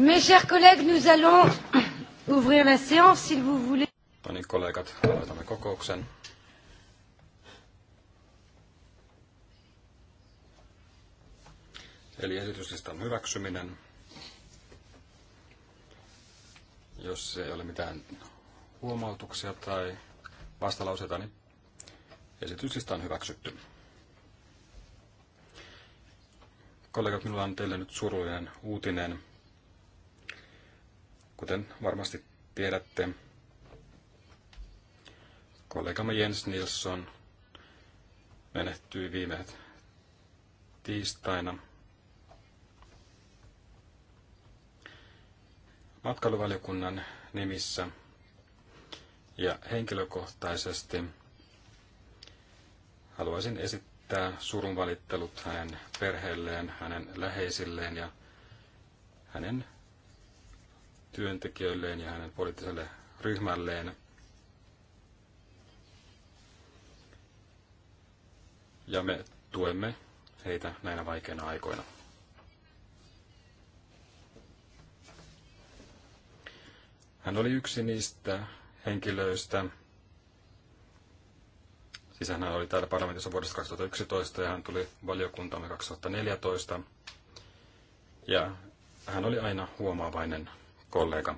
Mes chers collègues, nous allons ouvrir la séance, s'il vous voulez. No niin, kollegat, aloitamme kokouksen. Eli esityslistan hyväksyminen. Jos ei ole mitään huomautuksia tai vastalauseita, niin esityslista on hyväksytty. Kollegat, minulla on teille nyt surullinen uutinen. Kuten varmasti tiedätte, kollegamme Jens Nilsson menehtyi viime tiistaina. Matkailuvaliokunnan nimissä ja henkilökohtaisesti haluaisin esittää surunvalittelut hänen perheelleen, hänen läheisilleen ja hänen työntekijöilleen ja hänen poliittiselle ryhmälleen. Ja me tuemme heitä näinä vaikeina aikoina. Hän oli yksi niistä henkilöistä, siis hän oli täällä parlamentissa vuodesta 2011 ja hän tuli valiokuntamme 2014. Ja hän oli aina huomaavainen kollega.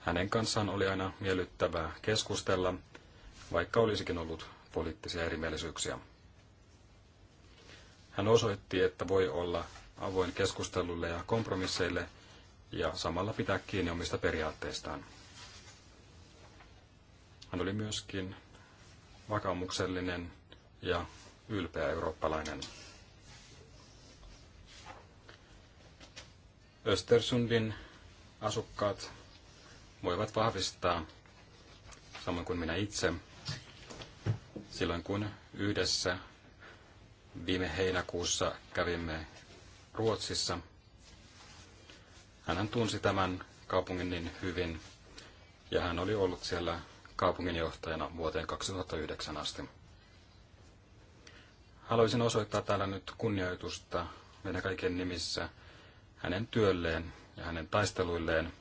Hänen kanssaan oli aina miellyttävää keskustella, vaikka olisikin ollut poliittisia erimielisyyksiä. Hän osoitti, että voi olla avoin keskustelulle ja kompromisseille ja samalla pitää kiinni omista periaatteistaan. Hän oli myöskin vakaumuksellinen ja ylpeä eurooppalainen. Östersundin asukkaat voivat vahvistaa, samoin kuin minä itse, silloin kun yhdessä viime heinäkuussa kävimme Ruotsissa. Hän tunsi tämän kaupungin niin hyvin ja hän oli ollut siellä kaupunginjohtajana vuoteen 2009 asti. Haluaisin osoittaa täällä nyt kunnioitusta meidän kaiken nimissä hänen työlleen ja hänen taisteluilleen.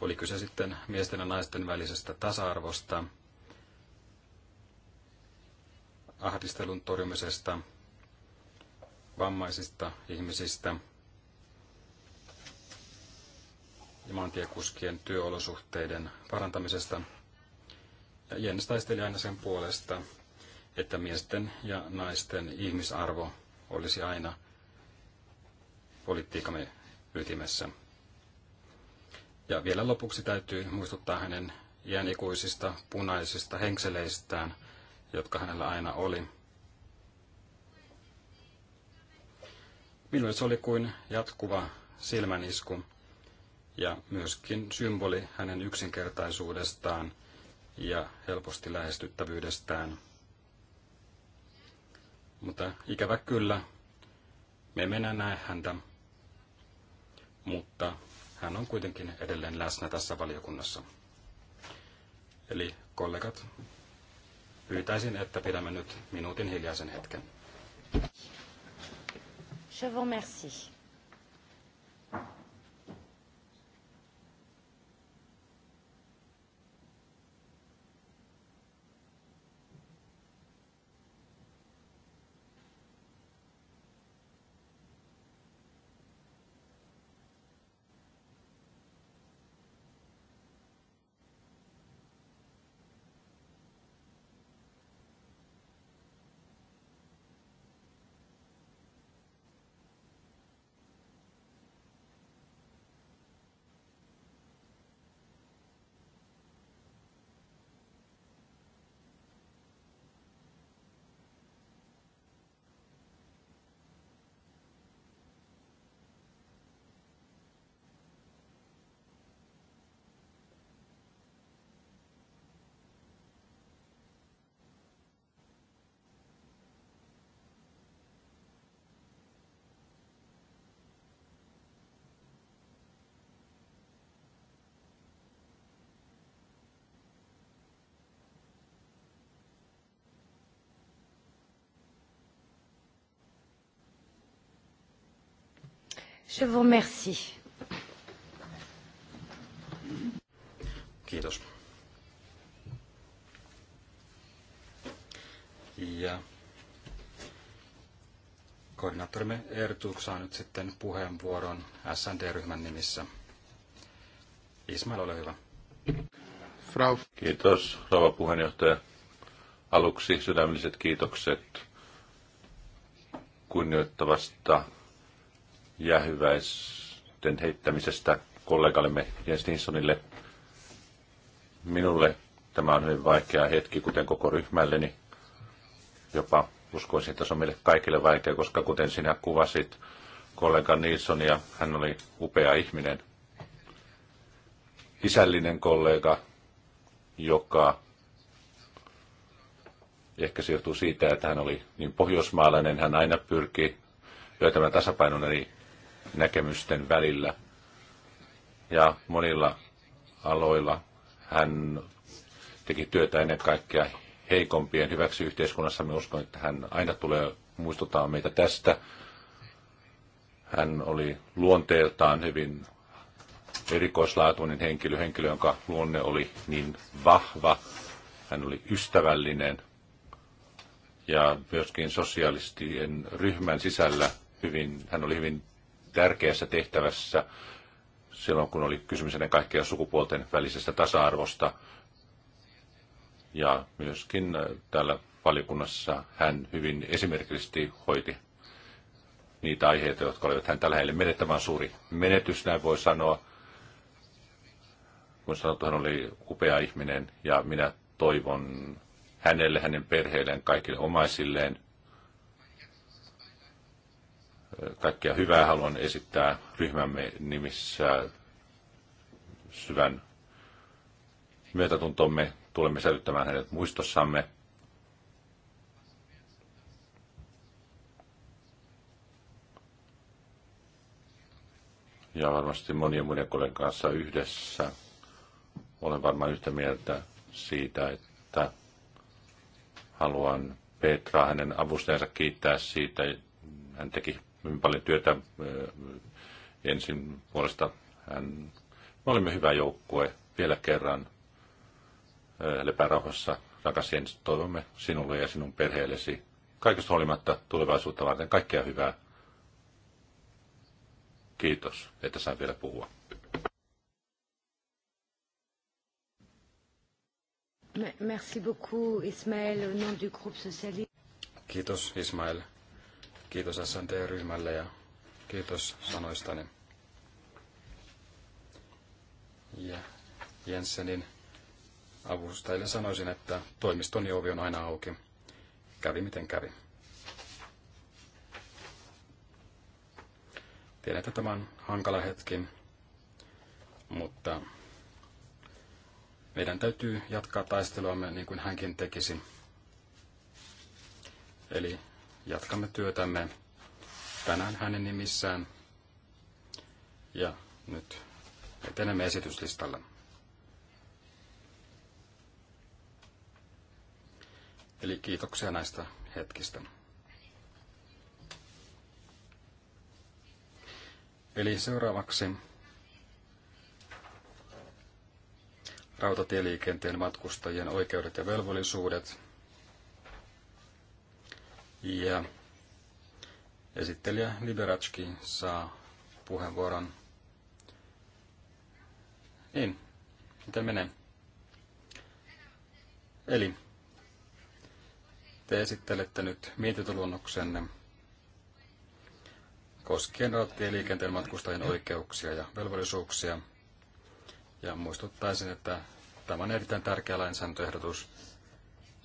Oli kyse sitten miesten ja naisten välisestä tasa-arvosta, ahdistelun torjumisesta, vammaisista ihmisistä ja maantiekuskien työolosuhteiden parantamisesta. Ja Jens taisteli aina sen puolesta, että miesten ja naisten ihmisarvo olisi aina politiikkamme ytimessä. Ja vielä lopuksi täytyy muistuttaa hänen iänikuisista punaisista henkseleistään, jotka hänellä aina oli. Minulle se oli kuin jatkuva silmänisku ja myöskin symboli hänen yksinkertaisuudestaan ja helposti lähestyttävyydestään. Mutta ikävä kyllä, me emme enää näe häntä mutta hän on kuitenkin edelleen läsnä tässä valiokunnassa. Eli kollegat, pyytäisin, että pidämme nyt minuutin hiljaisen hetken. Je vous remercie. Je vous remercie. Kiitos. Ja koordinaattorimme Ertuk saa nyt sitten puheenvuoron SND-ryhmän nimissä. Ismail, ole hyvä. Frau. Kiitos, rouva puheenjohtaja. Aluksi sydämelliset kiitokset kunnioittavasta jäähyväisten heittämisestä kollegallemme Jens Nilssonille. Minulle tämä on hyvin vaikea hetki, kuten koko ryhmälleni. Jopa uskoisin, että se on meille kaikille vaikea, koska kuten sinä kuvasit kollega Nilssonia, hän oli upea ihminen. Isällinen kollega, joka ehkä se johtuu siitä, että hän oli niin pohjoismaalainen, hän aina pyrki löytämään tasapainon eri näkemysten välillä. Ja monilla aloilla hän teki työtä ennen kaikkea heikompien hyväksi yhteiskunnassa. Me uskon, että hän aina tulee muistuttaa meitä tästä. Hän oli luonteeltaan hyvin erikoislaatuinen henkilö, henkilö, jonka luonne oli niin vahva. Hän oli ystävällinen ja myöskin sosiaalistien ryhmän sisällä hyvin, hän oli hyvin tärkeässä tehtävässä silloin, kun oli kysymys ennen kaikkea sukupuolten välisestä tasa-arvosta. Ja myöskin äh, täällä valiokunnassa hän hyvin esimerkillisesti hoiti niitä aiheita, jotka olivat hän tällä heille menettävän suuri menetys, näin voi sanoa. Kun sanottu, hän oli upea ihminen ja minä toivon hänelle, hänen perheelleen, kaikille omaisilleen Kaikkea hyvää haluan esittää ryhmämme nimissä syvän myötätuntomme. Tulemme säilyttämään hänet muistossamme. Ja varmasti monien muiden kollegan kanssa yhdessä olen varmaan yhtä mieltä siitä, että haluan Petra hänen avustajansa kiittää siitä. Hän teki paljon työtä ensin puolesta. Hän, me olimme hyvä joukkue vielä kerran lepärauhassa. Rakas Jens, toivomme sinulle ja sinun perheellesi kaikesta huolimatta tulevaisuutta varten kaikkea hyvää. Kiitos, että sain vielä puhua. Merci beaucoup, Ismaël, au nom du groupe socialiste. Kiitos, Ismail. Kiitos SNT-ryhmälle ja kiitos sanoistani. Ja Jensenin avustajille sanoisin, että toimiston ovi on aina auki. Kävi miten kävi. Tiedän, että tämä on hankala hetki, mutta meidän täytyy jatkaa taisteluamme niin kuin hänkin tekisi. Eli jatkamme työtämme tänään hänen nimissään. Ja nyt etenemme esityslistalla. Eli kiitoksia näistä hetkistä. Eli seuraavaksi rautatieliikenteen matkustajien oikeudet ja velvollisuudet – ja esittelijä Liberatski saa puheenvuoron. Niin, miten menee? Eli te esittelette nyt mietintöluonnoksenne koskien rautatieliikenteen matkustajien oikeuksia ja velvollisuuksia. Ja muistuttaisin, että tämä on erittäin tärkeä lainsäädäntöehdotus,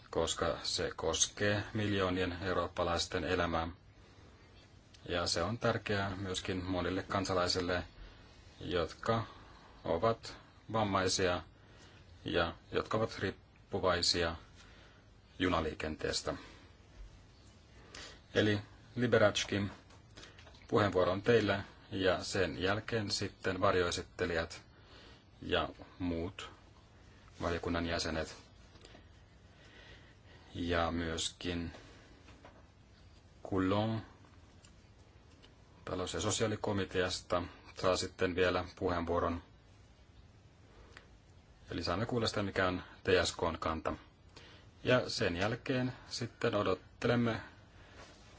koska se koskee miljoonien eurooppalaisten elämää. Ja se on tärkeää myöskin monille kansalaisille, jotka ovat vammaisia ja jotka ovat riippuvaisia junaliikenteestä. Eli Liberatskin puheenvuoro on teillä ja sen jälkeen sitten varjoesittelijät ja muut valiokunnan jäsenet ja myöskin Coulon talous- ja sosiaalikomiteasta saa sitten vielä puheenvuoron. Eli saamme kuulla sitä, mikä on TSKn kanta. Ja sen jälkeen sitten odottelemme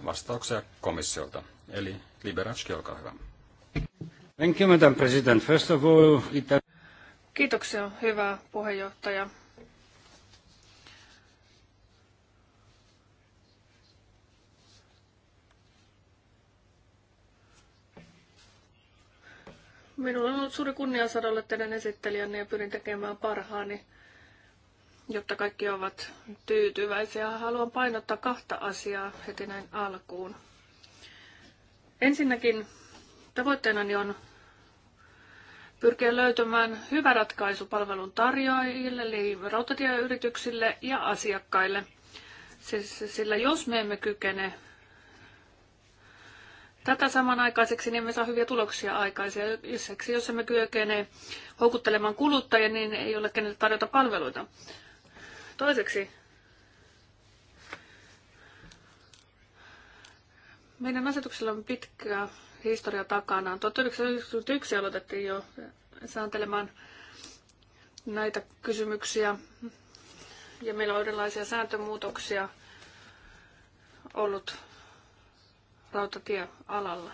vastauksia komissiolta. Eli Liberatski, olkaa hyvä. Thank you, Madam President. First of all, it... Kiitoksia, hyvä puheenjohtaja. Minulla on ollut suuri kunnia saada olla teidän esittelijänne ja pyrin tekemään parhaani, jotta kaikki ovat tyytyväisiä. Haluan painottaa kahta asiaa heti näin alkuun. Ensinnäkin tavoitteenani on pyrkiä löytämään hyvä ratkaisu palvelun tarjoajille, eli rautatieyrityksille ja asiakkaille. Siis sillä jos me emme kykene tätä samanaikaiseksi, niin emme saa hyviä tuloksia aikaisia. Yhdeksi, jos emme kykene houkuttelemaan kuluttajia, niin ei ole kenelle tarjota palveluita. Toiseksi, meidän asetuksella on pitkä historia takanaan. 1991 aloitettiin jo sääntelemään näitä kysymyksiä ja meillä on erilaisia sääntömuutoksia ollut rautatiealalla.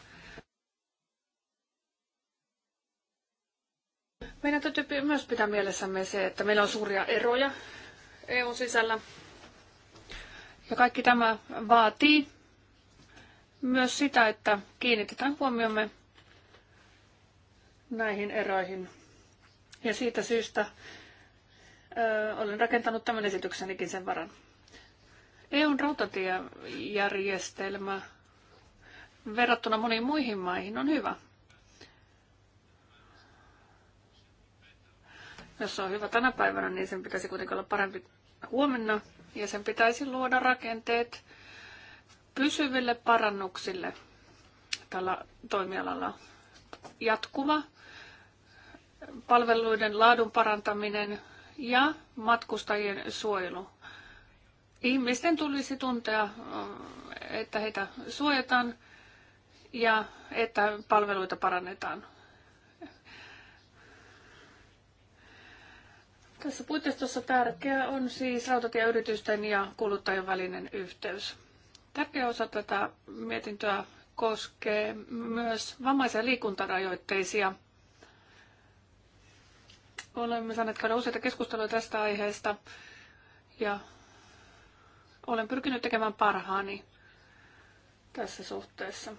Meidän täytyy myös pitää mielessämme se, että meillä on suuria eroja EUn sisällä. Ja kaikki tämä vaatii myös sitä, että kiinnitetään huomiomme näihin eroihin. Ja siitä syystä ö, olen rakentanut tämän esityksenikin sen varan. EUn rautatiejärjestelmä verrattuna moniin muihin maihin on hyvä. Jos se on hyvä tänä päivänä, niin sen pitäisi kuitenkin olla parempi huomenna ja sen pitäisi luoda rakenteet pysyville parannuksille tällä toimialalla. Jatkuva palveluiden laadun parantaminen ja matkustajien suojelu. Ihmisten tulisi tuntea, että heitä suojataan ja että palveluita parannetaan. Tässä puitteistossa tärkeää on siis rautatieyritysten ja kuluttajien välinen yhteys. Tärkeä osa tätä mietintöä koskee myös vammaisia liikuntarajoitteisia. Olemme saaneet käydä useita keskusteluja tästä aiheesta ja olen pyrkinyt tekemään parhaani tässä suhteessa.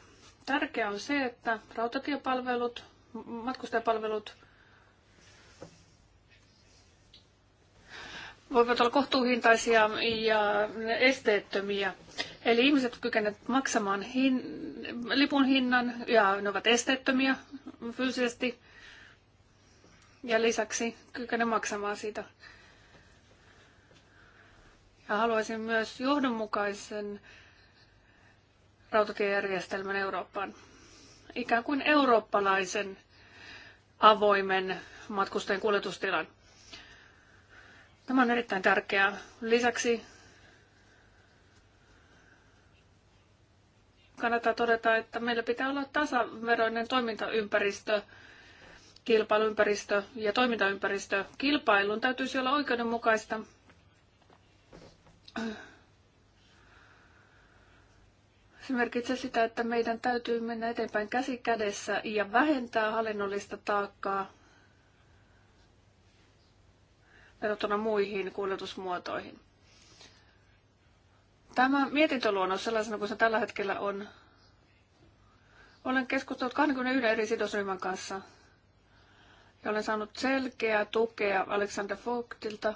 Tärkeää on se, että rautatiepalvelut, matkustajapalvelut voivat olla kohtuuhintaisia ja esteettömiä. Eli ihmiset kykenevät maksamaan hin, lipun hinnan ja ne ovat esteettömiä fyysisesti ja lisäksi kykenevät maksamaan siitä. Ja haluaisin myös johdonmukaisen rautatiejärjestelmän Eurooppaan. Ikään kuin eurooppalaisen avoimen matkustajien kuljetustilan. Tämä on erittäin tärkeää. Lisäksi kannattaa todeta, että meillä pitää olla tasaveroinen toimintaympäristö, kilpailuympäristö ja toimintaympäristö. Kilpailun täytyisi olla oikeudenmukaista se merkitsee sitä, että meidän täytyy mennä eteenpäin käsi kädessä ja vähentää hallinnollista taakkaa verrattuna muihin kuljetusmuotoihin. Tämä mietintöluonnos sellaisena kuin se tällä hetkellä on, olen keskustellut 21 eri sidosryhmän kanssa ja olen saanut selkeää tukea Alexander Vogtilta,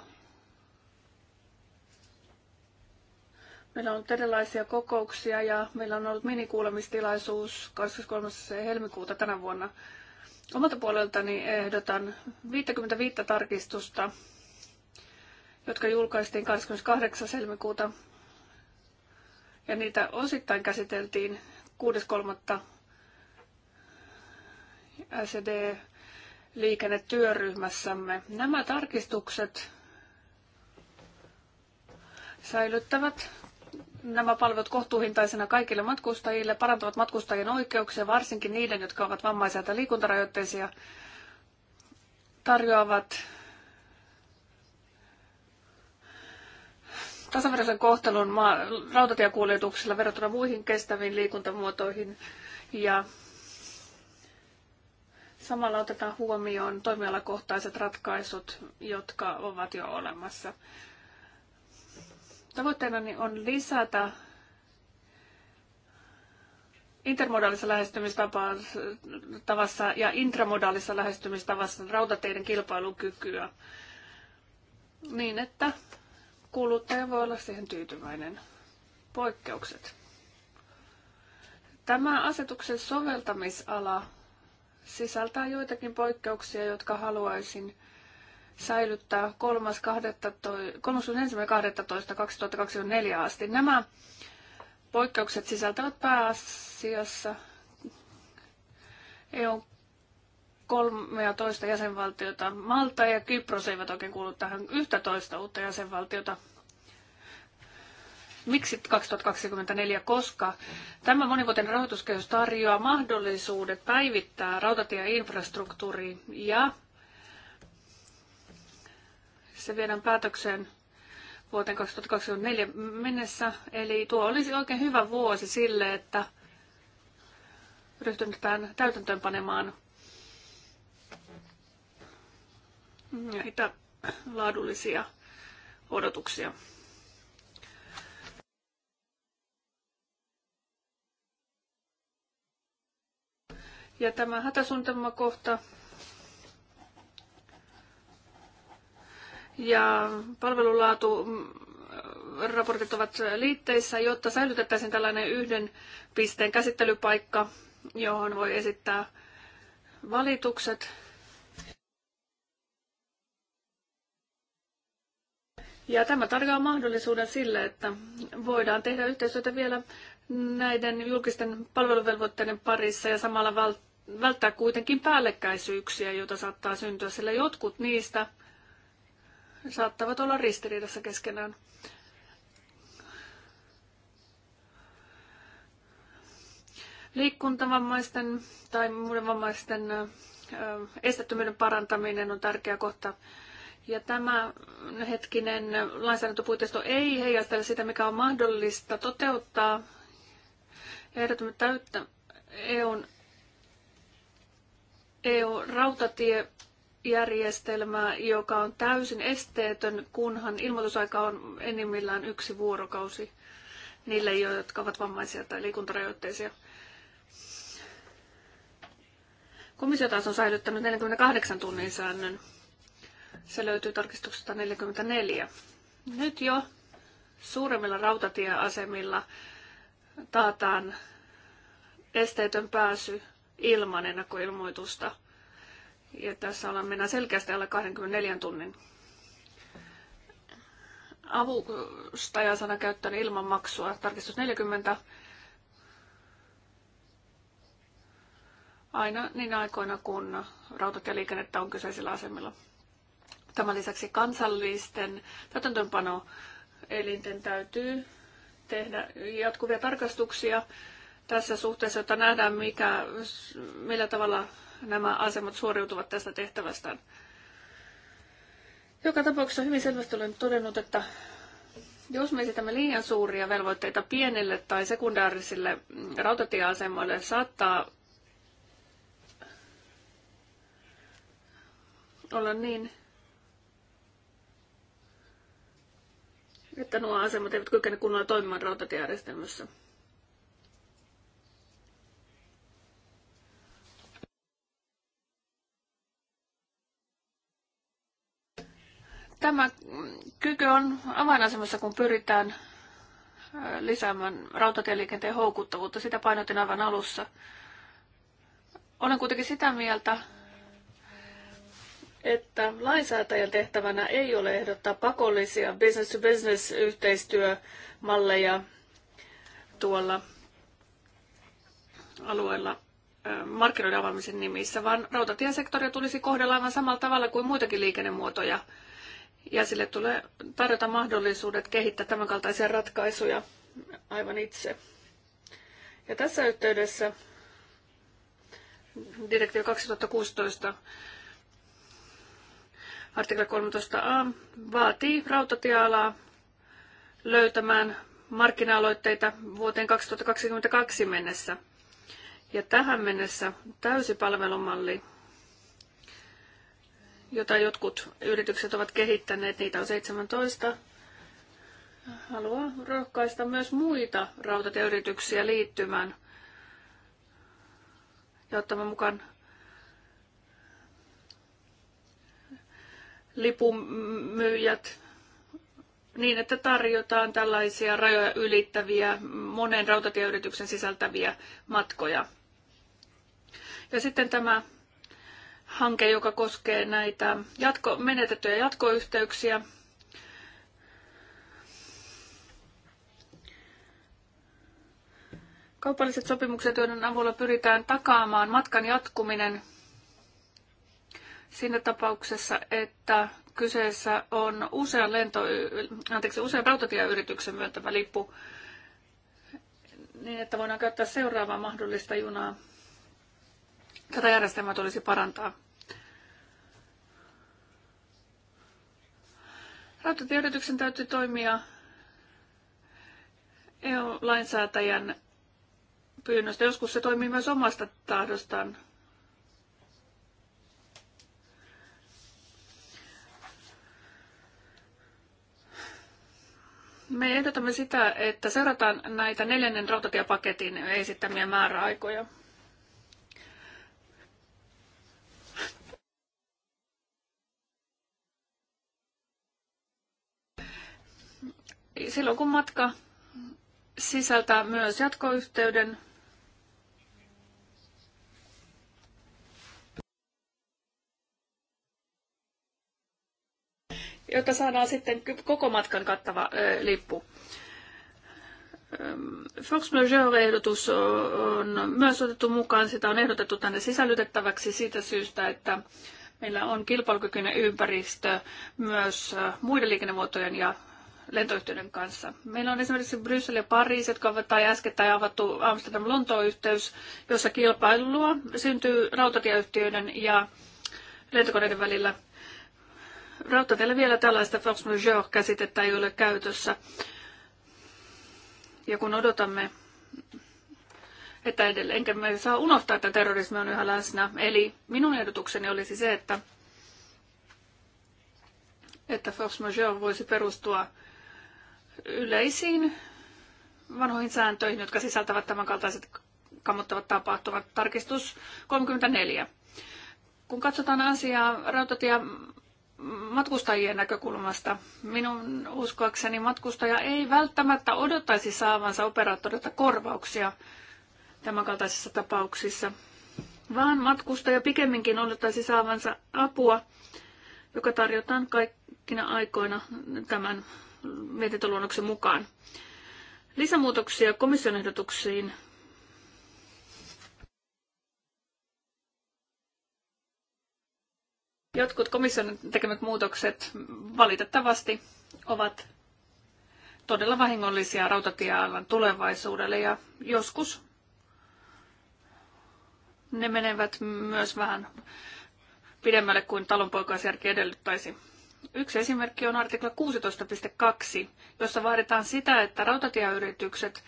Meillä on ollut erilaisia kokouksia ja meillä on ollut minikuulemistilaisuus 23. helmikuuta tänä vuonna. Omalta puoleltani ehdotan 55 tarkistusta, jotka julkaistiin 28. helmikuuta. Ja niitä osittain käsiteltiin 6.3. SED-liikennetyöryhmässämme. Nämä tarkistukset säilyttävät nämä palvelut kohtuuhintaisena kaikille matkustajille, parantavat matkustajien oikeuksia, varsinkin niiden, jotka ovat vammaisia tai liikuntarajoitteisia, tarjoavat tasaveroisen kohtelun maa, rautatiekuljetuksilla verrattuna muihin kestäviin liikuntamuotoihin ja samalla otetaan huomioon toimialakohtaiset ratkaisut, jotka ovat jo olemassa. Tavoitteenani on lisätä intermodaalisessa lähestymistavassa ja intramodaalisessa lähestymistavassa rautateiden kilpailukykyä niin, että kuluttaja voi olla siihen tyytyväinen. Poikkeukset. Tämä asetuksen soveltamisala sisältää joitakin poikkeuksia, jotka haluaisin säilyttää 31.12.2024 asti. Nämä poikkeukset sisältävät pääasiassa EU 13 jäsenvaltiota. Malta ja Kypros eivät oikein kuulu tähän 11 uutta jäsenvaltiota. Miksi 2024? Koska tämä monivuotinen rahoituskehys tarjoaa mahdollisuudet päivittää rautatieinfrastruktuuri ja se viedään päätökseen vuoteen 2024 mennessä. Eli tuo olisi oikein hyvä vuosi sille, että ryhtynytään täytäntöönpanemaan näitä laadullisia odotuksia. Ja tämä hätäsuunnitelmakohta kohta ja palvelulaatu mm, raportit ovat liitteissä, jotta säilytettäisiin tällainen yhden pisteen käsittelypaikka, johon voi esittää valitukset. Ja tämä tarjoaa mahdollisuuden sille, että voidaan tehdä yhteistyötä vielä näiden julkisten palveluvelvoitteiden parissa ja samalla välttää kuitenkin päällekkäisyyksiä, joita saattaa syntyä, sillä jotkut niistä saattavat olla ristiriidassa keskenään. Liikuntavammaisten tai muiden vammaisten estettömyyden parantaminen on tärkeä kohta. Ja tämä hetkinen lainsäädäntöpuitteisto ei heijastele sitä, mikä on mahdollista toteuttaa. Ehdotamme täyttä EU-rautatie järjestelmää, joka on täysin esteetön, kunhan ilmoitusaika on enimmillään yksi vuorokausi niille, jotka ovat vammaisia tai liikuntarajoitteisia. Komissio taas on säilyttänyt 48 tunnin säännön. Se löytyy tarkistuksesta 44. Nyt jo suuremmilla rautatieasemilla taataan esteetön pääsy ilman ennakkoilmoitusta – ja tässä ollaan mennään selkeästi alle 24 tunnin. Avustaja sana käyttöön ilman maksua. Tarkistus 40. Aina niin aikoina, kun rautatieliikennettä on kyseisillä asemilla. Tämän lisäksi kansallisten täytäntöönpano elinten täytyy tehdä jatkuvia tarkastuksia tässä suhteessa, jotta nähdään, mikä, millä tavalla nämä asemat suoriutuvat tästä tehtävästään. Joka tapauksessa hyvin selvästi olen todennut, että jos me esitämme liian suuria velvoitteita pienille tai sekundaarisille rautatieasemoille, saattaa olla niin, että nuo asemat eivät kykene kunnolla toimimaan rautatiejärjestelmässä. Tämä kyky on avainasemassa, kun pyritään äh, lisäämään rautatieliikenteen houkuttavuutta. Sitä painotin aivan alussa. Olen kuitenkin sitä mieltä, että lainsäätäjän tehtävänä ei ole ehdottaa pakollisia business-to-business-yhteistyömalleja tuolla alueella äh, markkinoiden avaamisen nimissä, vaan rautatiesektoria tulisi kohdella aivan samalla tavalla kuin muitakin liikennemuotoja – ja sille tulee tarjota mahdollisuudet kehittää tämänkaltaisia ratkaisuja aivan itse. Ja tässä yhteydessä direktiivi 2016 artikla 13a vaatii rautatiealaa löytämään markkina-aloitteita vuoteen 2022 mennessä. Ja tähän mennessä täysipalvelumalli jota jotkut yritykset ovat kehittäneet, niitä on 17. Haluan rohkaista myös muita rautatieyrityksiä liittymään ja ottamaan mukaan lipunmyyjät niin, että tarjotaan tällaisia rajoja ylittäviä, monen rautatieyrityksen sisältäviä matkoja. Ja sitten tämä hanke, joka koskee näitä jatko, menetettyjä jatkoyhteyksiä. Kaupalliset sopimukset, joiden avulla pyritään takaamaan matkan jatkuminen siinä tapauksessa, että kyseessä on usean, lento, anteeksi, usean rautatieyrityksen myöntämä lippu, niin että voidaan käyttää seuraavaa mahdollista junaa Tätä järjestelmää tulisi parantaa. Rautatieyrityksen täytyy toimia EU-lainsäätäjän pyynnöstä. Joskus se toimii myös omasta tahdostaan. Me ehdotamme sitä, että seurataan näitä neljännen rautatiepaketin esittämiä määräaikoja. silloin kun matka sisältää myös jatkoyhteyden jotta saadaan sitten koko matkan kattava ö, lippu. Fox Major-ehdotus on myös otettu mukaan. Sitä on ehdotettu tänne sisällytettäväksi siitä syystä, että meillä on kilpailukykyinen ympäristö myös muiden liikennemuotojen ja lentoyhtiöiden kanssa. Meillä on esimerkiksi Bryssel ja Pariisi, jotka ovat tai äskettäin avattu Amsterdam-Lontoon-yhteys, jossa kilpailua syntyy rautatieyhtiöiden ja lentokoneiden välillä. Rautateillä vielä tällaista force majeure-käsitettä ei ole käytössä. Ja kun odotamme, että edelleen, enkä me saa unohtaa, että terrorismi on yhä läsnä. Eli minun ehdotukseni olisi se, että että force majeure voisi perustua yleisiin vanhoihin sääntöihin, jotka sisältävät tämänkaltaiset kammottavat tapahtumat. Tarkistus 34. Kun katsotaan asiaa rautatie matkustajien näkökulmasta, minun uskoakseni matkustaja ei välttämättä odottaisi saavansa operaattorilta korvauksia tämänkaltaisissa tapauksissa, vaan matkustaja pikemminkin odottaisi saavansa apua, joka tarjotaan kaikkina aikoina tämän mietintöluonnoksen mukaan. Lisämuutoksia komission ehdotuksiin Jotkut komission tekemät muutokset valitettavasti ovat todella vahingollisia rautatiealan tulevaisuudelle ja joskus ne menevät myös vähän pidemmälle kuin talonpoikaisjärki edellyttäisi. Yksi esimerkki on artikla 16.2, jossa vaaditaan sitä, että rautatieyritykset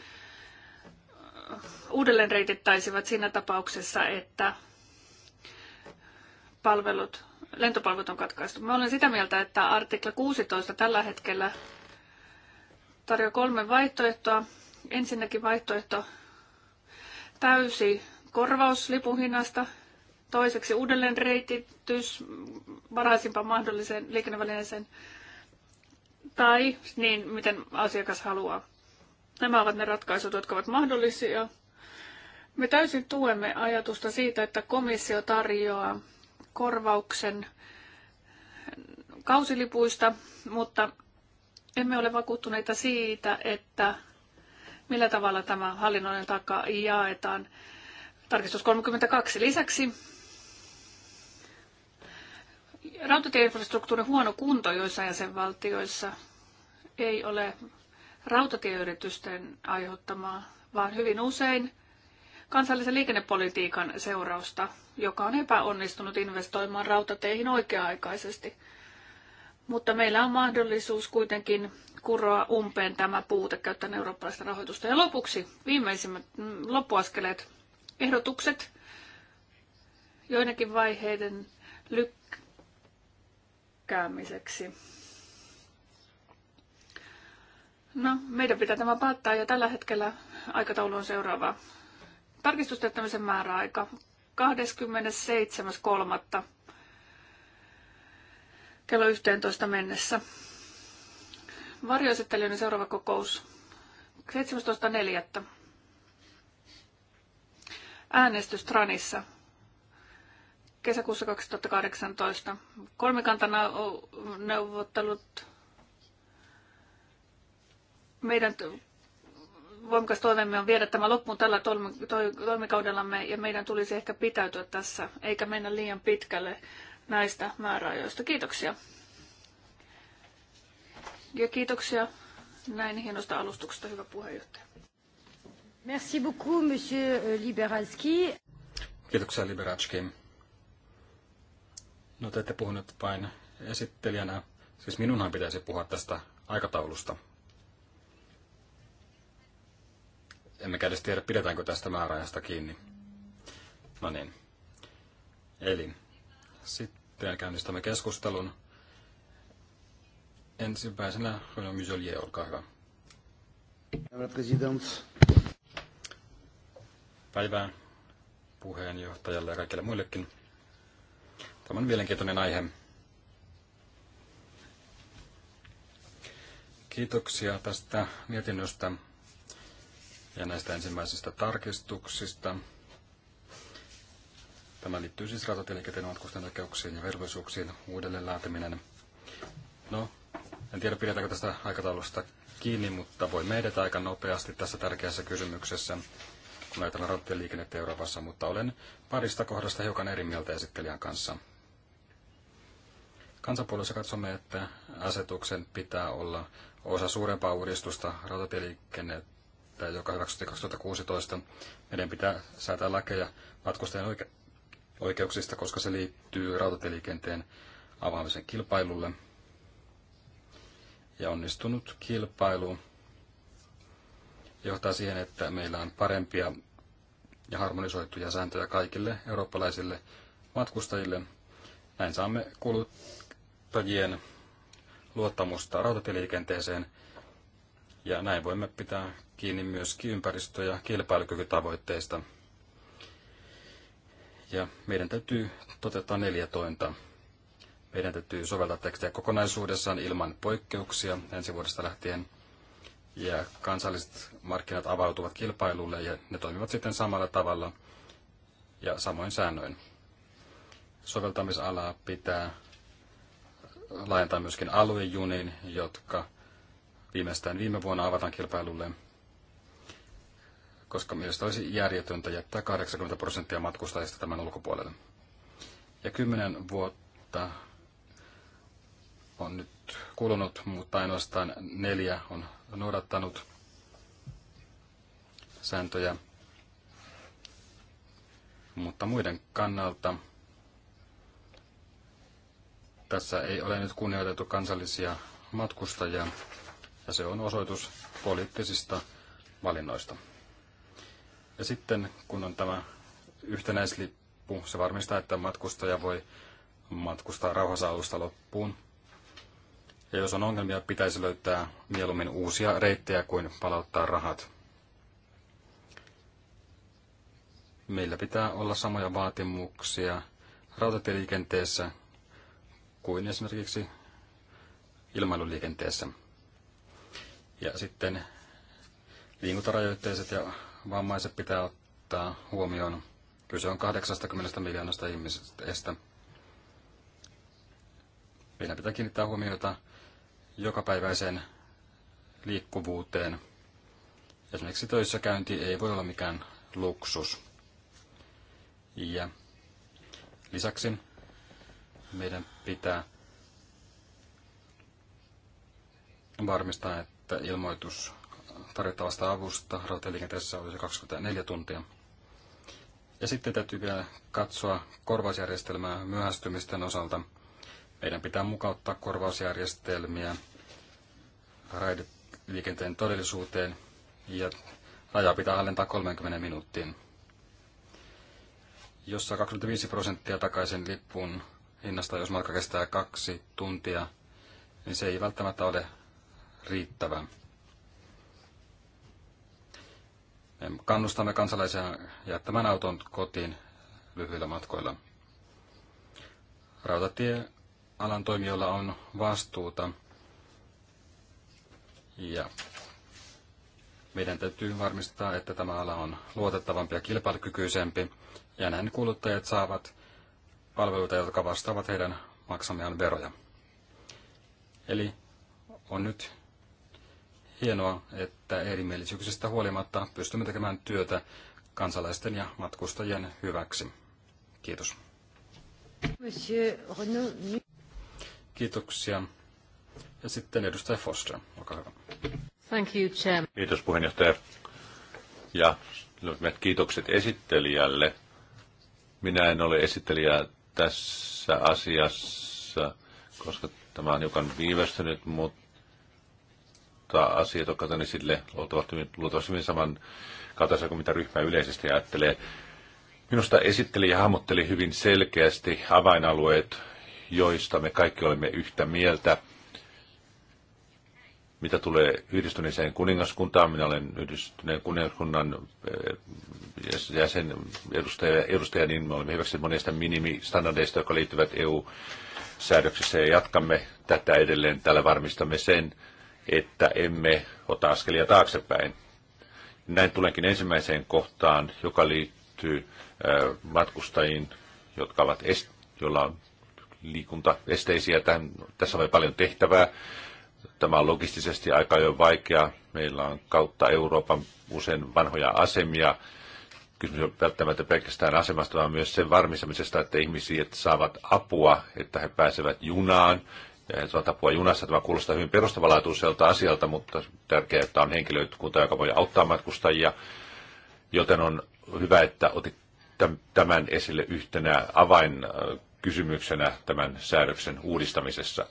äh, uudelleenreitittäisivät siinä tapauksessa, että palvelut, lentopalvelut on katkaistu. Mä olen sitä mieltä, että artikla 16 tällä hetkellä tarjoaa kolme vaihtoehtoa. Ensinnäkin vaihtoehto täysi korvaus lipun hinnasta, Toiseksi uudelleen reititys varaisimpaan mahdolliseen liikennevälineeseen tai niin, miten asiakas haluaa. Nämä ovat ne ratkaisut, jotka ovat mahdollisia. Me täysin tuemme ajatusta siitä, että komissio tarjoaa korvauksen kausilipuista, mutta emme ole vakuuttuneita siitä, että millä tavalla tämä hallinnollinen taka jaetaan. Tarkistus 32 lisäksi rautatieinfrastruktuurin huono kunto joissain jäsenvaltioissa ei ole rautatieyritysten aiheuttamaa, vaan hyvin usein kansallisen liikennepolitiikan seurausta, joka on epäonnistunut investoimaan rautateihin oikea-aikaisesti. Mutta meillä on mahdollisuus kuitenkin kuroa umpeen tämä puute käyttäen eurooppalaista rahoitusta. Ja lopuksi viimeisimmät mm, loppuaskeleet, ehdotukset, joidenkin vaiheiden lyk- lykkäämiseksi. No, meidän pitää tämä päättää ja tällä hetkellä aikataulu on seuraava. Tarkistustettämisen määräaika 27.3. kello 11 mennessä. Varjoesittelijöiden seuraava kokous 17.4. Äänestys Tranissa kesäkuussa 2018. Kolmikantana neuvottelut meidän voimakas toiveemme on viedä tämä loppuun tällä toimikaudellamme ja meidän tulisi ehkä pitäytyä tässä, eikä mennä liian pitkälle näistä määräajoista. Kiitoksia. Ja kiitoksia näin hienosta alustuksesta, hyvä puheenjohtaja. Merci beaucoup, monsieur euh, Liberalski. Kiitoksia, Liberalski. No te ette puhunut vain esittelijänä, siis minunhan pitäisi puhua tästä aikataulusta. Emme edes tiedä, pidetäänkö tästä määräajasta kiinni. No niin. Eli sitten käynnistämme keskustelun. Ensimmäisenä Renaud Muselier, olkaa hyvä. Päivää puheenjohtajalle ja kaikille muillekin. Tämä on mielenkiintoinen aihe. Kiitoksia tästä mietinnöstä ja näistä ensimmäisistä tarkistuksista. Tämä liittyy siis rautatieliikenteen matkustajan oikeuksiin ja velvollisuuksiin uudelleen laatiminen. No, en tiedä pidetäänkö tästä aikataulusta kiinni, mutta voi edetä aika nopeasti tässä tärkeässä kysymyksessä, kun ajatellaan ratatieliikennettä Euroopassa, mutta olen parista kohdasta hiukan eri mieltä esittelijän kanssa kansanpuolueessa katsomme, että asetuksen pitää olla osa suurempaa uudistusta rautatieliikennettä, joka hyväksyttiin 2016. Meidän pitää säätää lakeja matkustajien oike- oikeuksista, koska se liittyy rautatieliikenteen avaamisen kilpailulle. Ja onnistunut kilpailu johtaa siihen, että meillä on parempia ja harmonisoituja sääntöjä kaikille eurooppalaisille matkustajille. Näin saamme kulut kuluttajien luottamusta rautatieliikenteeseen ja näin voimme pitää kiinni myös ympäristö- ja kilpailukykytavoitteista. Ja meidän täytyy toteuttaa neljä tointa. Meidän täytyy soveltaa tekstejä kokonaisuudessaan ilman poikkeuksia ensi vuodesta lähtien. Ja kansalliset markkinat avautuvat kilpailulle ja ne toimivat sitten samalla tavalla ja samoin säännöin. Soveltamisalaa pitää laajentaa myöskin aluejuniin, jotka viimeistään viime vuonna avataan kilpailulle, koska mielestäni olisi järjetöntä jättää 80 prosenttia matkustajista tämän ulkopuolelle. Ja kymmenen vuotta on nyt kulunut, mutta ainoastaan neljä on noudattanut sääntöjä. Mutta muiden kannalta tässä ei ole nyt kunnioitettu kansallisia matkustajia, ja se on osoitus poliittisista valinnoista. Ja sitten kun on tämä yhtenäislippu, se varmistaa, että matkustaja voi matkustaa rauhassa alusta loppuun. Ja jos on ongelmia, pitäisi löytää mieluummin uusia reittejä kuin palauttaa rahat. Meillä pitää olla samoja vaatimuksia rautatieliikenteessä kuin esimerkiksi ilmailuliikenteessä. Ja sitten liikuntarajoitteiset ja vammaiset pitää ottaa huomioon. Kyse on 80 miljoonasta ihmisestä. Meidän pitää kiinnittää huomiota jokapäiväiseen liikkuvuuteen. Esimerkiksi töissä käynti ei voi olla mikään luksus. Ja lisäksi meidän pitää varmistaa, että ilmoitus tarjottavasta avusta rautatieliikenteessä olisi 24 tuntia. Ja sitten täytyy vielä katsoa korvausjärjestelmää myöhästymisten osalta. Meidän pitää mukauttaa korvausjärjestelmiä raideliikenteen todellisuuteen ja raja pitää alentaa 30 minuuttiin, jossa 25 prosenttia takaisin lippun hinnasta, jos matka kestää kaksi tuntia, niin se ei välttämättä ole riittävä. Me kannustamme kansalaisia jättämään auton kotiin lyhyillä matkoilla. Rautatiealan toimijoilla on vastuuta ja meidän täytyy varmistaa, että tämä ala on luotettavampi ja kilpailukykyisempi ja näin kuluttajat saavat palveluita, jotka vastaavat heidän maksamiaan veroja. Eli on nyt hienoa, että erimielisyyksistä huolimatta pystymme tekemään työtä kansalaisten ja matkustajien hyväksi. Kiitos. Kiitoksia. Ja sitten edustaja Foster, olkaa hyvä. Thank you, Chair. Kiitos puheenjohtaja. Ja kiitokset esittelijälle. Minä en ole esittelijä tässä asiassa, koska tämä on hiukan viivästynyt, mutta asiat, jotka tämän sille luultavasti, luultavasti hyvin saman kaltaisia kuin mitä ryhmä yleisesti ajattelee. Minusta esitteli ja hahmotteli hyvin selkeästi avainalueet, joista me kaikki olemme yhtä mieltä – mitä tulee yhdistyneeseen kuningaskuntaan, minä olen yhdistyneen kuningaskunnan eh, jäsen edustaja, edustaja niin me olemme hyväksyneet monista minimistandardeista, jotka liittyvät EU-säädöksissä ja jatkamme tätä edelleen. Tällä varmistamme sen, että emme ota askelia taaksepäin. Näin tulenkin ensimmäiseen kohtaan, joka liittyy eh, matkustajiin, jotka ovat est- joilla on liikuntaesteisiä. Tähän, tässä on paljon tehtävää. Tämä on logistisesti aika jo vaikea. Meillä on kautta Euroopan usein vanhoja asemia. Kysymys on välttämättä pelkästään asemasta, vaan myös sen varmistamisesta, että ihmiset saavat apua, että he pääsevät junaan. Ja he saavat apua junassa. Tämä kuulostaa hyvin perustavanlaatuiselta asialta, mutta tärkeää, että on henkilökunta, joka voi auttaa matkustajia. Joten on hyvä, että otit tämän esille yhtenä avainkysymyksenä tämän säädöksen uudistamisessa.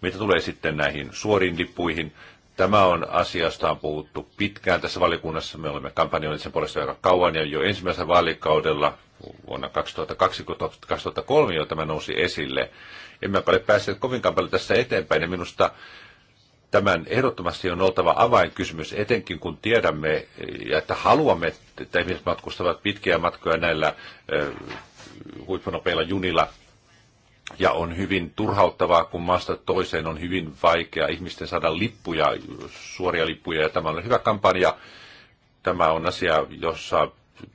Mitä tulee sitten näihin suoriin lippuihin, Tämä on asiasta on puhuttu pitkään tässä valiokunnassa. Me olemme kampanjoineet sen puolesta aika kauan ja jo ensimmäisellä vaalikaudella vuonna 2002-2003 jo tämä nousi esille. Emme ole päässeet kovinkaan paljon tässä eteenpäin ja minusta tämän ehdottomasti on oltava avainkysymys, etenkin kun tiedämme ja että haluamme, että ihmiset matkustavat pitkiä matkoja näillä huippunopeilla junilla ja on hyvin turhauttavaa, kun maasta toiseen on hyvin vaikea ihmisten saada lippuja, suoria lippuja, ja tämä on hyvä kampanja. Tämä on asia, jossa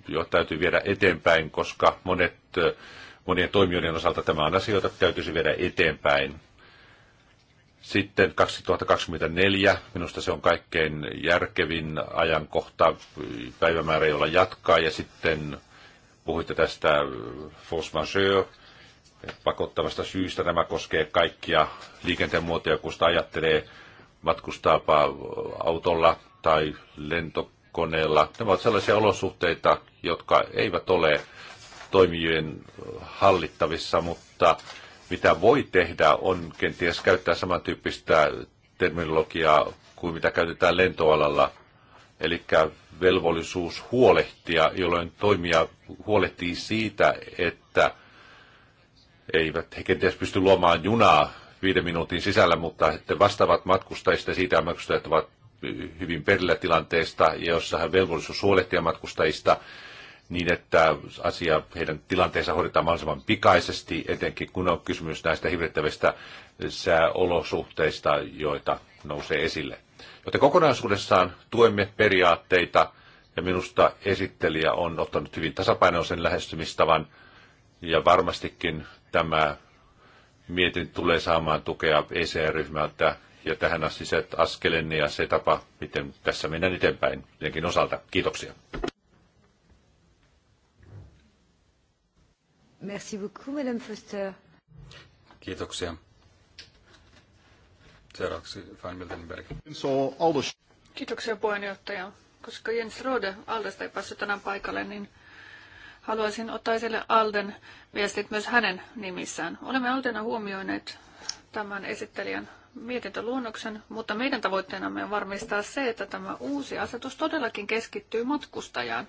jo täytyy viedä eteenpäin, koska monet, monien toimijoiden osalta tämä on asia, jota täytyisi viedä eteenpäin. Sitten 2024, minusta se on kaikkein järkevin ajankohta, päivämäärä, jolla jatkaa, ja sitten puhuitte tästä force majeure pakottavasta syystä. Tämä koskee kaikkia liikenteen muotoja, kun sitä ajattelee matkustaapa autolla tai lentokoneella. Nämä ovat sellaisia olosuhteita, jotka eivät ole toimijoiden hallittavissa, mutta mitä voi tehdä on kenties käyttää samantyyppistä terminologiaa kuin mitä käytetään lentoalalla. Eli velvollisuus huolehtia, jolloin toimija huolehtii siitä, että eivät he kenties pysty luomaan junaa viiden minuutin sisällä, mutta että vastaavat matkustajista siitä matkustajat ovat hyvin perillä tilanteesta, ja jossa hän velvollisuus huolehtia matkustajista niin, että asia, heidän tilanteensa hoidetaan mahdollisimman pikaisesti, etenkin kun on kysymys näistä hirvittävistä sääolosuhteista, joita nousee esille. Joten kokonaisuudessaan tuemme periaatteita, ja minusta esittelijä on ottanut hyvin tasapainoisen lähestymistavan, ja varmastikin tämä mietintö tulee saamaan tukea ECR-ryhmältä ja tähän asti se askelenne ja se tapa, miten tässä mennään eteenpäin jotenkin osalta. Kiitoksia. Merci beaucoup, Madame Foster. Kiitoksia. Seuraavaksi Van Miltenberg. Kiitoksia puheenjohtaja. Koska Jens Rode Aldasta ei päässyt tänään paikalle, niin Haluaisin ottaa esille Alden viestit myös hänen nimissään. Olemme Aldena huomioineet tämän esittelijän mietintöluonnoksen, mutta meidän tavoitteenamme on varmistaa se, että tämä uusi asetus todellakin keskittyy matkustajaan.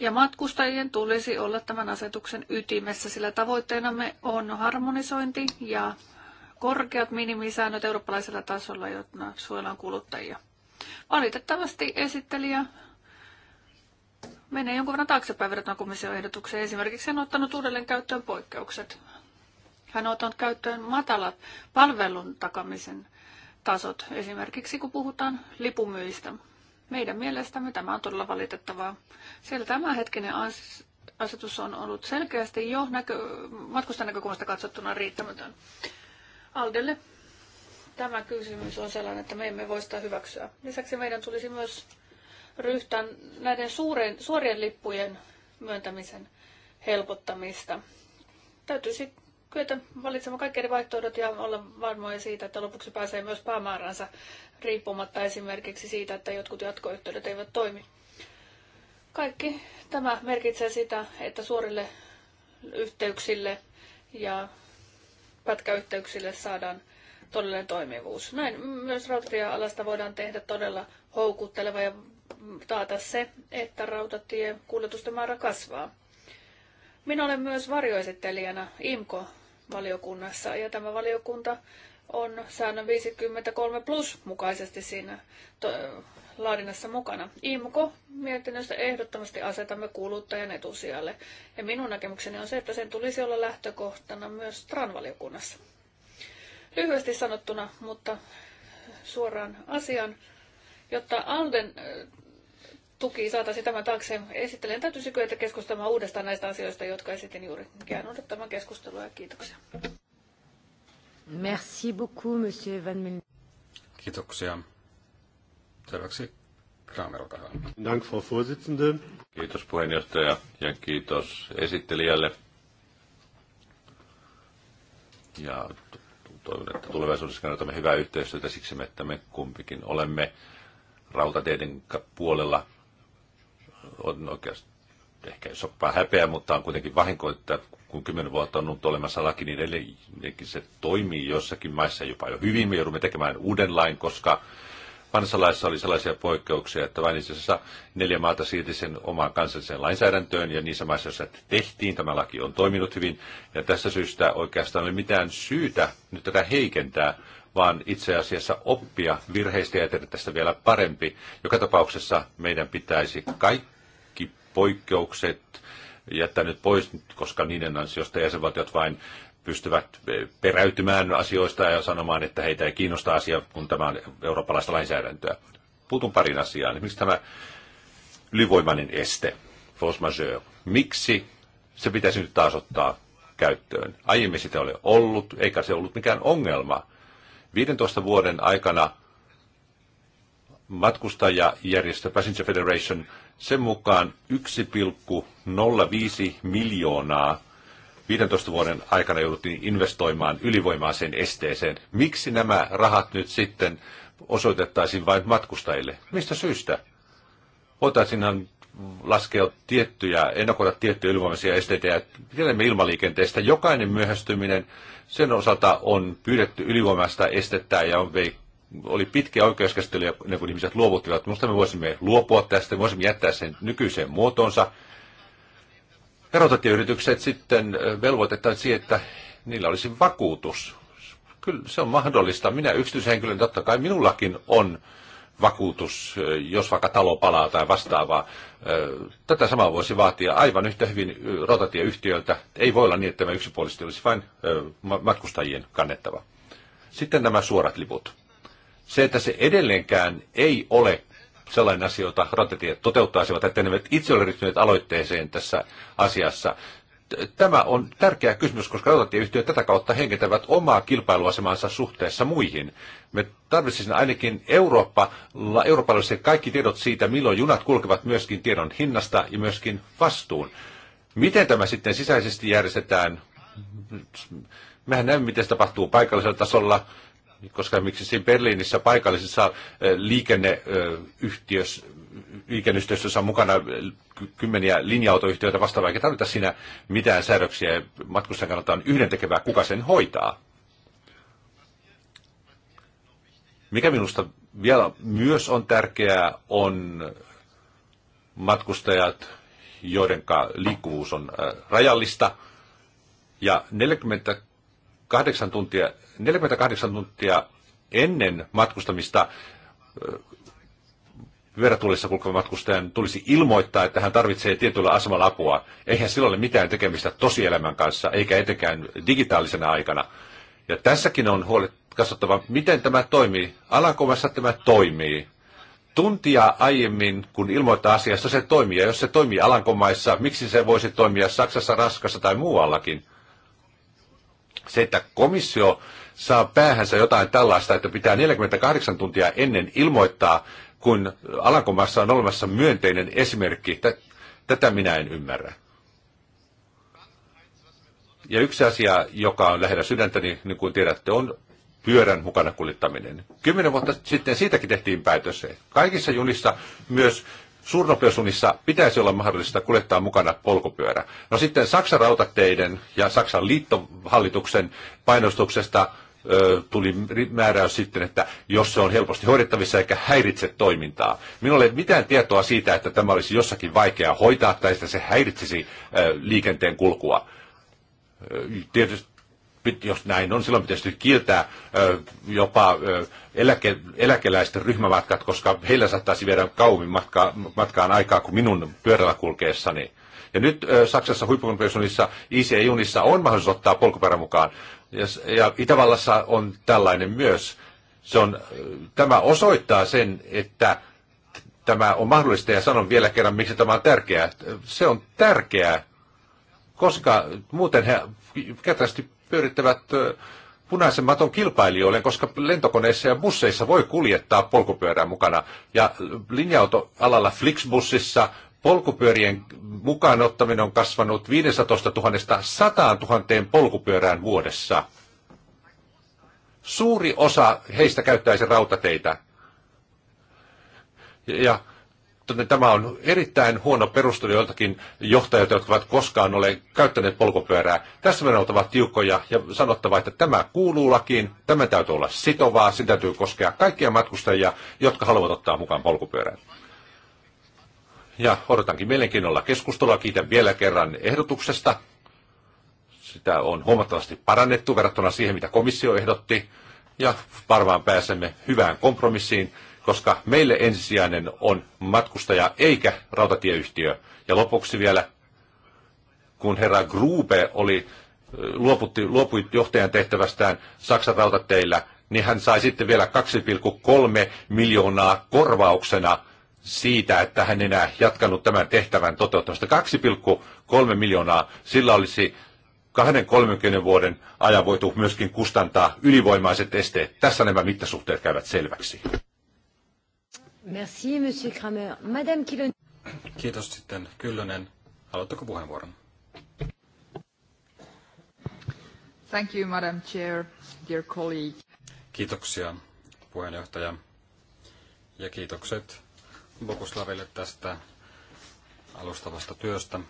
Ja matkustajien tulisi olla tämän asetuksen ytimessä, sillä tavoitteenamme on harmonisointi ja korkeat minimisäännöt eurooppalaisella tasolla, jotta suojellaan kuluttajia. Valitettavasti esittelijä menee jonkun verran taaksepäin verrattuna komission ehdotukseen. Esimerkiksi hän on ottanut uudelleen käyttöön poikkeukset. Hän on ottanut käyttöön matalat palvelun takamisen tasot, esimerkiksi kun puhutaan lipumyistä. Meidän mielestämme tämä on todella valitettavaa, tämä tämänhetkinen asetus on ollut selkeästi jo näkö, matkustan näkökulmasta katsottuna riittämätön. Aldelle tämä kysymys on sellainen, että me emme voi sitä hyväksyä. Lisäksi meidän tulisi myös ryhtyä näiden suuren, suorien lippujen myöntämisen helpottamista. sitten kyetä valitsemaan kaikki eri vaihtoehdot ja olla varmoja siitä, että lopuksi pääsee myös päämääränsä riippumatta esimerkiksi siitä, että jotkut jatkoyhteydet eivät toimi. Kaikki tämä merkitsee sitä, että suorille yhteyksille ja pätkäyhteyksille saadaan todellinen toimivuus. Näin myös rautatiealasta voidaan tehdä todella houkutteleva ja taata se, että rautatie kuljetusten määrä kasvaa. Minä olen myös varjoesittelijänä IMKO-valiokunnassa ja tämä valiokunta on säännön 53 plus mukaisesti siinä laadinnassa mukana. IMKO mietinnöstä ehdottomasti asetamme kuluttajan etusijalle ja minun näkemykseni on se, että sen tulisi olla lähtökohtana myös TRAN-valiokunnassa. Lyhyesti sanottuna, mutta suoraan asian, jotta Alden tuki saataisiin tämän taakse. Esittelen täytyisi kyetä keskustelemaan uudestaan näistä asioista, jotka esitin juuri. Jään odottamaan keskustelua ja kiitoksia. Merci beaucoup, monsieur Van Mil... Kiitoksia. Seuraavaksi Kramer, olkaa Dank, Frau Vorsitzende. Kiitos puheenjohtaja ja kiitos esittelijälle. Ja toivon, että tulevaisuudessa kannatamme hyvää yhteistyötä siksi, että me kumpikin olemme rautateiden puolella on oikeastaan ehkä ei häpeä, mutta on kuitenkin vahinko, että kun kymmenen vuotta on ollut olemassa laki, niin edelleenkin se toimii jossakin maissa jopa jo hyvin. Me joudumme tekemään uuden lain, koska vanhassa laissa oli sellaisia poikkeuksia, että vain itse asiassa neljä maata siirti sen omaan kansalliseen lainsäädäntöön, ja niissä maissa, joissa tehtiin, tämä laki on toiminut hyvin. Ja tässä syystä oikeastaan ei mitään syytä nyt tätä heikentää, vaan itse asiassa oppia virheistä ja tehdä tästä vielä parempi. Joka tapauksessa meidän pitäisi kaikki poikkeukset jättänyt pois, koska niiden ansiosta jäsenvaltiot vain pystyvät eh, peräytymään asioista ja sanomaan, että heitä ei kiinnosta asia, kun tämä on eurooppalaista lainsäädäntöä. Puutun parin asiaan. Miksi tämä ylivoimainen este, force majeure, miksi se pitäisi nyt taas ottaa käyttöön? Aiemmin sitä ole ollut, eikä se ollut mikään ongelma. 15 vuoden aikana matkustajajärjestö Passenger Federation sen mukaan 1,05 miljoonaa 15 vuoden aikana jouduttiin investoimaan ylivoimaiseen esteeseen. Miksi nämä rahat nyt sitten osoitettaisiin vain matkustajille? Mistä syystä? Voitaisiinhan laskea tiettyjä, ennakoida tiettyjä ylivoimaisia esteitä ja tiedämme ilmaliikenteestä. Jokainen myöhästyminen sen osalta on pyydetty ylivoimaista estettä ja on vei oli pitkä oikeuskäsittely, ne, kun ihmiset luovuttivat. Minusta me voisimme luopua tästä, me voisimme jättää sen nykyiseen muotoonsa. Ja sitten velvoitetaan siihen, että niillä olisi vakuutus. Kyllä se on mahdollista. Minä yksityishenkilön, totta kai minullakin on vakuutus, jos vaikka talo palaa tai vastaavaa. Tätä samaa voisi vaatia aivan yhtä hyvin rautatieyhtiöltä. Ei voi olla niin, että tämä yksipuolisesti olisi vain matkustajien kannettava. Sitten nämä suorat liput. Se, että se edelleenkään ei ole sellainen asia, jota rautatiet toteuttaisivat, että ne itse ole ryhtyneet aloitteeseen tässä asiassa. Tämä on tärkeä kysymys, koska rautatieyhtiöt tätä kautta henkentävät omaa kilpailuasemansa suhteessa muihin. Me tarvitsisimme ainakin Eurooppa, eurooppalaisille kaikki tiedot siitä, milloin junat kulkevat myöskin tiedon hinnasta ja myöskin vastuun. Miten tämä sitten sisäisesti järjestetään? Mehän näemme, miten se tapahtuu paikallisella tasolla koska miksi siinä Berliinissä paikallisessa eh, eh, liikenneyhtiössä, on mukana eh, kymmeniä linja-autoyhtiöitä vastaavaa, eikä tarvita siinä mitään säädöksiä. Matkustajan kannalta on tekevää, kuka sen hoitaa. Mikä minusta vielä myös on tärkeää, on matkustajat, joiden liikkuvuus on rajallista. Ja 40 8 tuntia, 48 tuntia ennen matkustamista pyörätuolissa kulkevan matkustajan tulisi ilmoittaa, että hän tarvitsee tietyllä asemalla apua. Eihän sillä ole mitään tekemistä tosielämän kanssa, eikä etenkään digitaalisena aikana. Ja tässäkin on huolet katsottava, miten tämä toimii. Alakomassa tämä toimii. Tuntia aiemmin, kun ilmoittaa asiasta, se toimii. Ja jos se toimii Alankomaissa, miksi se voisi toimia Saksassa, Raskassa tai muuallakin? Se, että komissio saa päähänsä jotain tällaista, että pitää 48 tuntia ennen ilmoittaa, kun Alankomassa on olemassa myönteinen esimerkki. Tätä minä en ymmärrä. Ja yksi asia, joka on lähellä sydäntäni, niin kuin tiedätte, on pyörän mukana kuljettaminen. Kymmenen vuotta sitten siitäkin tehtiin päätös. Kaikissa junissa, myös suurnopeusunissa pitäisi olla mahdollista kuljettaa mukana polkupyörä. No sitten Saksan rautateiden ja Saksan liittohallituksen painostuksesta ö, tuli määräys sitten, että jos se on helposti hoidettavissa eikä häiritse toimintaa. Minulla ei ole mitään tietoa siitä, että tämä olisi jossakin vaikea hoitaa tai että se häiritsisi ö, liikenteen kulkua. Tietysti jos näin on, silloin pitäisi kieltää jopa eläke, eläkeläisten ryhmämatkat, koska heillä saattaisi viedä kauemmin matka, matkaan aikaa kuin minun pyörällä kulkeessani. Ja nyt Saksassa huippukonferenssissa ICE-junissa on mahdollisuus ottaa polkuperä mukaan. Ja, ja Itävallassa on tällainen myös. Se on, tämä osoittaa sen, että tämä on mahdollista ja sanon vielä kerran, miksi tämä on tärkeää. Se on tärkeää, koska muuten he kätästi pyörittävät punaisen maton kilpailijoille, koska lentokoneissa ja busseissa voi kuljettaa polkupyörää mukana. Ja linja-autoalalla Flixbussissa polkupyörien mukaan ottaminen on kasvanut 15 000 100 000 polkupyörään vuodessa. Suuri osa heistä käyttäisi rautateitä. Ja tämä on erittäin huono perustelu joiltakin johtajilta, jotka ovat koskaan ole käyttäneet polkupyörää. Tässä meidän on oltava tiukkoja ja sanottava, että tämä kuuluu lakiin, tämä täytyy olla sitovaa, sitä täytyy koskea kaikkia matkustajia, jotka haluavat ottaa mukaan polkupyörän. Ja odotankin mielenkiinnolla keskustelua. Kiitän vielä kerran ehdotuksesta. Sitä on huomattavasti parannettu verrattuna siihen, mitä komissio ehdotti. Ja varmaan pääsemme hyvään kompromissiin koska meille ensisijainen on matkustaja eikä rautatieyhtiö. Ja lopuksi vielä, kun herra Grube oli, luoputti, luopui johtajan tehtävästään Saksan rautateillä, niin hän sai sitten vielä 2,3 miljoonaa korvauksena siitä, että hän enää jatkanut tämän tehtävän toteuttamista. 2,3 miljoonaa, sillä olisi 20-30 vuoden ajan voitu myöskin kustantaa ylivoimaiset esteet. Tässä nämä mittasuhteet käyvät selväksi. Merci, Monsieur Kramer. Madame Kilonen. Kiitos sitten Kyllönen. Haluatteko puheenvuoron? Thank you, Madam Chair, dear colleague. Kiitoksia, puheenjohtaja. Ja kiitokset Boguslaville tästä alustavasta työstä.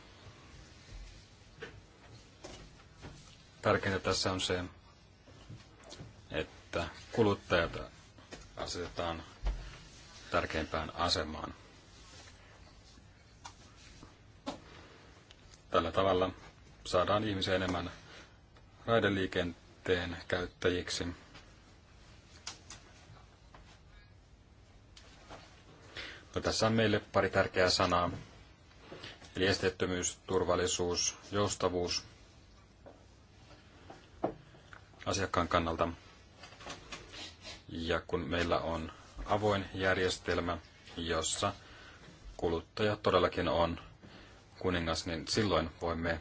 Tärkeintä tässä on se, että kuluttajat asetetaan tärkeimpään asemaan. Tällä tavalla saadaan ihmisiä enemmän raideliikenteen käyttäjiksi. No, tässä on meille pari tärkeää sanaa. Eli esteettömyys, turvallisuus, joustavuus asiakkaan kannalta. Ja kun meillä on avoin järjestelmä, jossa kuluttaja todellakin on kuningas, niin silloin voimme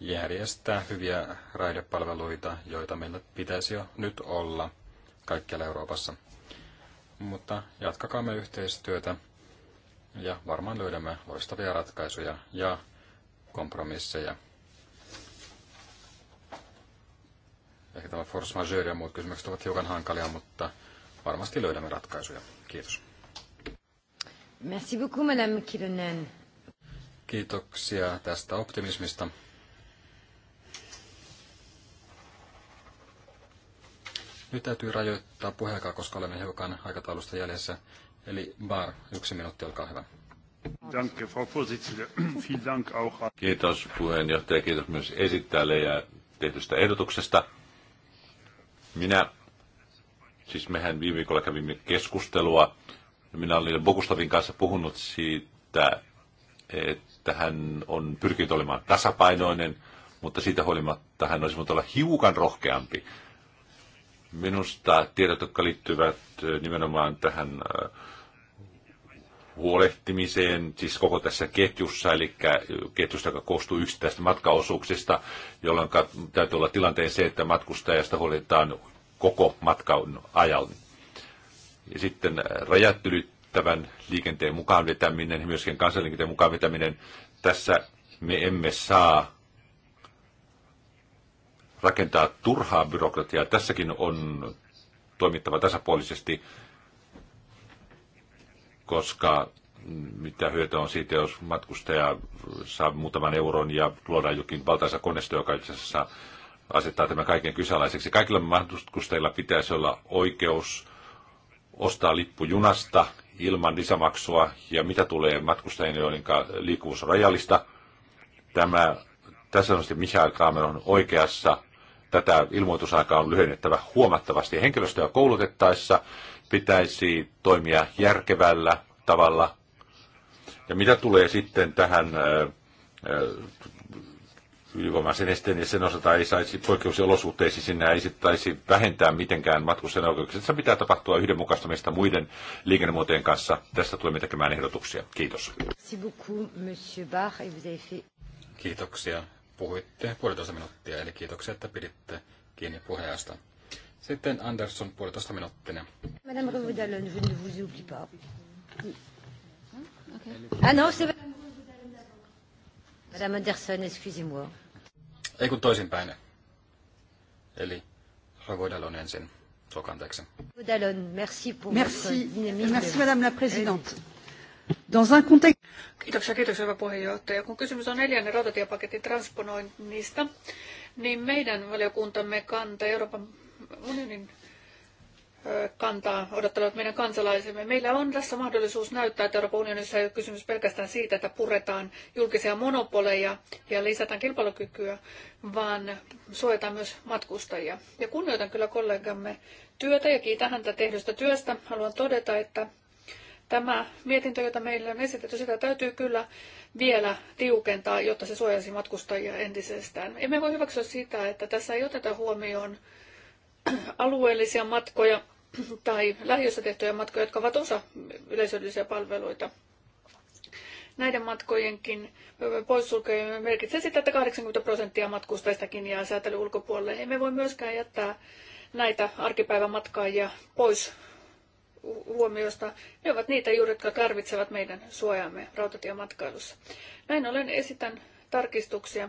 järjestää hyviä raidepalveluita, joita meillä pitäisi jo nyt olla kaikkialla Euroopassa. Mutta jatkakaamme yhteistyötä ja varmaan löydämme loistavia ratkaisuja ja kompromisseja. Ehkä tämä force majeure ja muut kysymykset ovat hiukan hankalia, mutta varmasti löydämme ratkaisuja. Kiitos. Merci beaucoup, Madame Kilonen. Kiitoksia tästä optimismista. Nyt täytyy rajoittaa puheenkaan, koska olemme hiukan aikataulusta jäljessä. Eli Bar, yksi minuutti, olkaa hyvä. Kiitos puheenjohtaja, kiitos myös esittäjälle ja tehdystä ehdotuksesta. Minä Siis mehän viime viikolla kävimme keskustelua. Minä olin Bogustavin kanssa puhunut siitä, että hän on pyrkinyt olemaan tasapainoinen, mutta siitä huolimatta hän olisi voinut olla hiukan rohkeampi. Minusta tiedot, jotka liittyvät nimenomaan tähän huolehtimiseen, siis koko tässä ketjussa, eli ketjusta, joka koostuu yksittäistä matkaosuuksista, jolloin täytyy olla tilanteen se, että matkustajasta huolehditaan koko matkan ajan. Ja sitten äh, rajat ylittävän liikenteen mukaan vetäminen, myöskin kansallinen mukaan vetäminen. Tässä me emme saa rakentaa turhaa byrokratiaa. Tässäkin on toimittava tasapuolisesti, koska mitä hyötyä on siitä, jos matkustaja saa muutaman euron ja luodaan jokin valtaisa koneisto, joka itse asiassa asettaa tämän kaiken kysealaiseksi. Kaikilla matkustajilla pitäisi olla oikeus ostaa lippu junasta ilman lisämaksua, ja mitä tulee matkustajien, joiden liikkuvuus on rajallista, tämä, tässä on sitten Michael Kramer on oikeassa, tätä ilmoitusaikaa on lyhennettävä huomattavasti. Henkilöstöä koulutettaessa pitäisi toimia järkevällä tavalla. Ja mitä tulee sitten tähän ylivoimaisen esteen ja sen osalta ei saisi poikkeusolosuhteisiin sinne ei saisi vähentää mitenkään matkustajan oikeuksia. Tässä pitää tapahtua yhdenmukaistamista muiden liikennemuotojen kanssa. Tästä tulemme tekemään ehdotuksia. Kiitos. Kiitoksia. Puhuitte puolitoista minuuttia, eli kiitoksia, että piditte kiinni puheesta. Sitten Andersson puolitoista minuuttia. Madame Revaudalon, je ne vous oublie pas. Hmm? Ah non, c'est Madame Anderson, excusez-moi. Ei kun toisinpäin. Eli Ravodalon ensin. Kiitoksia, kiitoksia hyvä puheenjohtaja. Kun kysymys on neljännen rautatiepaketin transponoinnista, niin meidän valiokuntamme kanta Euroopan unionin kantaa odottavat meidän kansalaisemme. Meillä on tässä mahdollisuus näyttää, että Euroopan unionissa ei ole kysymys pelkästään siitä, että puretaan julkisia monopoleja ja lisätään kilpailukykyä, vaan suojataan myös matkustajia. Ja kunnioitan kyllä kollegamme työtä ja kiitän häntä tehdystä työstä. Haluan todeta, että tämä mietintö, jota meille on esitetty, sitä täytyy kyllä vielä tiukentaa, jotta se suojaisi matkustajia entisestään. Emme voi hyväksyä sitä, että tässä ei oteta huomioon alueellisia matkoja, tai lähiössä tehtyjä matkoja, jotka ovat osa yleisöllisiä palveluita. Näiden matkojenkin poissulkeminen merkitsee sitä, että 80 prosenttia matkustajistakin jää säätely ulkopuolelle. Emme voi myöskään jättää näitä arkipäivän matkaajia pois huomiosta. Ne ovat niitä juuri, jotka tarvitsevat meidän suojaamme rautatiematkailussa. Näin ollen esitän tarkistuksia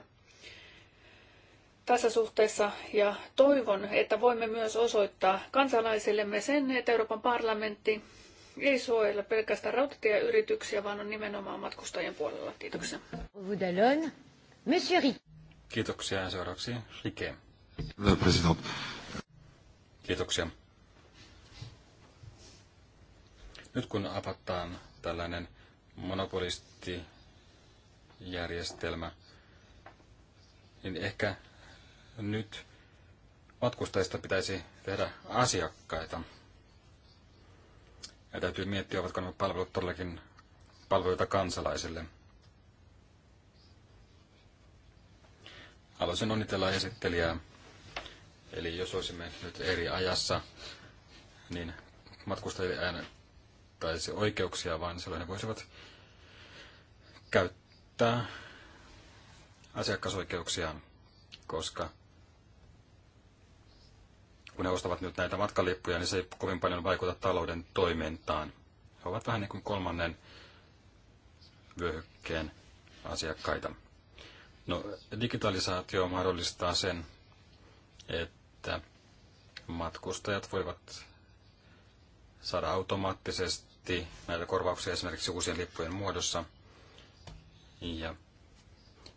tässä suhteessa ja toivon, että voimme myös osoittaa kansalaisillemme sen, että Euroopan parlamentti ei suojella pelkästään rautatieyrityksiä, vaan on nimenomaan matkustajien puolella. Kiitoksia. Kiitoksia ja seuraavaksi Rike. Kiitoksia. Nyt kun avataan tällainen monopolistijärjestelmä, niin ehkä nyt matkustajista pitäisi tehdä asiakkaita. Ja täytyy miettiä, ovatko nämä palvelut todellakin palveluita kansalaisille. Haluaisin onnitella esittelijää. Eli jos olisimme nyt eri ajassa, niin matkustajille taisi oikeuksia, vaan silloin ne voisivat käyttää asiakasoikeuksiaan, koska kun ne ostavat nyt näitä matkalippuja, niin se ei kovin paljon vaikuta talouden toimintaan. He ovat vähän niin kuin kolmannen vyöhykkeen asiakkaita. No, digitalisaatio mahdollistaa sen, että matkustajat voivat saada automaattisesti näitä korvauksia esimerkiksi uusien lippujen muodossa. Ja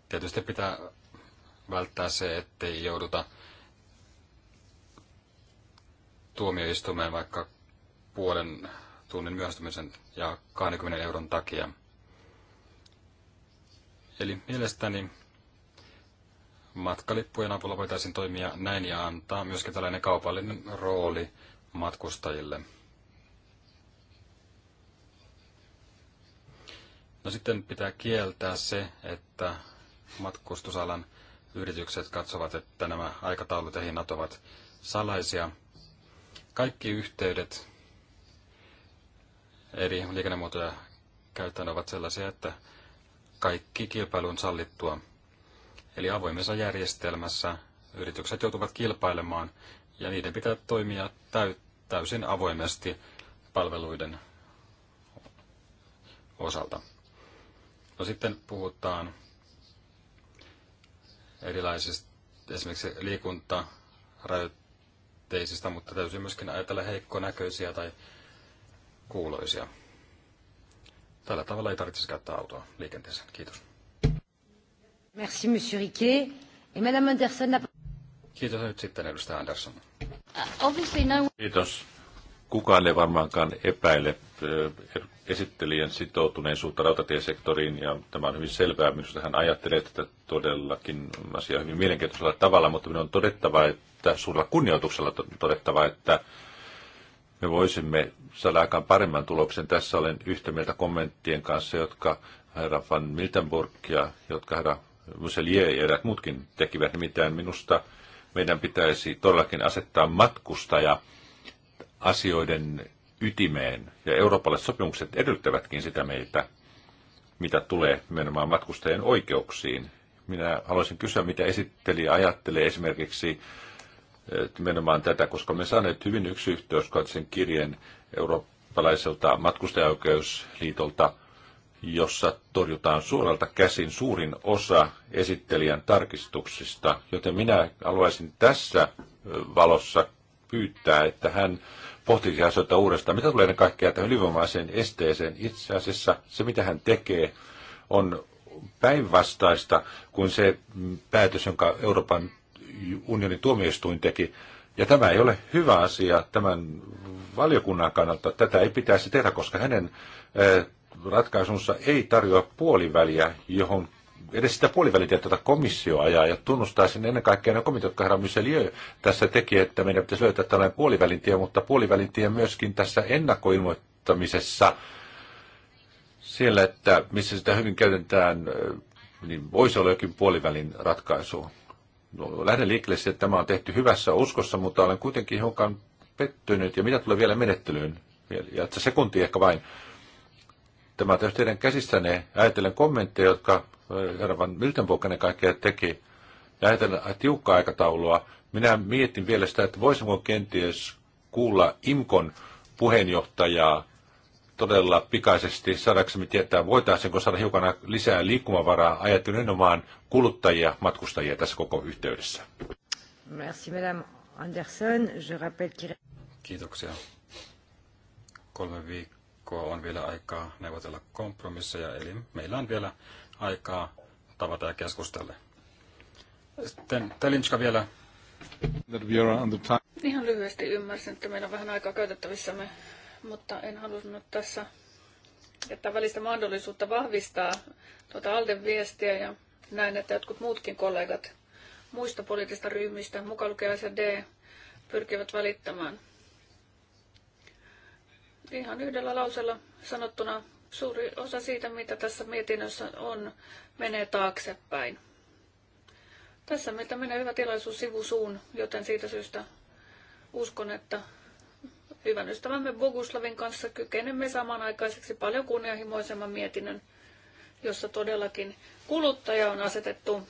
tietysti pitää välttää se, ettei jouduta tuomioistuimeen vaikka puolen tunnin myöhästymisen ja 20 euron takia. Eli mielestäni matkalippujen avulla voitaisiin toimia näin ja antaa myöskin tällainen kaupallinen rooli matkustajille. No sitten pitää kieltää se, että matkustusalan yritykset katsovat, että nämä aikataulut ja hinnat ovat salaisia, kaikki yhteydet eri liikennemuotoja käyttäen ovat sellaisia, että kaikki kilpailu on sallittua. Eli avoimessa järjestelmässä yritykset joutuvat kilpailemaan ja niiden pitää toimia täysin avoimesti palveluiden osalta. No sitten puhutaan erilaisista esimerkiksi liikunta, myönteisistä, mutta täytyy myöskin ajatella heikkonäköisiä tai kuuloisia. Tällä tavalla ei tarvitsisi käyttää autoa liikenteessä. Kiitos. Merci, monsieur Riquet. Et madame Anderson... Kiitos nyt sitten, edustaja Andersson. Ah, no- Kiitos. Kukaan ei varmaankaan epäile esittelijän sitoutuneisuutta rautatiesektoriin, ja tämä on hyvin selvää, minusta hän ajattelee tätä todellakin asia hyvin mielenkiintoisella tavalla, mutta minun on todettava, että suurella kunnioituksella todettava, että me voisimme saada aikaan paremman tuloksen. Tässä olen yhtä mieltä kommenttien kanssa, jotka herra Van Miltenburg ja jotka herra Muselier ja eräät muutkin tekivät. Nimittäin minusta meidän pitäisi todellakin asettaa matkustaja asioiden ytimeen. Ja eurooppalaiset sopimukset edellyttävätkin sitä meiltä, mitä tulee nimenomaan matkustajien oikeuksiin. Minä haluaisin kysyä, mitä esitteli, ajattelee esimerkiksi eh, nimenomaan tätä, koska me saaneet hyvin yksi sen kirjeen eurooppalaiselta matkustajaoikeusliitolta, jossa torjutaan suoralta käsin suurin osa esittelijän tarkistuksista, joten minä haluaisin tässä eh, valossa pyytää, että hän pohtisi asioita uudestaan. Mitä tulee ne kaikkea tähän ylivoimaiseen esteeseen? Itse asiassa se, mitä hän tekee, on päinvastaista kuin se päätös, jonka Euroopan unionin tuomioistuin teki. Ja tämä ei ole hyvä asia tämän valiokunnan kannalta. Tätä ei pitäisi tehdä, koska hänen eh, ratkaisunsa ei tarjoa puoliväliä, johon edes sitä puolivälitiä, jota komissio ajaa, ja tunnustaa sen ennen kaikkea ne komitiot, jotka herra Myseliö tässä teki, että meidän pitäisi löytää tällainen puolivälintie, mutta puolivälintie myöskin tässä ennakkoilmoittamisessa, siellä, että missä sitä hyvin käytetään, niin voisi olla jokin puolivälin ratkaisu. No, lähden liikkeelle että tämä on tehty hyvässä uskossa, mutta olen kuitenkin hiukan pettynyt. Ja mitä tulee vielä menettelyyn? Ja sekunti ehkä vain Tämä on teidän käsissäne Ajatellen kommentteja, jotka herra Van Miltenbukkanen kaikkea teki. Ja ajatellen äh, tiukkaa aikataulua. Minä mietin vielä sitä, että voisinko kenties kuulla IMKON puheenjohtajaa todella pikaisesti saadaksemme tietää, voitaisiinko saada hiukan lisää liikkumavaraa ajatellen enomaan kuluttajia, matkustajia tässä koko yhteydessä. Merci, Madame Anderson. Je rappelle... Kiitoksia. Kolme viikkoa jatkoa on vielä aikaa neuvotella kompromisseja, eli meillä on vielä aikaa tavata ja keskustella. Sitten Telinska vielä. Ihan lyhyesti ymmärsin, että meillä on vähän aikaa käytettävissämme, mutta en halunnut tässä jättää välistä mahdollisuutta vahvistaa tuota Alden viestiä ja näin, että jotkut muutkin kollegat muista poliittista ryhmistä, mukaan lukien D, pyrkivät välittämään Ihan yhdellä lausella sanottuna suuri osa siitä, mitä tässä mietinnössä on, menee taaksepäin. Tässä meiltä menee hyvä tilaisuus sivusuun, joten siitä syystä uskon, että hyvän ystävämme Boguslavin kanssa kykenemme samanaikaiseksi paljon kunnianhimoisemman mietinnön, jossa todellakin kuluttaja on asetettu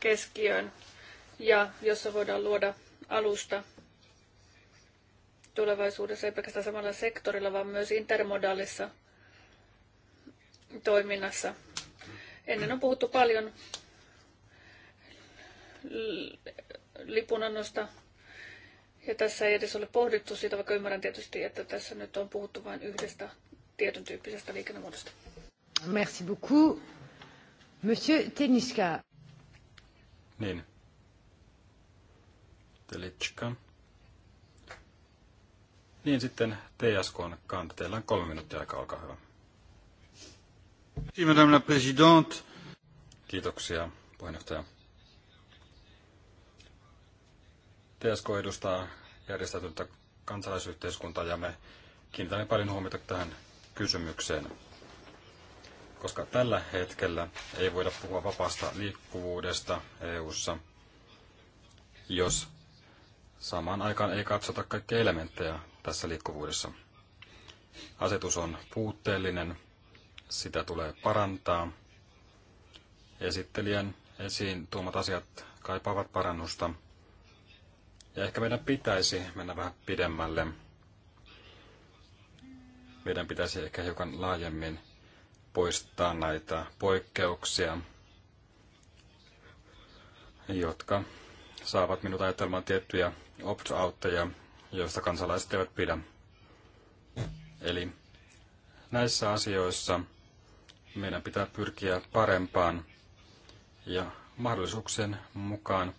keskiöön ja jossa voidaan luoda alusta tulevaisuudessa, ei pelkästään samalla sektorilla, vaan myös intermodaalissa toiminnassa. Ennen on puhuttu paljon lipunannosta, ja tässä ei edes ole pohdittu siitä, vaikka ymmärrän tietysti, että tässä nyt on puhuttu vain yhdestä tietyn tyyppisestä liikennemuodosta. Merci beaucoup. Monsieur Teniska. Niin. Telitska. Niin sitten TSK on kanta. Teillä on kolme minuuttia aikaa, olkaa hyvä. Madame la Présidente. Kiitoksia, puheenjohtaja. TSK edustaa järjestäytyntä kansalaisyhteiskuntaa ja me kiinnitämme paljon huomiota tähän kysymykseen, koska tällä hetkellä ei voida puhua vapaasta liikkuvuudesta EU:ssa, jos samaan aikaan ei katsota kaikkia elementtejä tässä liikkuvuudessa. Asetus on puutteellinen, sitä tulee parantaa. Esittelijän esiin tuomat asiat kaipaavat parannusta. Ja ehkä meidän pitäisi mennä vähän pidemmälle. Meidän pitäisi ehkä hiukan laajemmin poistaa näitä poikkeuksia, jotka saavat minut ajattelemaan tiettyjä opt-outteja, joista kansalaiset eivät pidä. Eli näissä asioissa meidän pitää pyrkiä parempaan ja mahdollisuuksien mukaan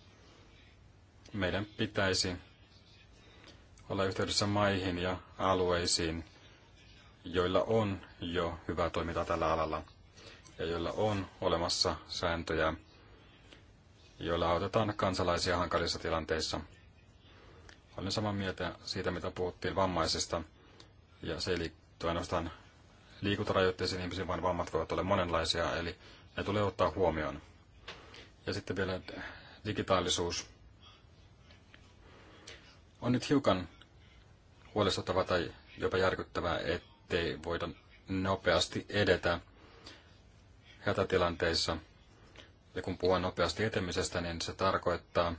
meidän pitäisi olla yhteydessä maihin ja alueisiin, joilla on jo hyvää toimintaa tällä alalla ja joilla on olemassa sääntöjä, joilla autetaan kansalaisia hankalissa tilanteissa – olen samaa mieltä siitä, mitä puhuttiin vammaisista, ja se ei liitty ainoastaan liikuntarajoitteisiin ihmisiin, vaan vammat voivat olla monenlaisia, eli ne tulee ottaa huomioon. Ja sitten vielä digitaalisuus. On nyt hiukan huolestuttavaa tai jopa järkyttävää, ettei voida nopeasti edetä hätätilanteissa. Ja kun puhutaan nopeasti etemisestä, niin se tarkoittaa,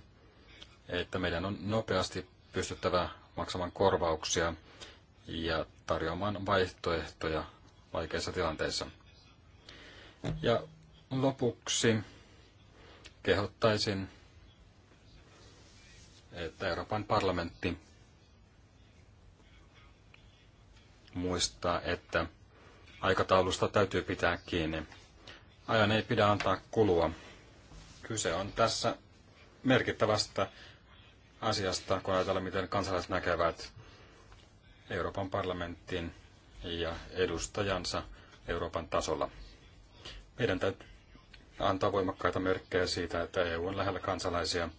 että meidän on nopeasti pystyttävä maksamaan korvauksia ja tarjoamaan vaihtoehtoja vaikeissa tilanteissa. Ja lopuksi kehottaisin, että Euroopan parlamentti muistaa, että aikataulusta täytyy pitää kiinni. Ajan ei pidä antaa kulua. Kyse on tässä merkittävästä asiasta, kun ajatellaan, miten kansalaiset näkevät Euroopan parlamentin ja edustajansa Euroopan tasolla. Meidän täytyy antaa voimakkaita merkkejä siitä, että EU on lähellä kansalaisia,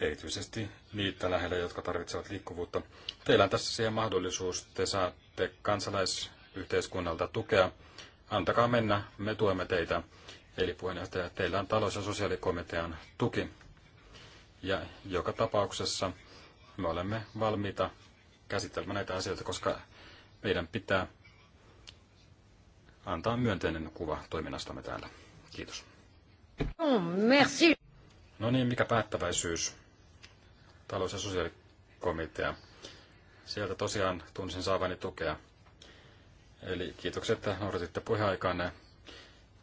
erityisesti niitä lähellä, jotka tarvitsevat liikkuvuutta. Teillä on tässä siihen mahdollisuus, te saatte kansalaisyhteiskunnalta tukea. Antakaa mennä, me tuemme teitä. Eli puheenjohtaja, teillä on talous- ja sosiaalikomitean tuki. Ja joka tapauksessa me olemme valmiita käsittelemään näitä asioita, koska meidän pitää antaa myönteinen kuva toiminnastamme täällä. Kiitos. No, merci. No niin, mikä päättäväisyys? Talous- ja sosiaalikomitea. Sieltä tosiaan tunsin saavani tukea. Eli kiitokset, että noudatitte puheaikanne.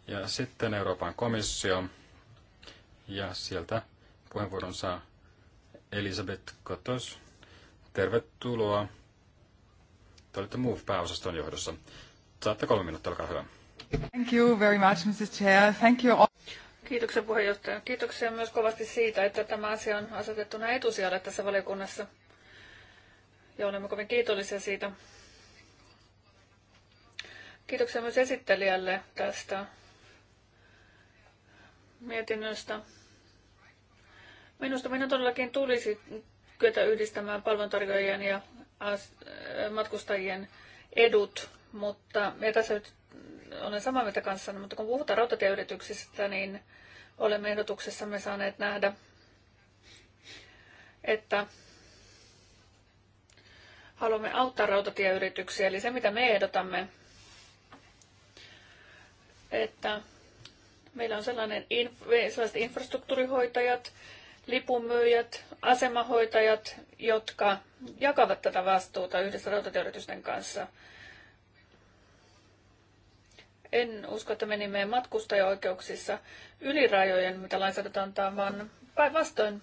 Ja sitten Euroopan komissio. Ja sieltä puheenvuoron saa Elisabeth Kotos. Tervetuloa. Te olette MOVE-pääosaston johdossa. Saatte kolme minuuttia, olkaa hyvä. Thank you very much, Mrs. Chair. Thank you all. Kiitoksia puheenjohtaja. Kiitoksia myös kovasti siitä, että tämä asia on asetettuna etusijalle tässä valiokunnassa. Ja olemme kovin kiitollisia siitä. Kiitoksia myös esittelijälle tästä mietinnöstä. Minusta minä todellakin tulisi kyetä yhdistämään palveluntarjoajien ja äh, matkustajien edut, mutta me tässä nyt olen samaa mieltä kanssa, mutta kun puhutaan rautatieyrityksistä, niin olemme ehdotuksessamme saaneet nähdä, että haluamme auttaa rautatieyrityksiä. Eli se, mitä me ehdotamme, että meillä on sellainen, sellaiset infrastruktuurihoitajat, lipunmyyjät, asemahoitajat, jotka jakavat tätä vastuuta yhdessä rautatieyritysten kanssa. En usko, että menimme matkustajaoikeuksissa yli rajojen, mitä lainsäädäntö antaa, vaan päinvastoin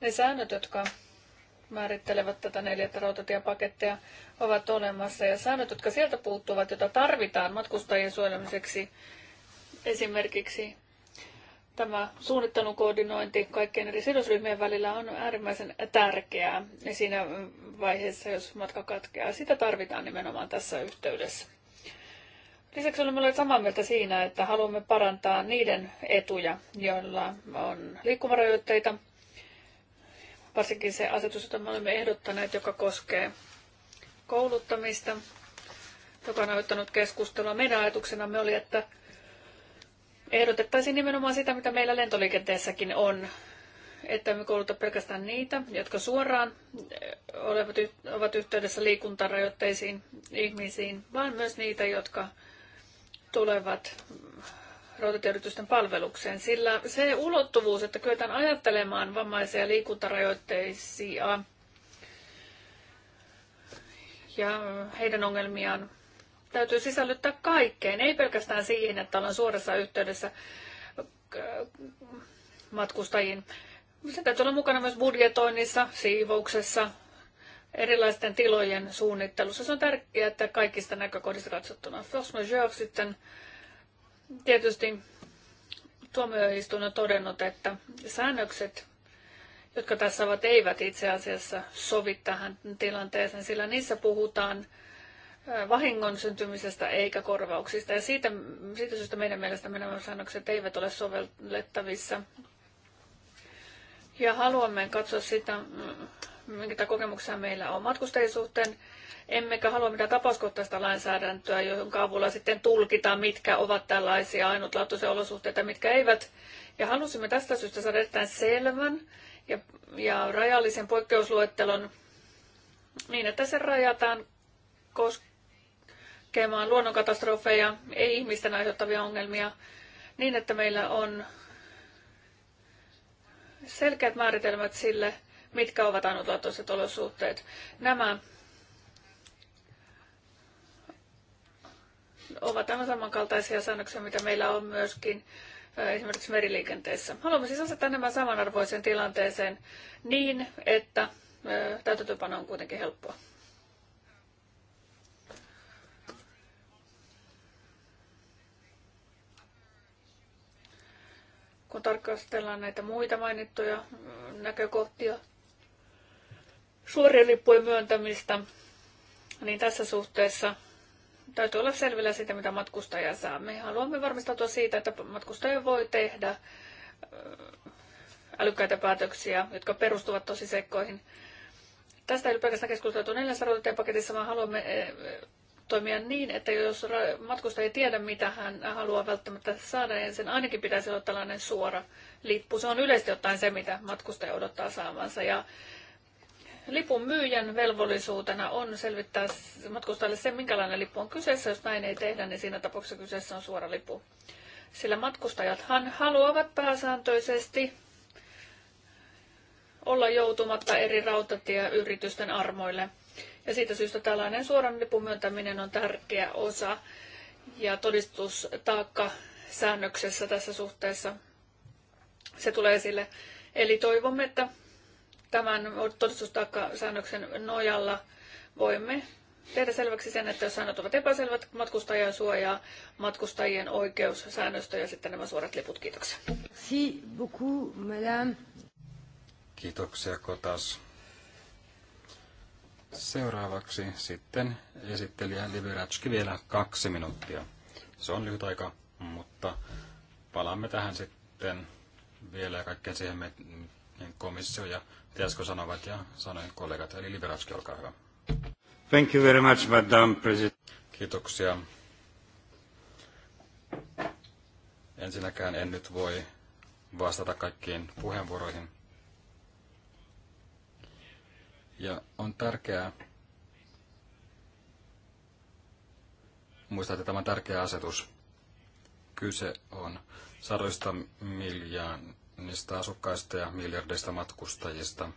ne säännöt, jotka määrittelevät tätä neljättä rautatiepakettia, ovat olemassa. Ja säännöt, jotka sieltä puuttuvat, joita tarvitaan matkustajien suojelemiseksi, esimerkiksi Tämä suunnittelun koordinointi kaikkien eri sidosryhmien välillä on äärimmäisen tärkeää siinä vaiheessa, jos matka katkeaa. Sitä tarvitaan nimenomaan tässä yhteydessä. Lisäksi olemme olleet samaa mieltä siinä, että haluamme parantaa niiden etuja, joilla on liikkumarajoitteita. Varsinkin se asetus, jota me olemme ehdottaneet, joka koskee kouluttamista, joka on aiheuttanut keskustelua. Meidän ajatuksenamme oli, että Ehdotettaisiin nimenomaan sitä, mitä meillä lentoliikenteessäkin on, että me kouluta pelkästään niitä, jotka suoraan eh, ovat yhteydessä liikuntarajoitteisiin ihmisiin, vaan myös niitä, jotka tulevat rautatieyritysten palvelukseen, sillä se ulottuvuus, että kyetään ajattelemaan vammaisia liikuntarajoitteisia ja heidän ongelmiaan täytyy sisällyttää kaikkeen, ei pelkästään siihen, että ollaan suorassa yhteydessä äh, matkustajiin. Se täytyy olla mukana myös budjetoinnissa, siivouksessa, erilaisten tilojen suunnittelussa. Se on tärkeää, että kaikista näkökohdista katsottuna. Force majeure sitten tietysti tuomioistuin on todennut, että säännökset, jotka tässä ovat, eivät itse asiassa sovi tähän tilanteeseen, sillä niissä puhutaan vahingon syntymisestä eikä korvauksista. Ja siitä, siitä syystä meidän mielestä nämä säännökset eivät ole sovellettavissa. Ja haluamme katsoa sitä, mm, minkä kokemuksia meillä on matkustajien suhteen. Emmekä halua mitään tapauskohtaista lainsäädäntöä, johon avulla sitten tulkitaan, mitkä ovat tällaisia ainutlaatuisia olosuhteita, mitkä eivät. Ja halusimme tästä syystä saada erittäin selvän ja, ja rajallisen poikkeusluettelon niin, että se rajataan koska tutkimaan luonnonkatastrofeja, ei ihmisten aiheuttavia ongelmia, niin että meillä on selkeät määritelmät sille, mitkä ovat ainutlaatuiset olosuhteet. Nämä ovat aivan samankaltaisia säännöksiä, mitä meillä on myöskin esimerkiksi meriliikenteessä. Haluamme siis asettaa nämä samanarvoiseen tilanteeseen niin, että täytäntöpano on kuitenkin helppoa. kun tarkastellaan näitä muita mainittuja mm, näkökohtia, suorien lippujen myöntämistä, niin tässä suhteessa täytyy olla selvillä siitä, mitä matkustaja saa. Me haluamme varmistautua siitä, että matkustaja voi tehdä äh, älykkäitä päätöksiä, jotka perustuvat tosi sekkoihin. Tästä ei ole pelkästään keskusteltu neljässä paketissa, vaan haluamme äh, toimia niin, että jos matkustaja ei tiedä, mitä hän haluaa välttämättä saada, niin sen ainakin pitäisi olla tällainen suora lippu. Se on yleisesti ottaen se, mitä matkustaja odottaa saamansa. Ja lipun myyjän velvollisuutena on selvittää matkustajalle se, minkälainen lippu on kyseessä. Jos näin ei tehdä, niin siinä tapauksessa kyseessä on suora lipu. Sillä matkustajathan haluavat pääsääntöisesti olla joutumatta eri rautatieyritysten armoille – ja siitä syystä tällainen suoran lipun myöntäminen on tärkeä osa ja todistustaakka säännöksessä tässä suhteessa se tulee esille. Eli toivomme, että tämän säännöksen nojalla voimme tehdä selväksi sen, että jos säännöt ovat epäselvät, matkustajien suojaa, matkustajien oikeus, säännöstö ja sitten nämä suorat liput. Kiitoksia. Kiitoksia Kotas. Seuraavaksi sitten esittelijä Liberatski vielä kaksi minuuttia. Se on lyhyt aika, mutta palaamme tähän sitten vielä ja kaikkeen siihen niin komissio ja Tiasko sanovat ja sanoin kollegat. Eli Liberatski, olkaa hyvä. Thank you very much, Madam President. Kiitoksia. Ensinnäkään en nyt voi vastata kaikkiin puheenvuoroihin, ja on tärkeää muistaa, että tämä on tärkeä asetus. Kyse on sadoista miljoonista asukkaista ja miljardeista matkustajista.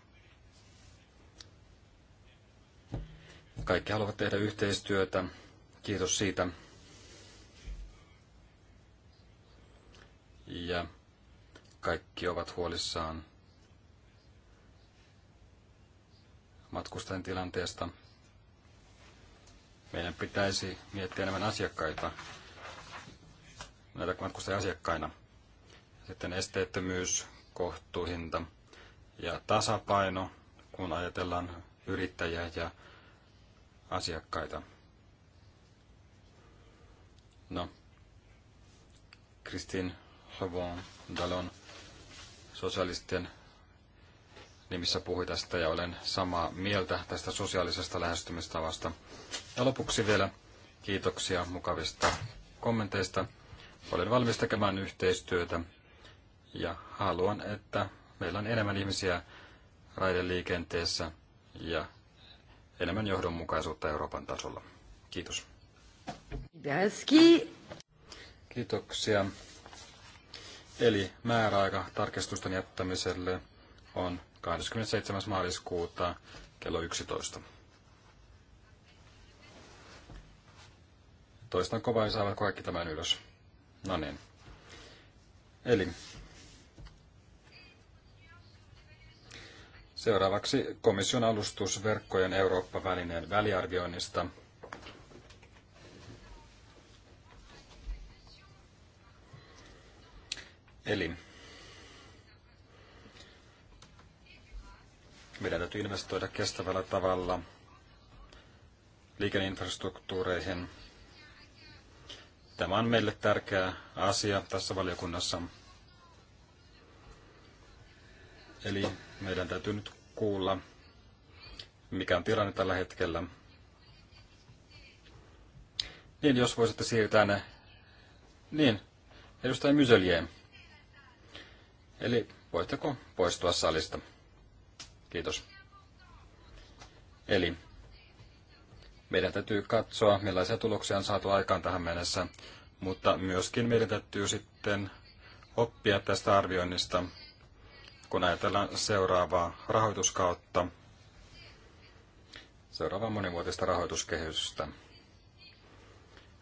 Kaikki haluavat tehdä yhteistyötä. Kiitos siitä. Ja kaikki ovat huolissaan matkustajien tilanteesta. Meidän pitäisi miettiä enemmän asiakkaita, näitä matkustajia asiakkaina. Sitten esteettömyys, kohtuuhinta ja tasapaino, kun ajatellaan yrittäjiä ja asiakkaita. No, Kristin Havon Dalon sosialistien nimissä puhui tästä ja olen samaa mieltä tästä sosiaalisesta lähestymistavasta. Ja lopuksi vielä kiitoksia mukavista kommenteista. Olen valmis tekemään yhteistyötä ja haluan, että meillä on enemmän ihmisiä raideliikenteessä ja enemmän johdonmukaisuutta Euroopan tasolla. Kiitos. Kiitoksia. Eli määräaika tarkistusten jättämiselle on 27. maaliskuuta kello 11. Toistan kovaa ja saavat kaikki tämän ylös. No niin. Eli Seuraavaksi komission alustus verkkojen Eurooppa-välineen väliarvioinnista. Eli Meidän täytyy investoida kestävällä tavalla liikenneinfrastruktuureihin. Tämä on meille tärkeä asia tässä valiokunnassa. Eli meidän täytyy nyt kuulla, mikä on tilanne tällä hetkellä. Niin, jos voisitte siirtää ne. Niin, edustaja Myselje. Eli voitteko poistua salista? Kiitos. Eli meidän täytyy katsoa, millaisia tuloksia on saatu aikaan tähän mennessä, mutta myöskin meidän täytyy sitten oppia tästä arvioinnista, kun ajatellaan seuraavaa rahoituskautta, seuraavaa monivuotista rahoituskehystä.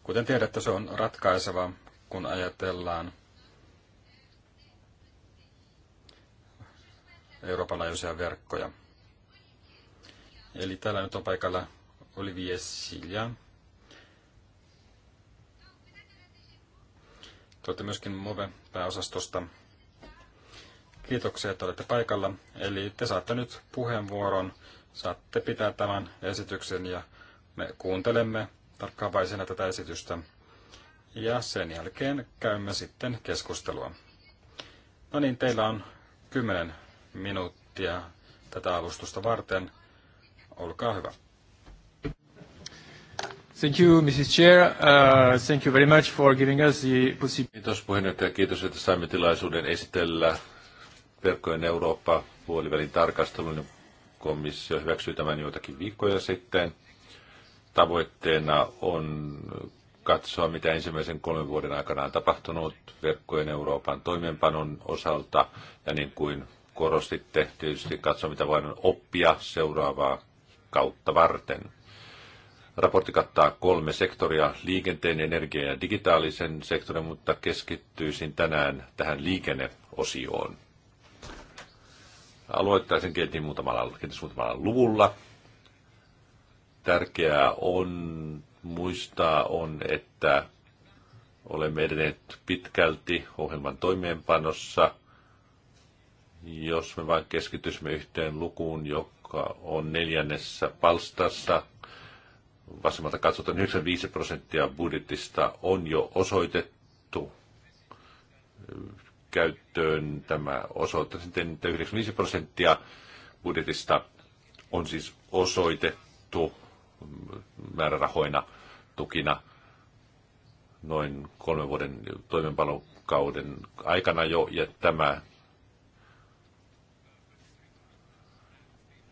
Kuten tiedätte, se on ratkaiseva, kun ajatellaan Euroopan laajuisia verkkoja. Eli täällä nyt on paikalla Olivier Silja. Te myöskin MOVE-pääosastosta. Kiitoksia, että olette paikalla. Eli te saatte nyt puheenvuoron, saatte pitää tämän esityksen ja me kuuntelemme tarkkaavaisena tätä esitystä. Ja sen jälkeen käymme sitten keskustelua. No niin, teillä on 10 minuuttia tätä avustusta varten. Olkaa hyvä. Thank you, Mrs. Chair. Uh, thank you very much for giving us the possibility. Kiitos puheenjohtaja, kiitos, että saimme tilaisuuden esitellä verkkojen Eurooppa puolivälin tarkastelun. Komissio hyväksyi tämän joitakin viikkoja sitten. Tavoitteena on katsoa, mitä ensimmäisen kolmen vuoden aikana on tapahtunut verkkojen Euroopan toimeenpanon osalta ja niin kuin korostitte, tietysti katsoa, mitä voidaan oppia seuraavaa kautta varten. Raportti kattaa kolme sektoria, liikenteen, energian ja digitaalisen sektorin, mutta keskittyisin tänään tähän liikenneosioon. Aloittaisin kenties muutamalla, kenties muutamalla luvulla. Tärkeää on muistaa on, että olemme edenneet pitkälti ohjelman toimeenpanossa – jos me vain keskitysimme yhteen lukuun, joka on neljännessä palstassa, vasemmalta katsotaan 95 niin prosenttia budjetista on jo osoitettu käyttöön. Tämä osoittaa sitten, että 95 prosenttia budjetista on siis osoitettu määrärahoina, tukina noin kolmen vuoden toimenpanokauden aikana jo, ja tämä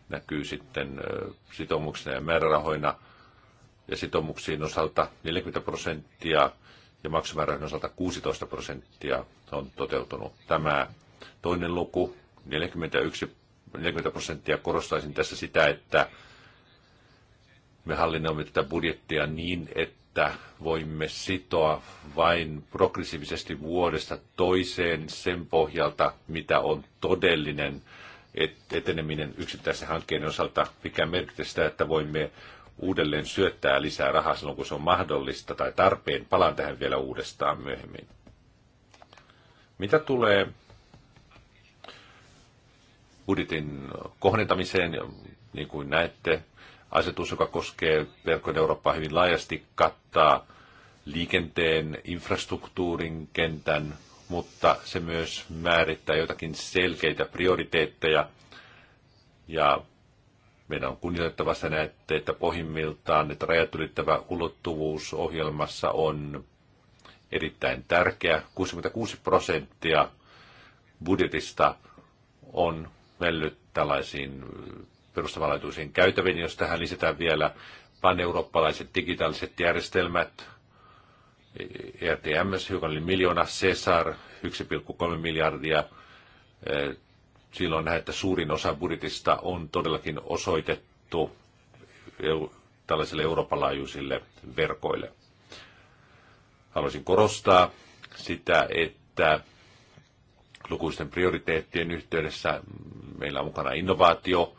näkyy sitten sitoumuksina ja määrärahoina ja sitoumuksiin osalta 40 prosenttia ja maksumäärärahojen osalta 16 prosenttia on toteutunut. Tämä toinen luku, 41, 40 prosenttia, korostaisin tässä sitä, että me hallinnoimme tätä budjettia niin, että voimme sitoa vain progressiivisesti vuodesta toiseen sen pohjalta, mitä on todellinen eteneminen yksittäisten hankkeen osalta, mikä merkitsee sitä, että voimme uudelleen syöttää lisää rahaa silloin, kun se on mahdollista tai tarpeen. Palaan tähän vielä uudestaan myöhemmin. Mitä tulee budjetin kohdentamiseen, niin kuin näette, asetus, joka koskee verkkojen Eurooppaa hyvin laajasti, kattaa liikenteen, infrastruktuurin, kentän, mutta se myös määrittää jotakin selkeitä prioriteetteja. Ja meidän on kunnioitettava se näette, että pohjimmiltaan että rajat ylittävä ulottuvuus ohjelmassa on erittäin tärkeä. 66 prosenttia budjetista on mennyt tällaisiin perustavanlaatuisiin käytäviin, jos tähän lisätään vielä pan-eurooppalaiset digitaaliset järjestelmät, ERTMS hiukan yli miljoona, Cesar 1,3 miljardia. E, silloin nähdään, että suurin osa budjetista on todellakin osoitettu tällaisille Euroopan laajuisille verkoille. Haluaisin korostaa sitä, että lukuisten prioriteettien yhteydessä meillä on mukana innovaatio,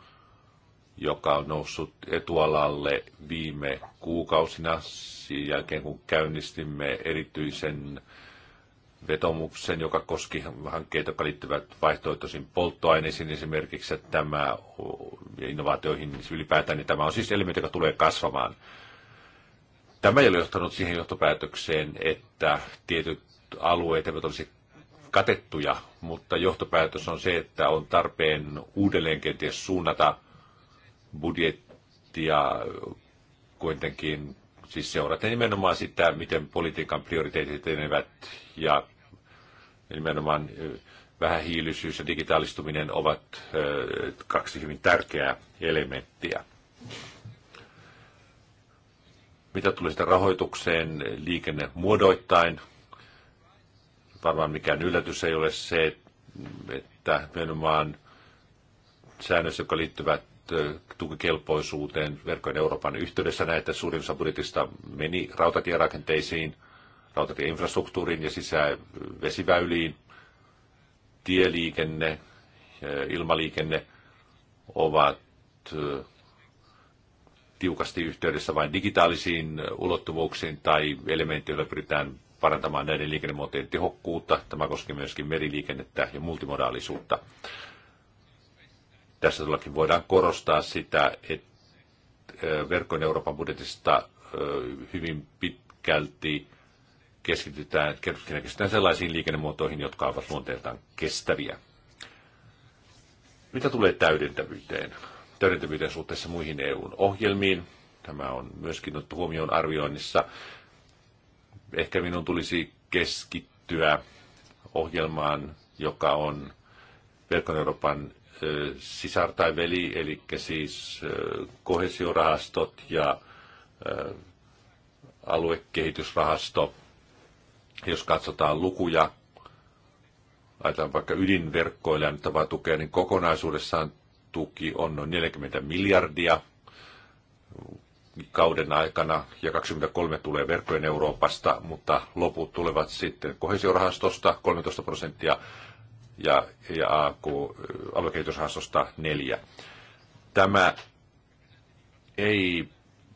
joka on noussut etualalle viime kuukausina sen jälkeen, kun käynnistimme erityisen vetomuksen, joka koski hankkeita, jotka liittyvät vaihtoehtoisiin polttoaineisiin esimerkiksi, että tämä innovaatioihin ylipäätään, niin tämä on siis elementti, joka tulee kasvamaan. Tämä ei ole johtanut siihen johtopäätökseen, että tietyt alueet eivät olisi katettuja, mutta johtopäätös on se, että on tarpeen uudelleen kenties suunnata – budjettia kuitenkin siis seurata nimenomaan sitä, miten politiikan prioriteetit etenevät ja nimenomaan vähähiilisyys ja digitaalistuminen ovat kaksi hyvin tärkeää elementtiä. Mitä tulee sitä rahoitukseen muodoittain? varmaan mikään yllätys ei ole se, että nimenomaan säännös, joka liittyvät tukikelpoisuuteen verkkojen Euroopan yhteydessä. Näette, että suurin osa budjetista meni rautatierakenteisiin, rautatieinfrastruktuuriin ja sisävesiväyliin. Tieliikenne ja ilmaliikenne ovat tiukasti yhteydessä vain digitaalisiin ulottuvuuksiin tai elementteihin, joilla pyritään parantamaan näiden liikennemuotojen tehokkuutta. Tämä koskee myöskin meriliikennettä ja multimodaalisuutta. Tässä todellakin voidaan korostaa sitä, että verkon Euroopan budjetista hyvin pitkälti keskitytään, keskitytään sellaisiin liikennemuotoihin, jotka ovat luonteeltaan kestäviä. Mitä tulee täydentävyyteen? Täydentävyyteen suhteessa muihin EUn ohjelmiin. Tämä on myöskin otettu huomioon arvioinnissa. Ehkä minun tulisi keskittyä ohjelmaan, joka on Verkon Euroopan sisar tai veli, eli siis kohesiorahastot ja aluekehitysrahasto. Jos katsotaan lukuja, ajatellaan vaikka ydinverkkoille annettavaa tukea, niin kokonaisuudessaan tuki on noin 40 miljardia kauden aikana ja 23 tulee verkkojen Euroopasta, mutta loput tulevat sitten kohesiorahastosta 13 prosenttia, ja, ja AQ aluekehitysrahastosta neljä. Tämä ei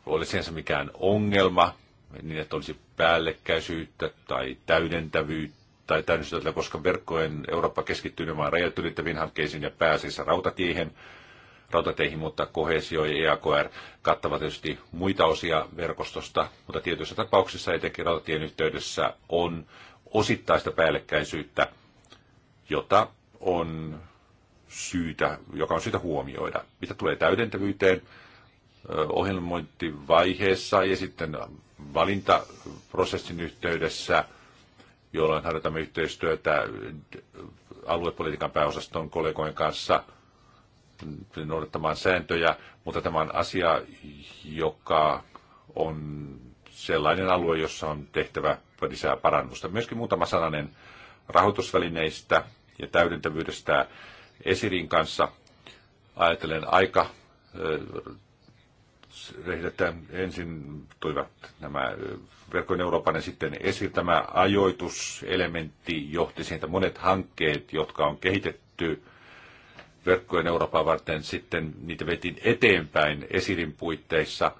ole sinänsä mikään ongelma, niin että olisi päällekkäisyyttä tai täydentävyyttä tai täydennystä, koska verkkojen Eurooppa keskittyy vain rajat ylittäviin hankkeisiin ja pääasiassa rautatiehen, rautateihin, mutta kohesio ja EAKR kattavat tietysti muita osia verkostosta, mutta tietyissä tapauksissa etenkin rautatien yhteydessä on osittaista päällekkäisyyttä – jota on syytä, joka on syytä huomioida. Mitä tulee täydentävyyteen ohjelmointivaiheessa ja sitten valintaprosessin yhteydessä, jolloin harjoitamme yhteistyötä aluepolitiikan pääosaston kollegojen kanssa noudattamaan sääntöjä, mutta tämä on asia, joka on sellainen alue, jossa on tehtävä lisää parannusta. Myöskin muutama sananen rahoitusvälineistä ja täydentävyydestä Esirin kanssa. Ajatellen aika että ensin tulivat nämä verkkojen Euroopan ja sitten esir, tämä ajoituselementti johti siihen, että monet hankkeet, jotka on kehitetty verkkojen Euroopan varten, sitten niitä vetiin eteenpäin esirin puitteissa.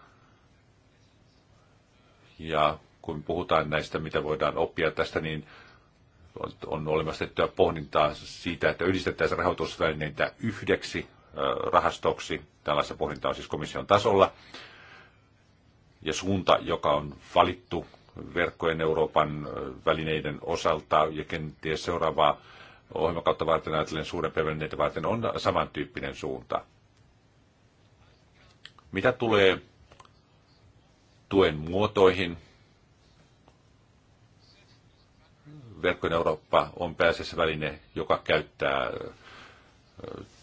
Ja kun puhutaan näistä, mitä voidaan oppia tästä, niin on olemassa tehtyä pohdintaa siitä, että yhdistettäisiin rahoitusvälineitä yhdeksi rahastoksi. Tällaista pohdintaa on siis komission tasolla. Ja suunta, joka on valittu verkkojen Euroopan välineiden osalta ja kenties seuraavaa ohjelmakautta varten ajatellen suurempia välineitä varten on samantyyppinen suunta. Mitä tulee tuen muotoihin, Verkkojen Eurooppa on pääasiassa väline, joka käyttää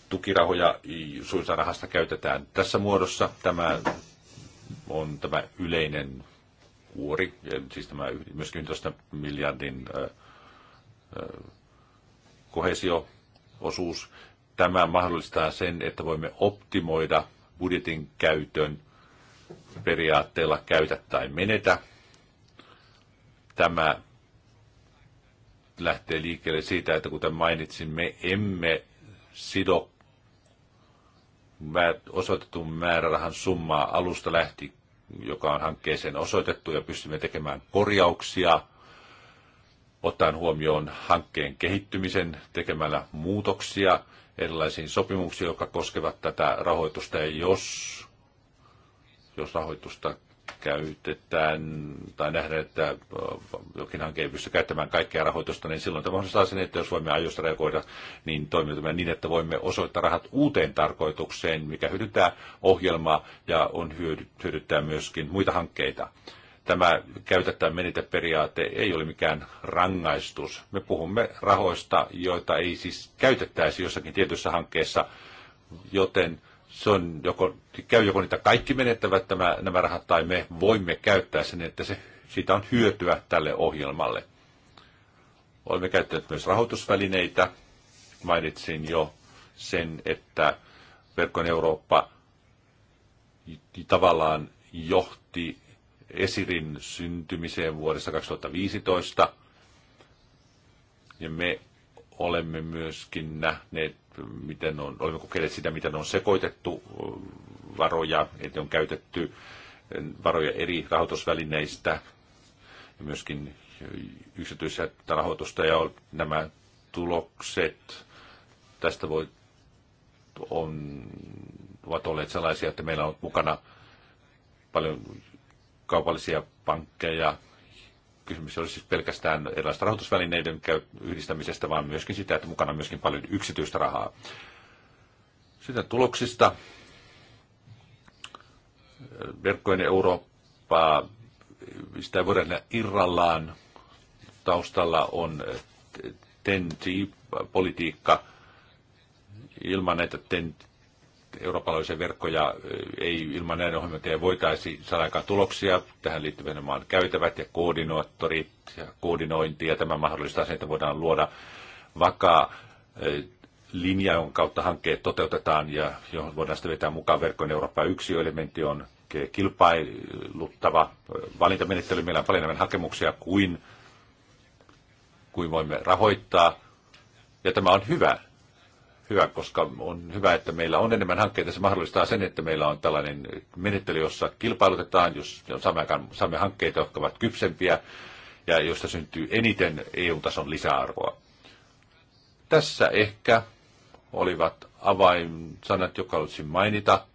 tukirahoja, suinsa rahasta käytetään tässä muodossa. Tämä on tämä yleinen kuori, siis tämä myöskin 11 miljardin kohesioosuus. Tämä mahdollistaa sen, että voimme optimoida budjetin käytön periaatteella käytä tai menetä. Tämä lähtee liikkeelle siitä, että kuten mainitsin, me emme sido osoitetun määrärahan summaa alusta lähti, joka on hankkeeseen osoitettu, ja pystymme tekemään korjauksia, ottaen huomioon hankkeen kehittymisen tekemällä muutoksia erilaisiin sopimuksiin, jotka koskevat tätä rahoitusta, ja jos, jos rahoitusta käytetään tai nähdään, että jokin hanke ei pysty käyttämään kaikkea rahoitusta, niin silloin tämä mahdollistaa sen, että jos voimme ajoista reagoida, niin toimimme niin, että voimme osoittaa rahat uuteen tarkoitukseen, mikä hyödyttää ohjelmaa ja on hyödyttää myöskin muita hankkeita. Tämä käytettävä menetäperiaate ei ole mikään rangaistus. Me puhumme rahoista, joita ei siis käytettäisi jossakin tietyssä hankkeessa, joten se on joko, käy joko niitä kaikki menettävät tämä, nämä rahat, tai me voimme käyttää sen, että se, siitä on hyötyä tälle ohjelmalle. Olemme käyttäneet myös rahoitusvälineitä. Mainitsin jo sen, että Verkon Eurooppa tavallaan johti Esirin syntymiseen vuodessa 2015. Ja me olemme myöskin nähneet miten on, olemme kokeilleet sitä, miten on sekoitettu varoja, että on käytetty varoja eri rahoitusvälineistä ja myöskin yksityisestä rahoitusta ja nämä tulokset tästä voi, on, ovat olleet sellaisia, että meillä on mukana paljon kaupallisia pankkeja, kysymys olisi siis pelkästään erilaisten rahoitusvälineiden yhdistämisestä, vaan myöskin sitä, että mukana on myöskin paljon yksityistä rahaa. Sitten tuloksista. Verkkojen Eurooppaa, sitä ei voida irrallaan. Taustalla on TEN-T-politiikka. Ilman näitä eurooppalaisia verkkoja ei ilman näiden ohjelmointeja voitaisi saada aikaan tuloksia. Tähän liittyvät maan käytävät ja koordinaattorit ja koordinointi, ja tämä mahdollistaa sen, että voidaan luoda vakaa linja, jonka kautta hankkeet toteutetaan ja johon voidaan sitten vetää mukaan verkkojen Eurooppa. Yksi elementti on kilpailuttava valintamenettely. Meillä on paljon enemmän hakemuksia kuin, kuin voimme rahoittaa. Ja tämä on hyvä hyvä, koska on hyvä, että meillä on enemmän hankkeita. Se mahdollistaa sen, että meillä on tällainen menettely, jossa kilpailutetaan, jos saamme, saamme hankkeita, jotka ovat kypsempiä ja josta syntyy eniten EU-tason lisäarvoa. Tässä ehkä olivat avainsanat, jotka haluaisin mainita.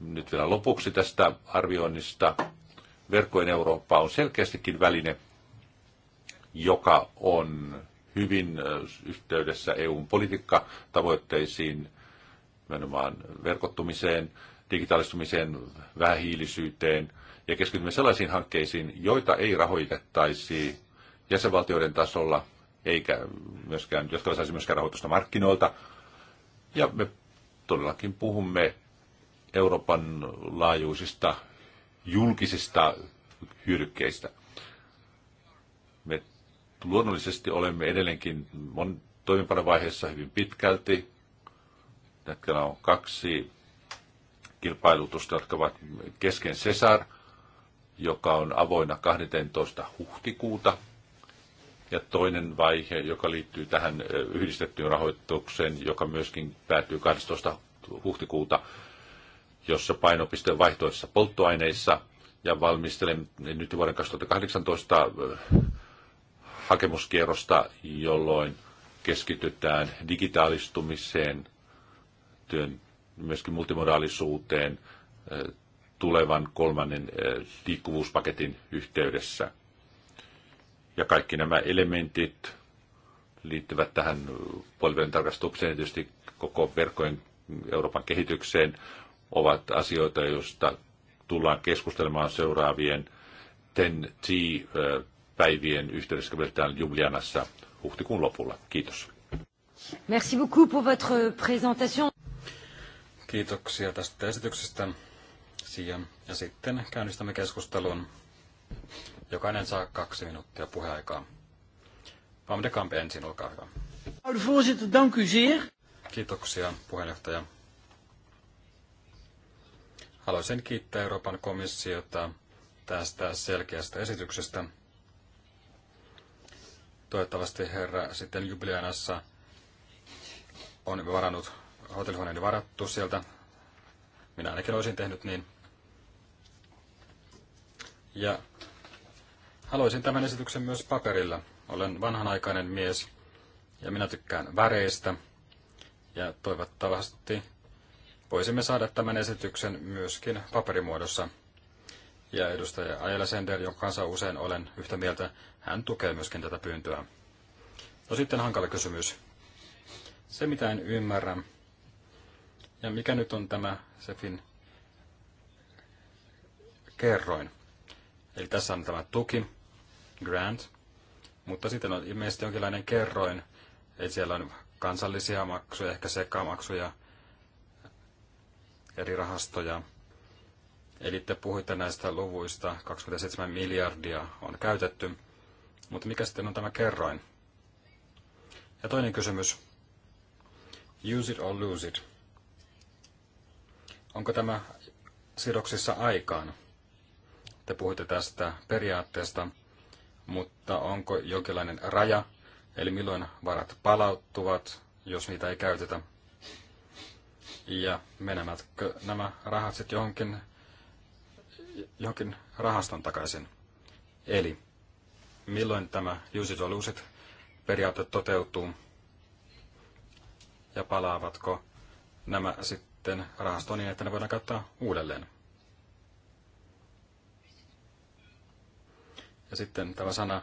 Nyt vielä lopuksi tästä arvioinnista. Verkkojen Eurooppa on selkeästikin väline, joka on hyvin yhteydessä EUn politiikkatavoitteisiin, nimenomaan verkottumiseen, digitaalistumiseen, vähähiilisyyteen, ja keskitymme sellaisiin hankkeisiin, joita ei rahoitettaisi jäsenvaltioiden tasolla, eikä myöskään, jotka saisi myöskään rahoitusta markkinoilta. Ja me todellakin puhumme Euroopan laajuisista julkisista hyödykkeistä. Me luonnollisesti olemme edelleenkin mon, vaiheessa hyvin pitkälti. Hetkellä on kaksi kilpailutusta, jotka ovat kesken Cesar, joka on avoinna 12. huhtikuuta. Ja toinen vaihe, joka liittyy tähän yhdistettyyn rahoitukseen, joka myöskin päätyy 12. huhtikuuta, jossa painopiste on vaihtoissa polttoaineissa. Ja valmistelemme nyt vuoden 2018 hakemuskierrosta, jolloin keskitytään digitaalistumiseen, työn, myöskin multimodaalisuuteen tulevan kolmannen liikkuvuuspaketin yhteydessä. Ja kaikki nämä elementit liittyvät tähän polven tarkastukseen, tietysti koko verkkojen Euroopan kehitykseen, ovat asioita, joista tullaan keskustelemaan seuraavien TEN-T päivien yhteydessä, kun pidetään Ljubljanassa huhtikuun lopulla. Kiitos. Merci beaucoup pour votre présentation. Kiitoksia tästä esityksestä, Sia. Ja sitten käynnistämme keskustelun. Jokainen saa kaksi minuuttia puheaikaa. Pam de Kamp ensin, olkaa hyvä. Kiitoksia, puheenjohtaja. Haluaisin kiittää Euroopan komissiota tästä selkeästä esityksestä. Toivottavasti herra sitten jubileanassa on varannut hotellihuoneeni varattu sieltä. Minä ainakin olisin tehnyt niin. Ja haluaisin tämän esityksen myös paperilla. Olen vanhanaikainen mies ja minä tykkään väreistä. Ja toivottavasti voisimme saada tämän esityksen myöskin paperimuodossa ja edustaja Ajela Sender, jonka kanssa usein olen yhtä mieltä, hän tukee myöskin tätä pyyntöä. No sitten hankala kysymys. Se, mitä en ymmärrä, ja mikä nyt on tämä SEFin kerroin. Eli tässä on tämä tuki, grant, mutta sitten on ilmeisesti jonkinlainen kerroin, että siellä on kansallisia maksuja, ehkä sekamaksuja, eri rahastoja, Eli te puhuitte näistä luvuista, 27 miljardia on käytetty, mutta mikä sitten on tämä kerroin? Ja toinen kysymys, use it or lose it. Onko tämä sidoksissa aikaan? Te puhuitte tästä periaatteesta, mutta onko jonkinlainen raja, eli milloin varat palauttuvat, jos niitä ei käytetä? Ja menemätkö nämä rahat sitten johonkin jokin rahaston takaisin. Eli milloin tämä use it periaate toteutuu ja palaavatko nämä sitten rahastoon niin, että ne voidaan käyttää uudelleen. Ja sitten tämä sana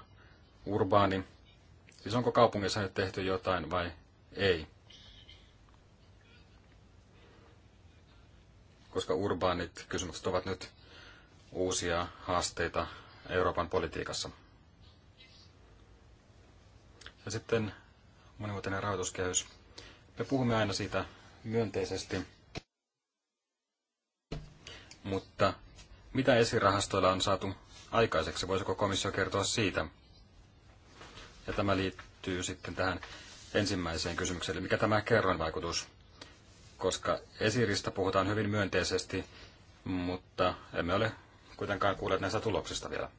urbaani, siis onko kaupungissa nyt tehty jotain vai ei? Koska urbaanit kysymykset ovat nyt uusia haasteita Euroopan politiikassa. Ja sitten monivuotinen rahoituskehys. Me puhumme aina siitä myönteisesti, mutta mitä esirahastoilla on saatu aikaiseksi? Voisiko komissio kertoa siitä? Ja tämä liittyy sitten tähän ensimmäiseen kysymykseen, eli mikä tämä kerroinvaikutus? Koska esiristä puhutaan hyvin myönteisesti, mutta emme ole kuitenkaan kuulleet näistä tuloksista vielä.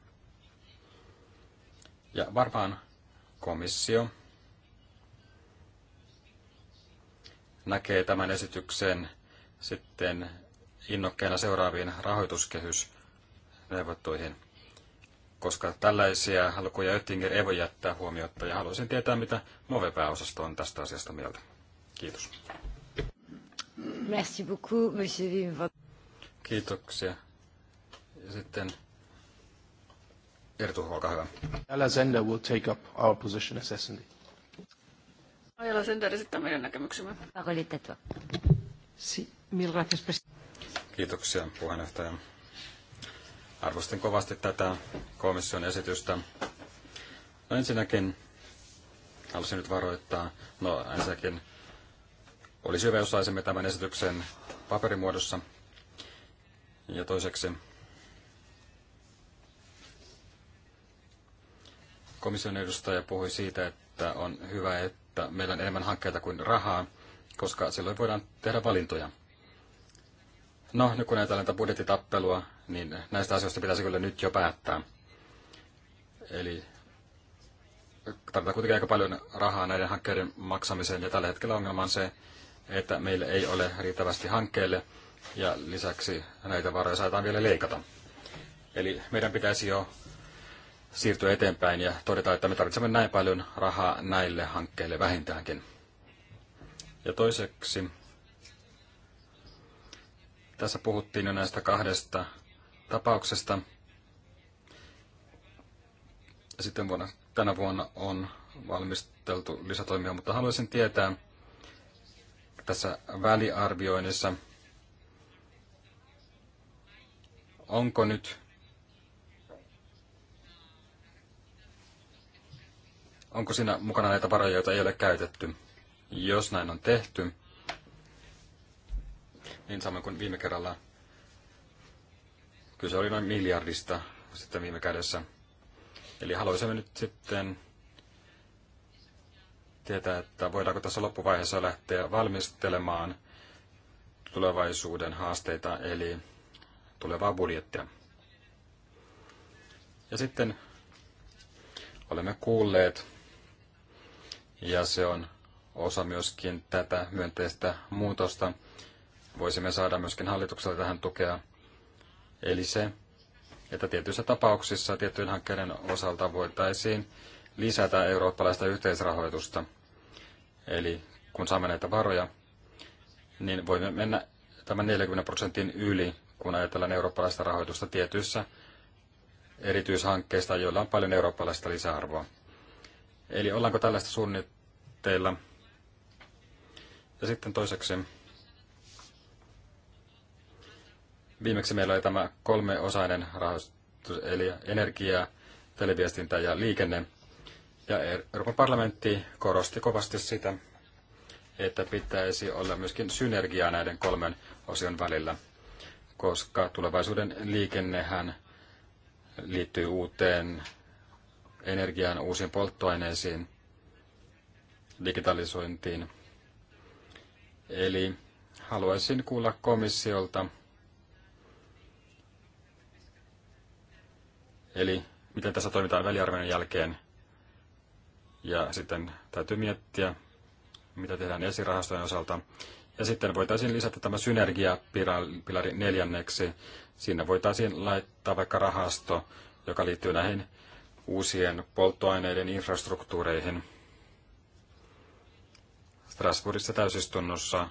Ja varmaan komissio näkee tämän esityksen sitten innokkeena seuraaviin rahoituskehysneuvottuihin, koska tällaisia lukuja Oettinger ei voi jättää huomiota ja haluaisin tietää, mitä MOVE-pääosasto on tästä asiasta mieltä. Kiitos. Merci beaucoup, monsieur Kiitoksia sitten Ertu, olkaa hyvä. Ella Zender will take up our position as S&D. Ajala esittää meidän näkemyksemme. Kiitoksia puheenjohtaja. Arvostin kovasti tätä komission esitystä. No ensinnäkin halusin nyt varoittaa, no ensinnäkin olisi hyvä, jos saisimme tämän esityksen paperimuodossa. Ja toiseksi Komission edustaja puhui siitä, että on hyvä, että meillä on enemmän hankkeita kuin rahaa, koska silloin voidaan tehdä valintoja. No, nyt kun ajatellaan tätä budjettitappelua, niin näistä asioista pitäisi kyllä nyt jo päättää. Eli tarvitaan kuitenkin aika paljon rahaa näiden hankkeiden maksamiseen, ja tällä hetkellä ongelma on se, että meillä ei ole riittävästi hankkeille, ja lisäksi näitä varoja saadaan vielä leikata. Eli meidän pitäisi jo siirtyä eteenpäin ja todeta, että me tarvitsemme näin paljon rahaa näille hankkeille vähintäänkin. Ja toiseksi, tässä puhuttiin jo näistä kahdesta tapauksesta. Sitten vuonna, tänä vuonna on valmisteltu lisätoimia, mutta haluaisin tietää tässä väliarvioinnissa, onko nyt onko siinä mukana näitä varoja, joita ei ole käytetty? Jos näin on tehty, niin samoin kuin viime kerralla, kyse oli noin miljardista sitten viime kädessä. Eli haluaisimme nyt sitten tietää, että voidaanko tässä loppuvaiheessa lähteä valmistelemaan tulevaisuuden haasteita, eli tulevaa budjettia. Ja sitten olemme kuulleet ja se on osa myöskin tätä myönteistä muutosta. Voisimme saada myöskin hallitukselle tähän tukea. Eli se, että tietyissä tapauksissa tiettyjen hankkeiden osalta voitaisiin lisätä eurooppalaista yhteisrahoitusta. Eli kun saamme näitä varoja, niin voimme mennä tämän 40 prosentin yli, kun ajatellaan eurooppalaista rahoitusta tietyissä erityishankkeista, joilla on paljon eurooppalaista lisäarvoa. Eli ollaanko tällaista suunnitteilla? Ja sitten toiseksi, viimeksi meillä oli tämä kolmeosainen rahoitus, eli energia, televiestintä ja liikenne. Ja Euroopan parlamentti korosti kovasti sitä, että pitäisi olla myöskin synergiaa näiden kolmen osion välillä, koska tulevaisuuden liikennehän liittyy uuteen energiaan, uusiin polttoaineisiin, digitalisointiin. Eli haluaisin kuulla komissiolta, eli miten tässä toimitaan väliarvion jälkeen. Ja sitten täytyy miettiä, mitä tehdään esirahastojen osalta. Ja sitten voitaisiin lisätä tämä synergiapilari neljänneksi. Siinä voitaisiin laittaa vaikka rahasto, joka liittyy näihin uusien polttoaineiden infrastruktuureihin. Strasbourgissa täysistunnossa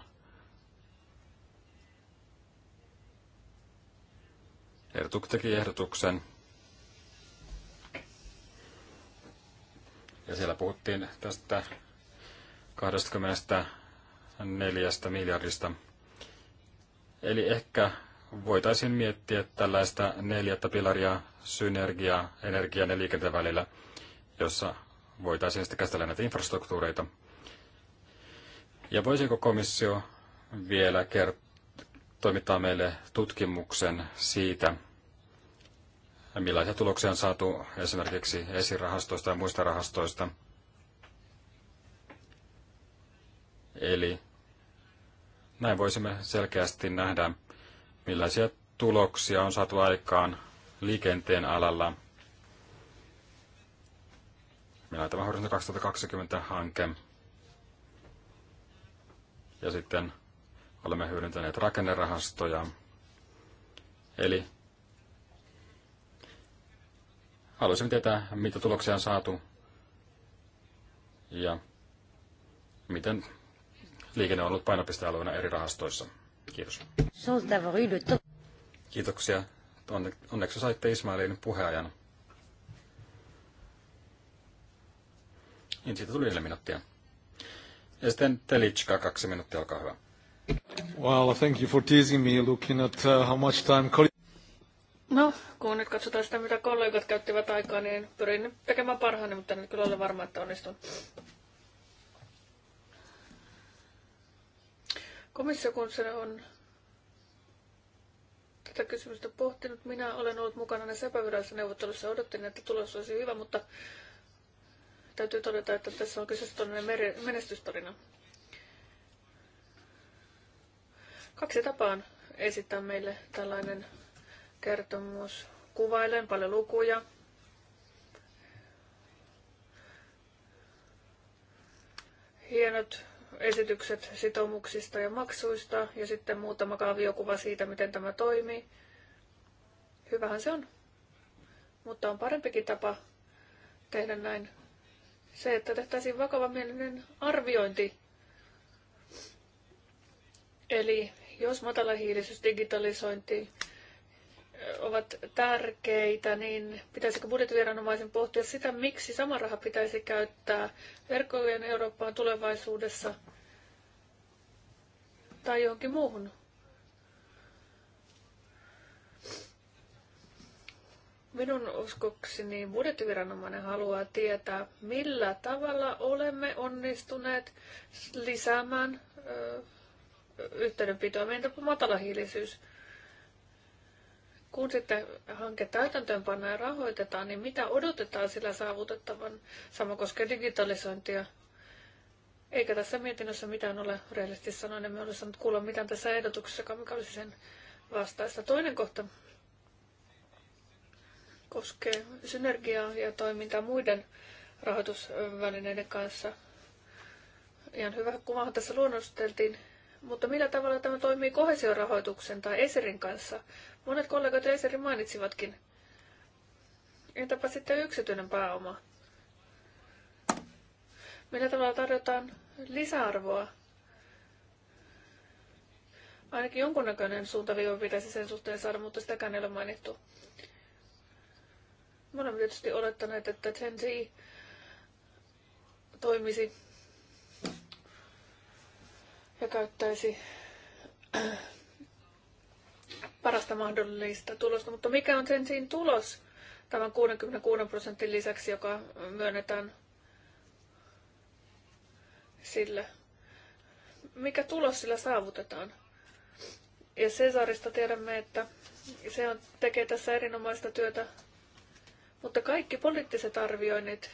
Ertuk teki ehdotuksen ja siellä puhuttiin tästä 24 miljardista. Eli ehkä voitaisiin miettiä tällaista neljättä pilaria synergiaa energian ja liikenteen välillä, jossa voitaisiin sitten käsitellä näitä infrastruktuureita. Ja voisiko komissio vielä kert- toimittaa meille tutkimuksen siitä, millaisia tuloksia on saatu esimerkiksi esirahastoista ja muista rahastoista. Eli näin voisimme selkeästi nähdä, millaisia tuloksia on saatu aikaan liikenteen alalla. Meillä on tämä Horisontti 2020-hanke. Ja sitten olemme hyödyntäneet rakennerahastoja. Eli haluaisin tietää, mitä tuloksia on saatu ja miten liikenne on ollut painopistealueena eri rahastoissa. Kiitos. Kiitoksia. Onneksi saitte Ismailin puheajan. Niin siitä tuli neljä minuuttia. Ja sitten Telitska, kaksi minuuttia, olkaa hyvä. Well, thank you for teasing me, looking at uh, how much time... No, kun nyt katsotaan sitä, mitä kollegat käyttivät aikaa, niin pyrin tekemään parhaani, mutta en kyllä ole varma, että onnistun. Komissio, kun se on tätä kysymystä pohtinut, minä olen ollut mukana näissä epävirallisissa neuvottelussa ja odottin, että tulos olisi hyvä, mutta täytyy todeta, että tässä on kyseessä todellinen menestystarina. Kaksi tapaa esittää meille tällainen kertomus. Kuvailen paljon lukuja, hienot esitykset sitoumuksista ja maksuista ja sitten muutama kaaviokuva siitä, miten tämä toimii. Hyvähän se on, mutta on parempikin tapa tehdä näin. Se, että tehtäisiin vakavamielinen arviointi. Eli jos matalahiilisyys, digitalisointi, ovat tärkeitä, niin pitäisikö budjettiviranomaisen pohtia sitä, miksi sama raha pitäisi käyttää verkkojen Eurooppaan tulevaisuudessa tai johonkin muuhun? Minun uskokseni budjettiviranomainen haluaa tietää, millä tavalla olemme onnistuneet lisäämään ö, yhteydenpitoa. Meidän matalahiilisyys. hiilisyys kun sitten hanke täytäntöönpannaan ja rahoitetaan, niin mitä odotetaan sillä saavutettavan? Sama koskee digitalisointia. Eikä tässä mietinnössä mitään ole reellisesti sanoen, emme ole saanut kuulla mitään tässä ehdotuksessa, mikä olisi sen vastaista. Toinen kohta koskee synergiaa ja toimintaa muiden rahoitusvälineiden kanssa. Ihan hyvä kuvahan tässä luonnosteltiin mutta millä tavalla tämä toimii kohesiorahoituksen tai ESERin kanssa? Monet kollegat ESERin mainitsivatkin. Entäpä sitten yksityinen pääoma? Millä tavalla tarjotaan lisäarvoa? Ainakin jonkunnäköinen suuntaviiva pitäisi sen suhteen saada, mutta sitäkään ei ole mainittu. Me olemme tietysti olettaneet, että Gen Z toimisi ja käyttäisi parasta mahdollista tulosta. Mutta mikä on sen siinä tulos tämän 66 prosentin lisäksi, joka myönnetään sille? Mikä tulos sillä saavutetaan? Ja Cesarista tiedämme, että se on, tekee tässä erinomaista työtä, mutta kaikki poliittiset arvioinnit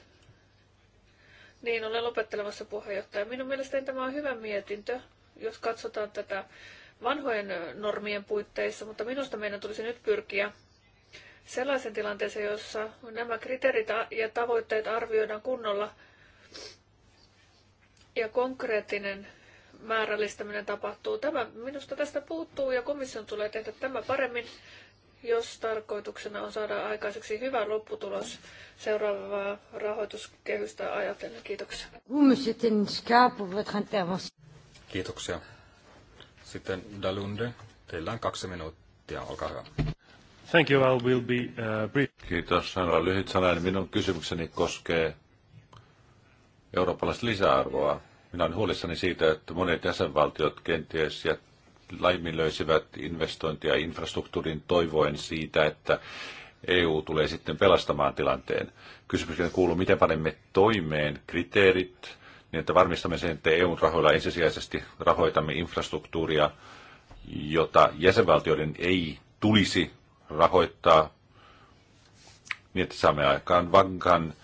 niin, olen lopettelemassa puheenjohtaja. Minun mielestäni tämä on hyvä mietintö, jos katsotaan tätä vanhojen normien puitteissa, mutta minusta meidän tulisi nyt pyrkiä sellaisen tilanteeseen, jossa nämä kriteerit ja tavoitteet arvioidaan kunnolla ja konkreettinen määrällistäminen tapahtuu. Tämä minusta tästä puuttuu ja komission tulee tehdä tämä paremmin jos tarkoituksena on saada aikaiseksi hyvä lopputulos seuraavaa rahoituskehystä ajatellen. Kiitoksia. Kiitoksia. Sitten Dalunde, teillä on kaksi minuuttia, olkaa hyvä. Thank you, I will be uh, brief. Kiitos, Sano lyhyt sanainen. Minun kysymykseni koskee eurooppalaista lisäarvoa. Minä olen huolissani siitä, että monet jäsenvaltiot kenties jättävät laiminlöisivät investointia infrastruktuurin toivoen siitä, että EU tulee sitten pelastamaan tilanteen. Kysymys kuuluu, miten panemme toimeen kriteerit, niin että varmistamme sen, että EUn rahoilla ensisijaisesti rahoitamme infrastruktuuria, jota jäsenvaltioiden ei tulisi rahoittaa, niin että saamme aikaan vankan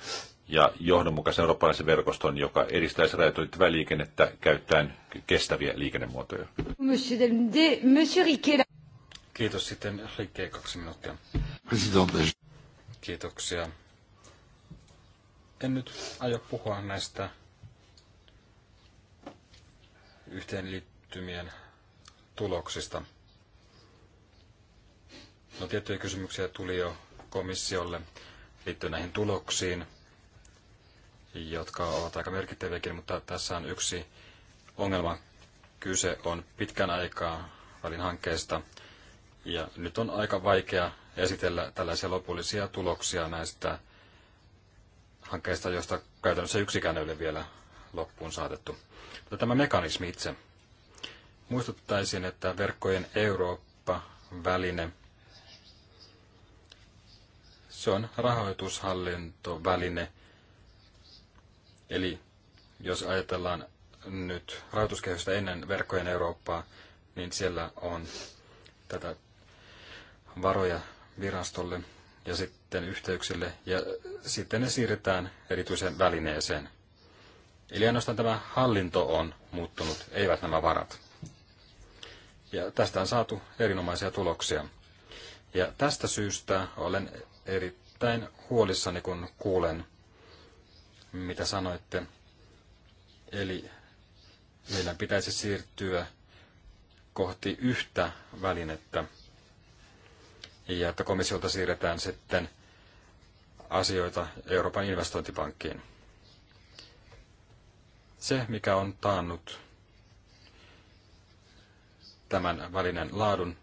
ja johdonmukaisen eurooppalaisen verkoston, joka edistäisi rajoitettua liikennettä käyttäen kestäviä liikennemuotoja. Monsieur Monsieur Kiitos sitten Rikke, kaksi minuuttia. Presidente. Kiitoksia. En nyt aio puhua näistä yhteenliittymien tuloksista. No tiettyjä kysymyksiä tuli jo komissiolle liittyen näihin tuloksiin – jotka ovat aika merkittäviäkin, mutta tässä on yksi ongelma. Kyse on pitkän aikaa välin hankkeesta, ja nyt on aika vaikea esitellä tällaisia lopullisia tuloksia näistä hankkeista, joista käytännössä yksikään ei ole vielä loppuun saatettu. Mutta tämä mekanismi itse. Muistuttaisin, että verkkojen Eurooppa-väline, se on rahoitushallintoväline, Eli jos ajatellaan nyt rahoituskehystä ennen verkkojen Eurooppaa, niin siellä on tätä varoja virastolle ja sitten yhteyksille ja sitten ne siirretään erityiseen välineeseen. Eli ainoastaan tämä hallinto on muuttunut, eivät nämä varat. Ja tästä on saatu erinomaisia tuloksia. Ja tästä syystä olen erittäin huolissani, kun kuulen mitä sanoitte. Eli meidän pitäisi siirtyä kohti yhtä välinettä ja että komissiolta siirretään sitten asioita Euroopan investointipankkiin. Se, mikä on taannut tämän välinen laadun,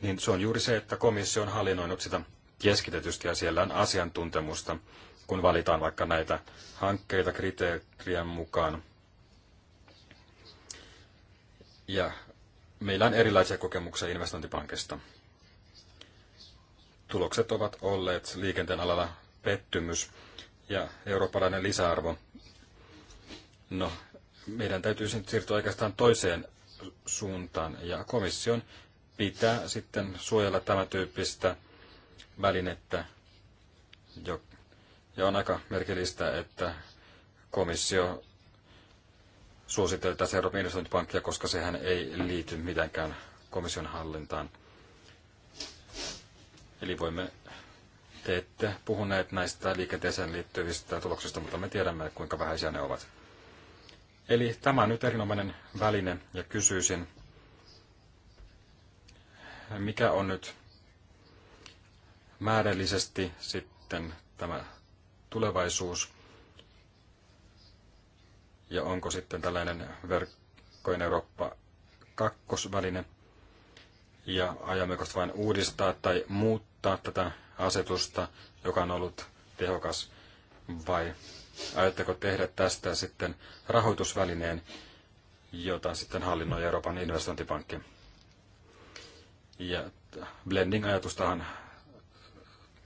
niin se on juuri se, että komissio on hallinnoinut sitä keskitetysti ja siellä on asiantuntemusta, kun valitaan vaikka näitä hankkeita kriteerien mukaan. Ja meillä on erilaisia kokemuksia investointipankista. Tulokset ovat olleet liikenteen alalla pettymys ja eurooppalainen lisäarvo. No, meidän täytyy siirtyä oikeastaan toiseen suuntaan ja komission pitää sitten suojella tämän tyyppistä välinettä. Jo, ja on aika merkillistä, että komissio suosittelee tässä Euroopan investointipankkia, koska sehän ei liity mitenkään komission hallintaan. Eli voimme, te ette puhuneet näistä liikenteeseen liittyvistä tuloksista, mutta me tiedämme, kuinka vähäisiä ne ovat. Eli tämä on nyt erinomainen väline ja kysyisin, mikä on nyt määrällisesti sitten tämä tulevaisuus ja onko sitten tällainen verkkojen Eurooppa kakkosväline ja aiommeko vain uudistaa tai muuttaa tätä asetusta, joka on ollut tehokas vai ajatteko tehdä tästä sitten rahoitusvälineen, jota sitten hallinnoi Euroopan investointipankki? Ja blending-ajatustahan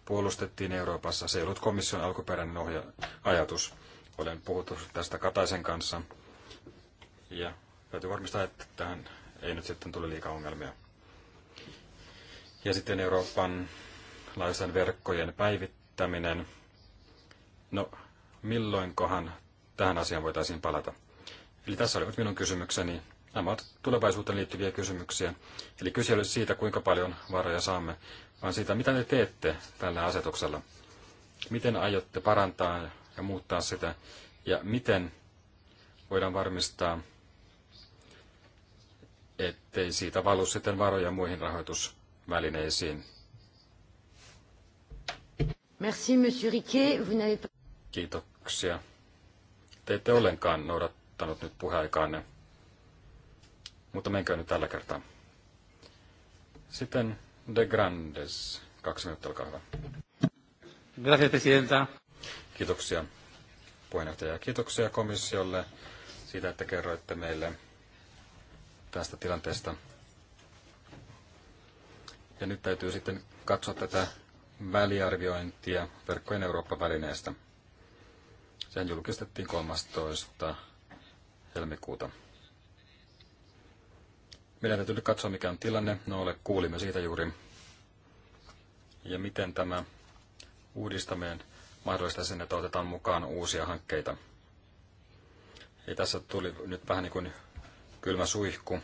puolustettiin Euroopassa. Se ei ollut komission alkuperäinen ohja- ajatus. Olen puhuttu tästä Kataisen kanssa. Ja täytyy varmistaa, että tähän ei nyt sitten tule liikaa ongelmia. Ja sitten Euroopan laajuisten verkkojen päivittäminen. No, milloinkohan tähän asiaan voitaisiin palata? Eli tässä olivat minun kysymykseni. Nämä ovat tulevaisuuteen liittyviä kysymyksiä. Eli kyse oli siitä, kuinka paljon varoja saamme vaan siitä, mitä te teette tällä asetuksella. Miten aiotte parantaa ja muuttaa sitä, ja miten voidaan varmistaa, ettei siitä valu sitten varoja muihin rahoitusvälineisiin. Merci, monsieur Riquet. Vous n'avez pas... Kiitoksia. Te ette ollenkaan noudattanut nyt puheaikaanne, mutta menkää nyt tällä kertaa. Sitten De Grandes, kaksi minuuttia, olkaa hyvä. Gracias, presidenta. Kiitoksia puheenjohtaja ja kiitoksia komissiolle siitä, että kerroitte meille tästä tilanteesta. Ja nyt täytyy sitten katsoa tätä väliarviointia verkkojen Eurooppa-välineestä. Sehän julkistettiin 13. helmikuuta. Meidän täytyy nyt katsoa, mikä on tilanne. No, ole kuulimme siitä juuri. Ja miten tämä uudistaminen mahdollistaa sen, että otetaan mukaan uusia hankkeita. Ja tässä tuli nyt vähän niin kuin kylmä suihku,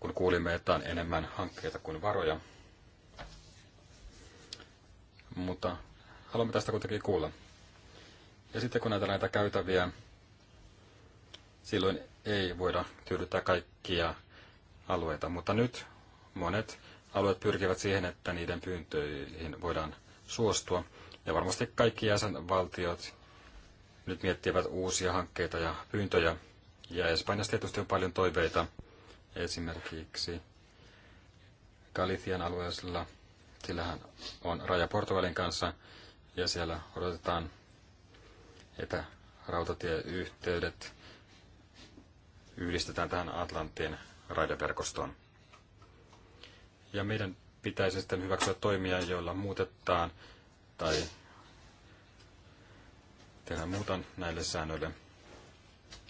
kun kuulimme, että on enemmän hankkeita kuin varoja. Mutta haluamme tästä kuitenkin kuulla. Ja sitten kun näitä näitä käytäviä, silloin ei voida tyydyttää kaikkia alueita, mutta nyt monet alueet pyrkivät siihen, että niiden pyyntöihin voidaan suostua. Ja varmasti kaikki jäsenvaltiot nyt miettivät uusia hankkeita ja pyyntöjä. Ja Espanjassa tietysti on paljon toiveita esimerkiksi Galician alueella. Sillähän on raja Portugalin kanssa ja siellä odotetaan, että rautatieyhteydet yhdistetään tähän Atlantin raideverkostoon. Ja meidän pitäisi sitten hyväksyä toimia, joilla muutetaan tai tehdään muutan näille säännöille.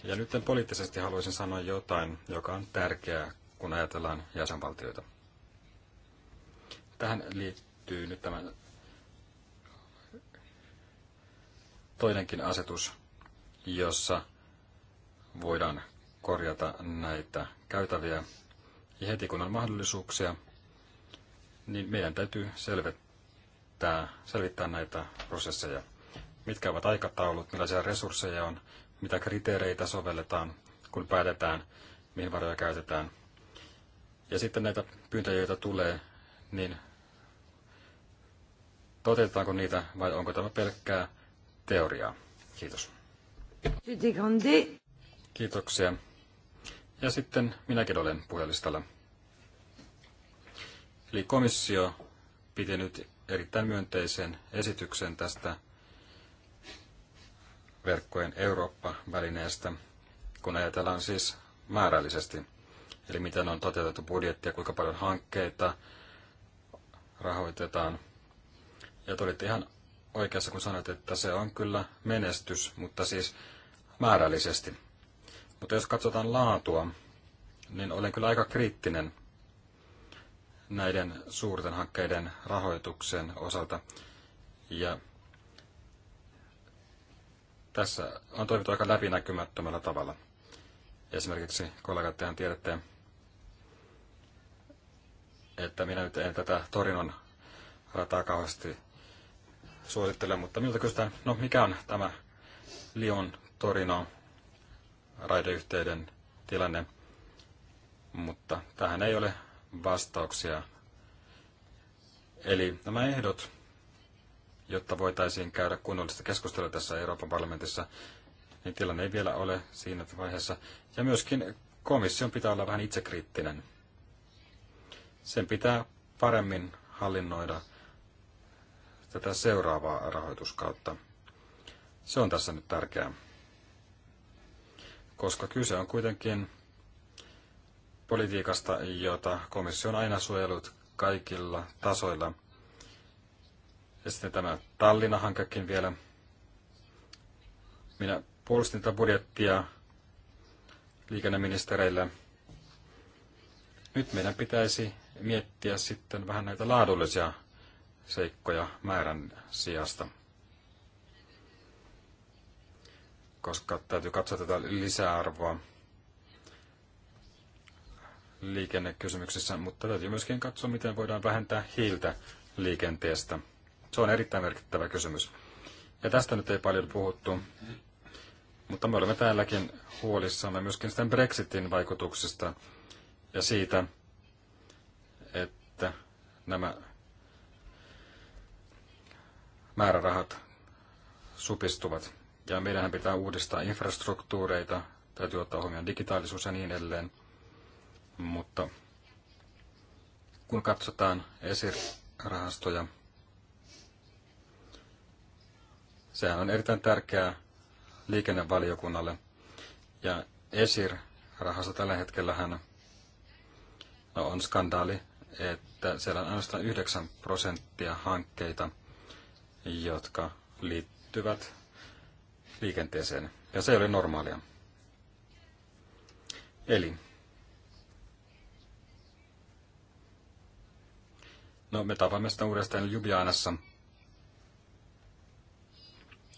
Ja nyt poliittisesti haluaisin sanoa jotain, joka on tärkeää, kun ajatellaan jäsenvaltioita. Tähän liittyy nyt tämä toinenkin asetus, jossa voidaan korjata näitä käytäviä. Ja heti kun on mahdollisuuksia, niin meidän täytyy selvittää, selvittää näitä prosesseja. Mitkä ovat aikataulut, millaisia resursseja on, mitä kriteereitä sovelletaan, kun päätetään, mihin varoja käytetään. Ja sitten näitä pyyntöjä, joita tulee, niin toteutetaanko niitä vai onko tämä pelkkää teoriaa? Kiitos. Kiitoksia. Ja sitten minäkin olen puhelistalla. Eli komissio piti nyt erittäin myönteisen esityksen tästä verkkojen Eurooppa-välineestä, kun ajatellaan siis määrällisesti, eli miten on toteutettu budjettia, kuinka paljon hankkeita rahoitetaan. Ja te olitte ihan oikeassa, kun sanoit, että se on kyllä menestys, mutta siis määrällisesti. Mutta jos katsotaan laatua, niin olen kyllä aika kriittinen näiden suurten hankkeiden rahoituksen osalta. Ja tässä on toimittu aika läpinäkymättömällä tavalla. Esimerkiksi kollegat, tehän tiedätte, että minä nyt en tätä Torinon rataa kauheasti suosittele, mutta miltä kysytään, no mikä on tämä Lion Torino raideyhteyden tilanne, mutta tähän ei ole vastauksia. Eli nämä ehdot, jotta voitaisiin käydä kunnollista keskustelua tässä Euroopan parlamentissa, niin tilanne ei vielä ole siinä vaiheessa. Ja myöskin komission pitää olla vähän itsekriittinen. Sen pitää paremmin hallinnoida tätä seuraavaa rahoituskautta. Se on tässä nyt tärkeää koska kyse on kuitenkin politiikasta, jota komissio on aina suojellut kaikilla tasoilla. Ja sitten tämä Tallinna-hankekin vielä. Minä puolustin tätä budjettia liikenneministereille. Nyt meidän pitäisi miettiä sitten vähän näitä laadullisia seikkoja määrän sijasta. koska täytyy katsoa tätä lisäarvoa liikennekysymyksissä, mutta täytyy myöskin katsoa, miten voidaan vähentää hiiltä liikenteestä. Se on erittäin merkittävä kysymys. Ja tästä nyt ei paljon puhuttu, mutta me olemme täälläkin huolissamme myöskin sitten Brexitin vaikutuksista ja siitä, että nämä määrärahat supistuvat. Ja meidän pitää uudistaa infrastruktuureita, täytyy ottaa huomioon digitaalisuus ja niin edelleen. Mutta kun katsotaan esirahastoja, sehän on erittäin tärkeää liikennevaliokunnalle. Ja ESIR-rahasto tällä hetkellä no, on skandaali, että siellä on ainoastaan 9 prosenttia hankkeita, jotka liittyvät liikenteeseen, ja se ei ole normaalia. Eli No me tapaamme sitä uudestaan Ljubljanassa.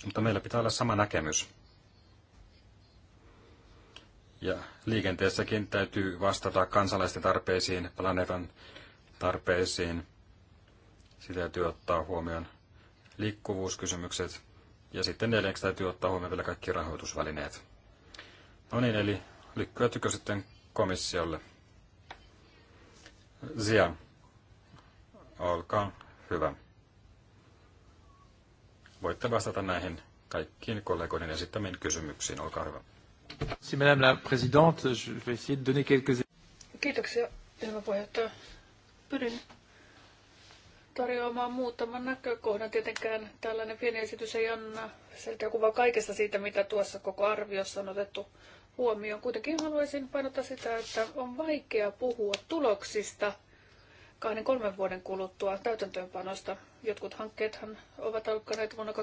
Mutta meillä pitää olla sama näkemys. Ja liikenteessäkin täytyy vastata kansalaisten tarpeisiin, planeetan tarpeisiin. Sitä täytyy ottaa huomioon liikkuvuuskysymykset. Ja sitten neljänneksi täytyy ottaa huomioon vielä kaikki rahoitusvälineet. No niin, eli lykkyätykö sitten komissiolle? Zia, olkaa hyvä. Voitte vastata näihin kaikkiin kollegoiden esittämiin kysymyksiin. Olkaa hyvä. Si, madame la présidente, je vais essayer de donner quelques... Kiitoksia, hyvä puheenjohtaja. Pyrin tarjoamaan muutaman näkökohdan. Tietenkään tällainen pieni esitys ei anna selkeä kuva kaikesta siitä, mitä tuossa koko arviossa on otettu huomioon. Kuitenkin haluaisin painottaa sitä, että on vaikea puhua tuloksista kahden kolmen vuoden kuluttua täytäntöönpanosta. Jotkut hankkeethan ovat alkaneet vuonna 2014-2017,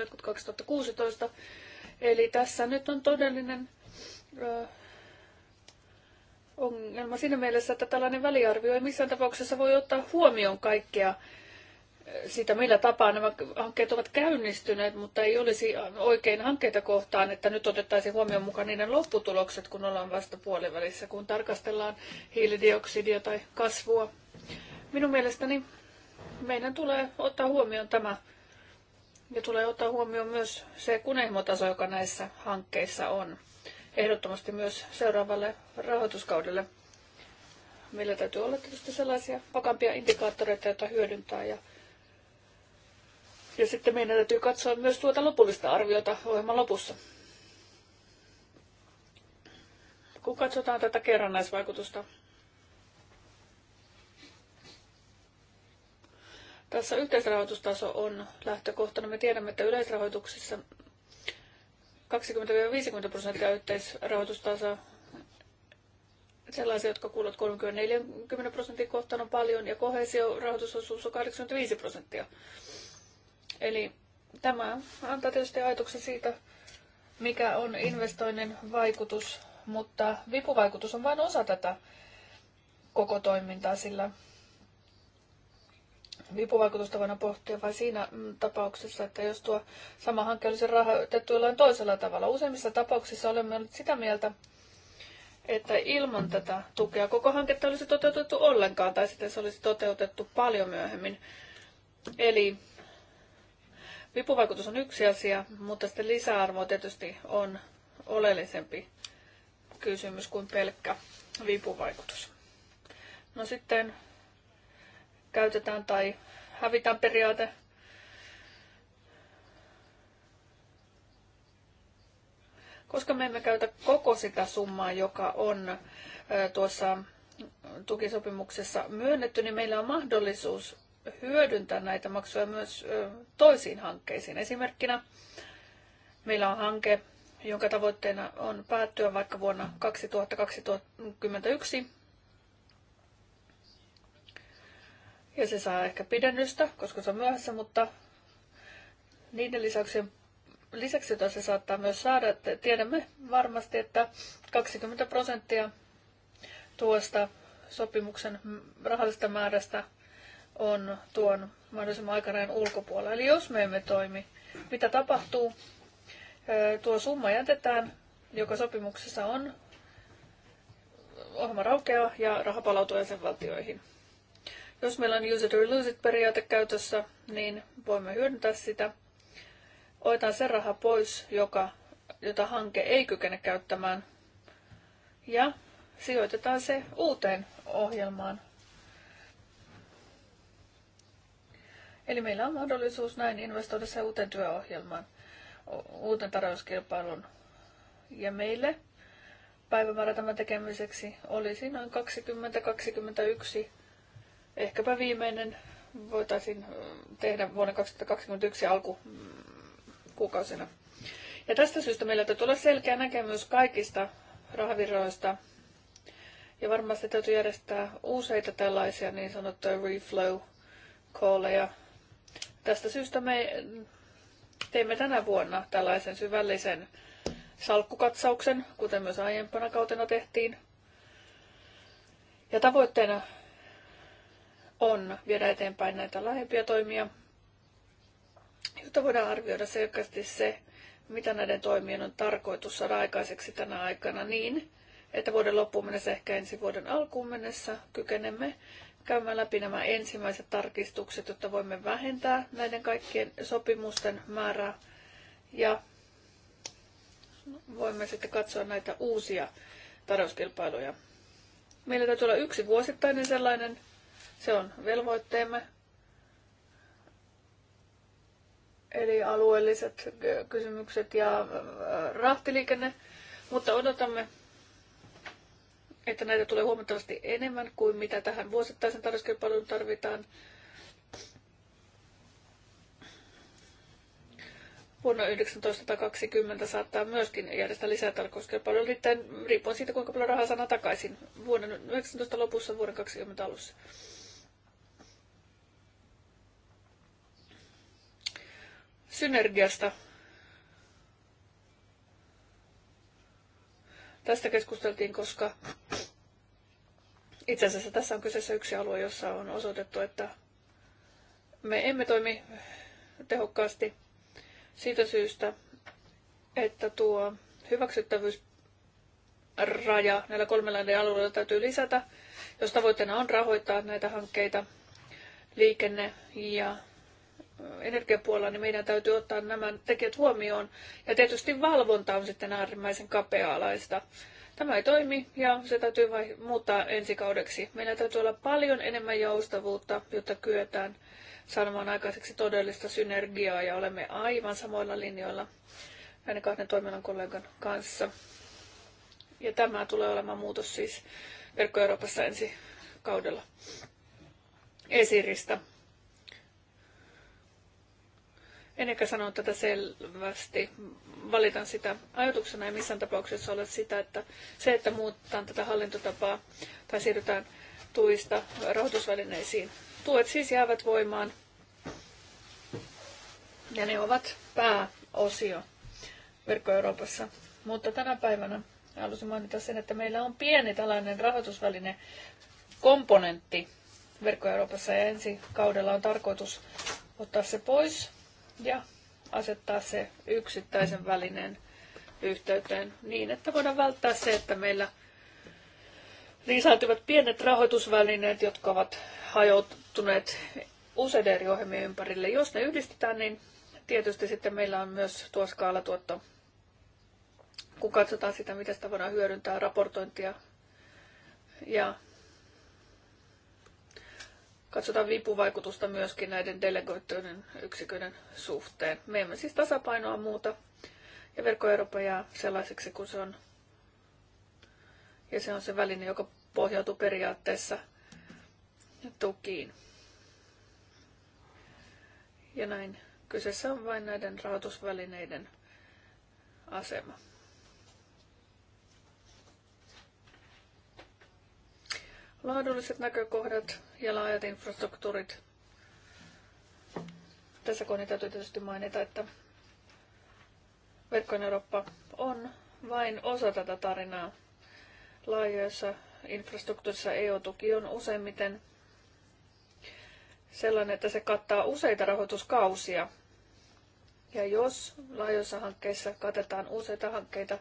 jotkut 2016. Eli tässä nyt on todellinen ongelma siinä mielessä, että tällainen väliarvio ei missään tapauksessa voi ottaa huomioon kaikkea eh, sitä, millä tapaa nämä hankkeet ovat käynnistyneet, mutta ei olisi oikein hankkeita kohtaan, että nyt otettaisiin huomioon mukaan niiden lopputulokset, kun ollaan vasta puolivälissä, kun tarkastellaan hiilidioksidia tai kasvua. Minun mielestäni meidän tulee ottaa huomioon tämä ja tulee ottaa huomioon myös se kunnianhimotaso, joka näissä hankkeissa on ehdottomasti myös seuraavalle rahoituskaudelle. Meillä täytyy olla tietysti sellaisia vakampia indikaattoreita, joita hyödyntää. Ja, ja sitten meidän täytyy katsoa myös tuota lopullista arviota ohjelman lopussa. Kun katsotaan tätä kerrannaisvaikutusta, Tässä yhteisrahoitustaso on lähtökohtana. Me tiedämme, että yleisrahoituksessa 20-50 prosenttia yhteisrahoitustasa. sellaisia, jotka kuuluvat 30-40 prosentin kohtaan on paljon ja kohesiorahoitusosuus on 85 prosenttia. Eli tämä antaa tietysti ajatuksen siitä, mikä on investoinnin vaikutus, mutta vipuvaikutus on vain osa tätä koko toimintaa, sillä vipuvaikutusta voidaan pohtia vain siinä mm, tapauksessa, että jos tuo sama hanke olisi rahoitettu jollain toisella tavalla. Useimmissa tapauksissa olemme olleet sitä mieltä, että ilman tätä tukea koko hanketta olisi toteutettu ollenkaan tai sitten se olisi toteutettu paljon myöhemmin. Eli vipuvaikutus on yksi asia, mutta sitten lisäarvo tietysti on oleellisempi kysymys kuin pelkkä vipuvaikutus. No sitten käytetään tai hävitään periaate. Koska me emme käytä koko sitä summaa, joka on tuossa tukisopimuksessa myönnetty, niin meillä on mahdollisuus hyödyntää näitä maksuja myös toisiin hankkeisiin. Esimerkkinä meillä on hanke, jonka tavoitteena on päättyä vaikka vuonna 2021 Ja se saa ehkä pidennystä, koska se on myöhässä, mutta niiden lisäksi, lisäksi jota se saattaa myös saada, että tiedämme varmasti, että 20 prosenttia tuosta sopimuksen rahallisesta määrästä on tuon mahdollisimman aikarajan ulkopuolella. Eli jos me emme toimi, mitä tapahtuu? Tuo summa jätetään, joka sopimuksessa on, ohjelma raukeaa ja raha palautuu jäsenvaltioihin. Jos meillä on use it or lose it periaate käytössä, niin voimme hyödyntää sitä. Oitaan se raha pois, joka, jota hanke ei kykene käyttämään, ja sijoitetaan se uuteen ohjelmaan. Eli meillä on mahdollisuus näin investoida se uuteen työohjelmaan, uuteen tarjouskilpailuun. Ja meille päivämäärä tämän tekemiseksi olisi noin 2021 ehkäpä viimeinen voitaisiin tehdä vuonna 2021 alkukuukausina. Mm, ja tästä syystä meillä täytyy olla selkeä näkemys kaikista rahavirroista. Ja varmasti täytyy järjestää useita tällaisia niin sanottuja reflow calleja. Tästä syystä me teimme tänä vuonna tällaisen syvällisen salkkukatsauksen, kuten myös aiempana kautena tehtiin. Ja tavoitteena on viedä eteenpäin näitä laajempia toimia, jotta voidaan arvioida selkeästi se, mitä näiden toimien on tarkoitus saada aikaiseksi tänä aikana niin, että vuoden loppuun mennessä, ehkä ensi vuoden alkuun mennessä kykenemme käymään läpi nämä ensimmäiset tarkistukset, jotta voimme vähentää näiden kaikkien sopimusten määrää ja voimme sitten katsoa näitä uusia tarjouskilpailuja. Meillä täytyy olla yksi vuosittainen sellainen, se on velvoitteemme. Eli alueelliset kysymykset ja rahtiliikenne. Mutta odotamme, että näitä tulee huomattavasti enemmän kuin mitä tähän vuosittaisen tarjouskilpailuun tarvitaan. vuonna 1920 saattaa myöskin järjestää lisää tarkoituskilpailuja, riippuen siitä, kuinka paljon rahaa saadaan takaisin vuoden 19 lopussa, vuoden 20 alussa. synergiasta. Tästä keskusteltiin, koska itse asiassa tässä on kyseessä yksi alue, jossa on osoitettu, että me emme toimi tehokkaasti siitä syystä, että tuo hyväksyttävyysraja näillä kolmella eri alueella täytyy lisätä, jos tavoitteena on rahoittaa näitä hankkeita liikenne- ja energiapuolella, niin meidän täytyy ottaa nämä tekijät huomioon. Ja tietysti valvonta on sitten äärimmäisen kapea-alaista. Tämä ei toimi ja se täytyy vai- muuttaa ensi kaudeksi. Meillä täytyy olla paljon enemmän joustavuutta, jotta kyetään saamaan aikaiseksi todellista synergiaa ja olemme aivan samoilla linjoilla näiden kahden toiminnan kollegan kanssa. Ja tämä tulee olemaan muutos siis Verkko Euroopassa ensi kaudella esiristä en ehkä sano tätä selvästi. Valitan sitä. Ajatuksena ei missään tapauksessa ole sitä, että se, että muutetaan tätä hallintotapaa tai siirrytään tuista rahoitusvälineisiin. Tuet siis jäävät voimaan ja ne ovat pääosio verkko Euroopassa. Mutta tänä päivänä halusin mainita sen, että meillä on pieni tällainen rahoitusväline komponentti verkko Euroopassa ja ensi kaudella on tarkoitus ottaa se pois ja asettaa se yksittäisen välineen yhteyteen niin, että voidaan välttää se, että meillä lisääntyvät pienet rahoitusvälineet, jotka ovat hajoutuneet useiden eri ohjelmien ympärille. Jos ne yhdistetään, niin tietysti sitten meillä on myös tuo skaalatuotto, kun katsotaan sitä, miten sitä voidaan hyödyntää, raportointia ja katsotaan vipuvaikutusta myöskin näiden delegoittujen yksiköiden suhteen. Me emme siis tasapainoa muuta ja verkko Eurooppa jää sellaiseksi kuin se on. Ja se on se väline, joka pohjautuu periaatteessa tukiin. Ja näin kyseessä on vain näiden rahoitusvälineiden asema. Laadulliset näkökohdat ja laajat infrastruktuurit. Tässä kohdassa täytyy tietysti mainita, että Verkkojen Eurooppa on vain osa tätä tarinaa. Laajoissa infrastruktuurissa EU-tuki on useimmiten sellainen, että se kattaa useita rahoituskausia. Ja jos laajoissa hankkeissa katetaan useita hankkeita,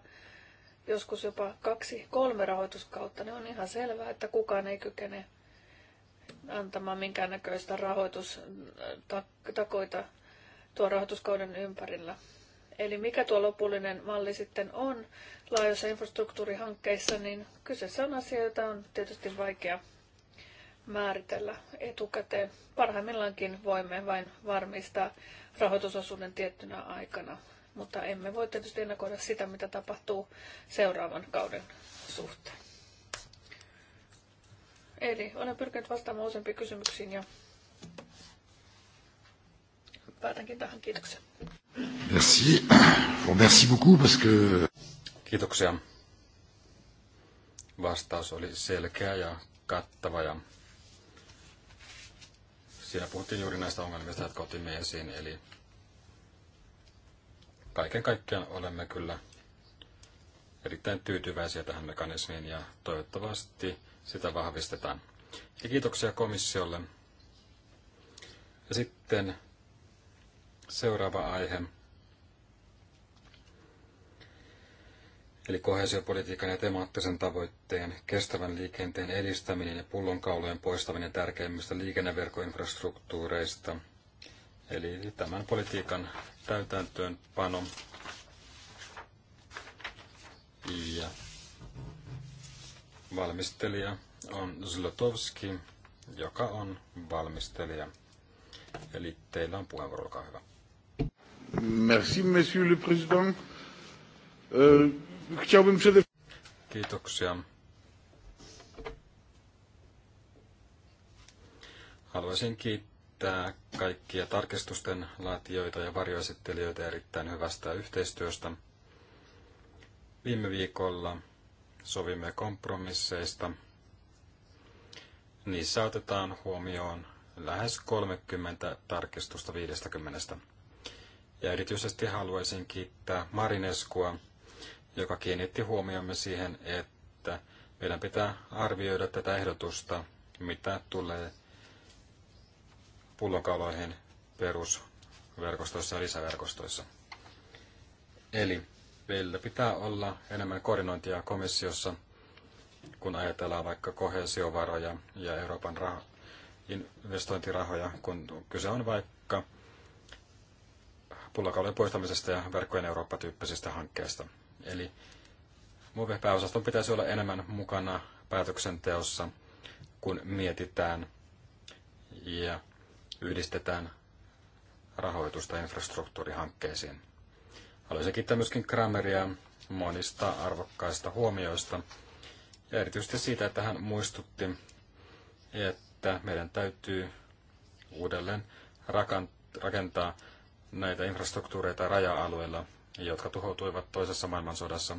joskus jopa kaksi, kolme rahoituskautta, niin on ihan selvää, että kukaan ei kykene antamaan minkäännäköistä rahoitustakoita tuon rahoituskauden ympärillä. Eli mikä tuo lopullinen malli sitten on laajoissa infrastruktuurihankkeissa, niin kyseessä on asia, jota on tietysti vaikea määritellä etukäteen. Parhaimmillaankin voimme vain varmistaa rahoitusosuuden tiettynä aikana mutta emme voi tietysti ennakoida sitä, mitä tapahtuu seuraavan kauden suhteen. Eli olen pyrkinyt vastaamaan useampiin kysymyksiin ja päätänkin tähän. Kiitoksia. Merci. Bon, merci beaucoup parce que... Kiitoksia. Vastaus oli selkeä ja kattava ja siinä puhuttiin juuri näistä ongelmista, jotka otimme esiin, eli kaiken kaikkiaan olemme kyllä erittäin tyytyväisiä tähän mekanismiin ja toivottavasti sitä vahvistetaan. Ja kiitoksia komissiolle. Ja sitten seuraava aihe. Eli kohesiopolitiikan ja temaattisen tavoitteen, kestävän liikenteen edistäminen ja pullonkaulojen poistaminen tärkeimmistä liikenneverkoinfrastruktuureista. Eli tämän politiikan täytäntöönpano ja valmistelija on Zlotowski, joka on valmistelija. Eli teillä on puheenvuoro, olkaa hyvä. Merci, monsieur le président. Euh, Kiitoksia. Haluaisin kiittää kiittää kaikkia tarkistusten laatijoita ja varjoesittelijöitä erittäin hyvästä yhteistyöstä. Viime viikolla sovimme kompromisseista. Niissä otetaan huomioon lähes 30 tarkistusta 50. Ja erityisesti haluaisin kiittää Marineskua, joka kiinnitti huomiomme siihen, että meidän pitää arvioida tätä ehdotusta, mitä tulee pullonkauloihin perusverkostoissa ja lisäverkostoissa. Eli meillä pitää olla enemmän koordinointia komissiossa, kun ajatellaan vaikka kohesiovaroja ja Euroopan rah- investointirahoja, kun kyse on vaikka pullokaulojen poistamisesta ja verkkojen Eurooppa-tyyppisistä hankkeista. Eli MOVE-pääosaston pitäisi olla enemmän mukana päätöksenteossa, kun mietitään ja yhdistetään rahoitusta infrastruktuurihankkeisiin. Haluaisin kiittää myöskin Krameria monista arvokkaista huomioista ja erityisesti siitä, että hän muistutti, että meidän täytyy uudelleen rakentaa näitä infrastruktuureita raja-alueilla, jotka tuhoutuivat toisessa maailmansodassa.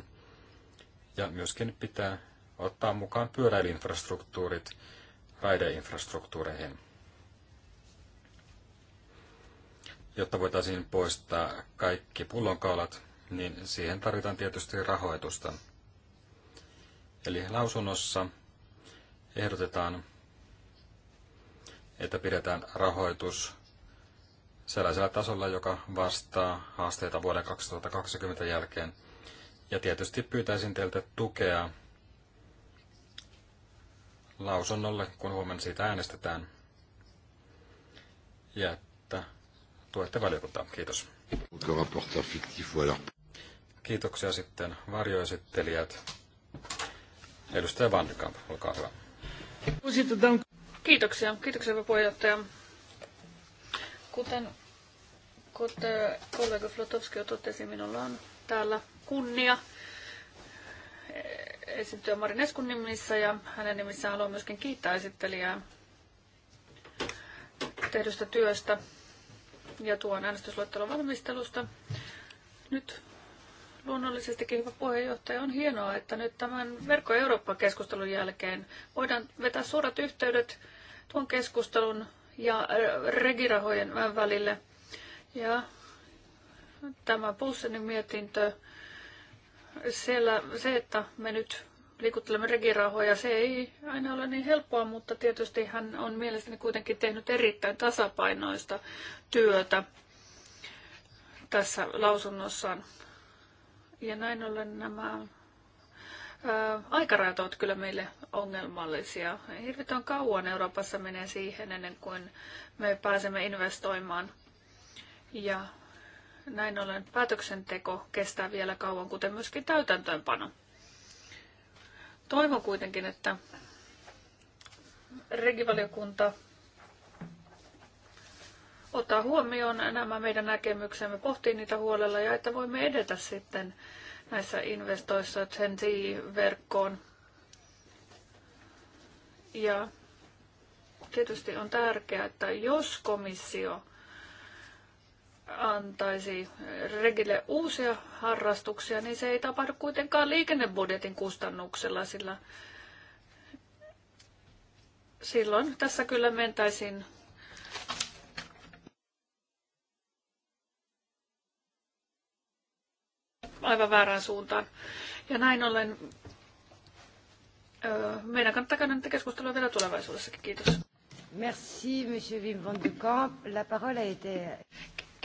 Ja myöskin pitää ottaa mukaan pyöräilinfrastruktuurit raideinfrastruktuureihin. jotta voitaisiin poistaa kaikki pullonkaulat, niin siihen tarvitaan tietysti rahoitusta. Eli lausunnossa ehdotetaan, että pidetään rahoitus sellaisella tasolla, joka vastaa haasteita vuoden 2020 jälkeen. Ja tietysti pyytäisin teiltä tukea lausunnolle, kun huomenna siitä äänestetään. Ja että tuette valiokuntaa. Kiitos. Kiitoksia sitten varjoesittelijät. Edustaja Vandekamp, olkaa hyvä. Kiitoksia. Kiitoksia, hyvä puheenjohtaja. Kuten, kuten kollega Flotowski jo totesi, minulla on täällä kunnia esiintyä Marin Eskun nimissä ja hänen nimissään haluan myöskin kiittää esittelijää tehdystä työstä ja tuon äänestysluettelon valmistelusta. Nyt luonnollisestikin hyvä puheenjohtaja. On hienoa, että nyt tämän Verkko Eurooppa-keskustelun jälkeen voidaan vetää suorat yhteydet tuon keskustelun ja äh, regirahojen äh, välille. Ja tämä Pussenin mietintö, siellä se, että me nyt liikuttelemme regirahoja. Se ei aina ole niin helppoa, mutta tietysti hän on mielestäni kuitenkin tehnyt erittäin tasapainoista työtä tässä lausunnossaan. Ja näin ollen nämä ää, aikarajat ovat kyllä meille ongelmallisia. Hirvittävän kauan Euroopassa menee siihen ennen kuin me pääsemme investoimaan. Ja näin ollen päätöksenteko kestää vielä kauan, kuten myöskin täytäntöönpano. Toivon kuitenkin, että regivaliokunta ottaa huomioon nämä meidän näkemyksemme, pohtii niitä huolella ja että voimme edetä sitten näissä investoissa Zensi-verkkoon. Ja tietysti on tärkeää, että jos komissio antaisi Regille uusia harrastuksia, niin se ei tapahdu kuitenkaan liikennebudjetin kustannuksella, sillä silloin tässä kyllä mentäisiin aivan väärään suuntaan. Ja näin ollen öö, meidän kannattaa käydä näitä keskusteluja vielä tulevaisuudessakin. Kiitos. Merci, Monsieur Wim van de Kamp. La parole a été...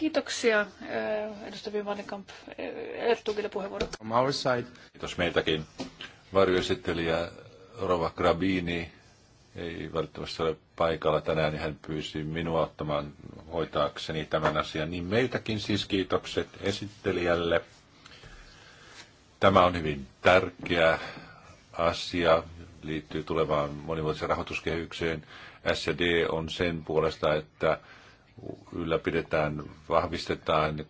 Kiitoksia eh, edustaja Vimannekamp. Eh, Ertugille puheenvuoro. From our side. Kiitos meitäkin. Varjoesittelijä Rova Grabini ei välttämättä ole paikalla tänään, niin hän pyysi minua ottamaan hoitaakseni tämän asian. Niin meiltäkin siis kiitokset esittelijälle. Tämä on hyvin tärkeä asia, liittyy tulevaan monivuotiseen rahoituskehykseen. SD on sen puolesta, että ylläpidetään, vahvistetaan,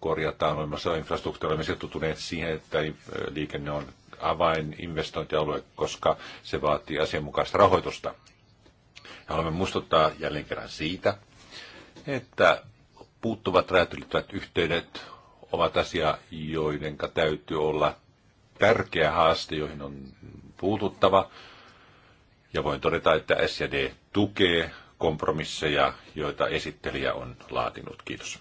korjataan olemassa infrastruktuuria. Olemme tutuneet siihen, että äh, liikenne on avaininvestointialue, koska se vaatii asianmukaista rahoitusta. haluamme muistuttaa jälleen kerran siitä, että puuttuvat räätylittyvät yhteydet ovat asia, joiden täytyy olla tärkeä haaste, joihin on puututtava. Ja voin todeta, että SD tukee kompromisseja, joita esittelijä on laatinut. Kiitos.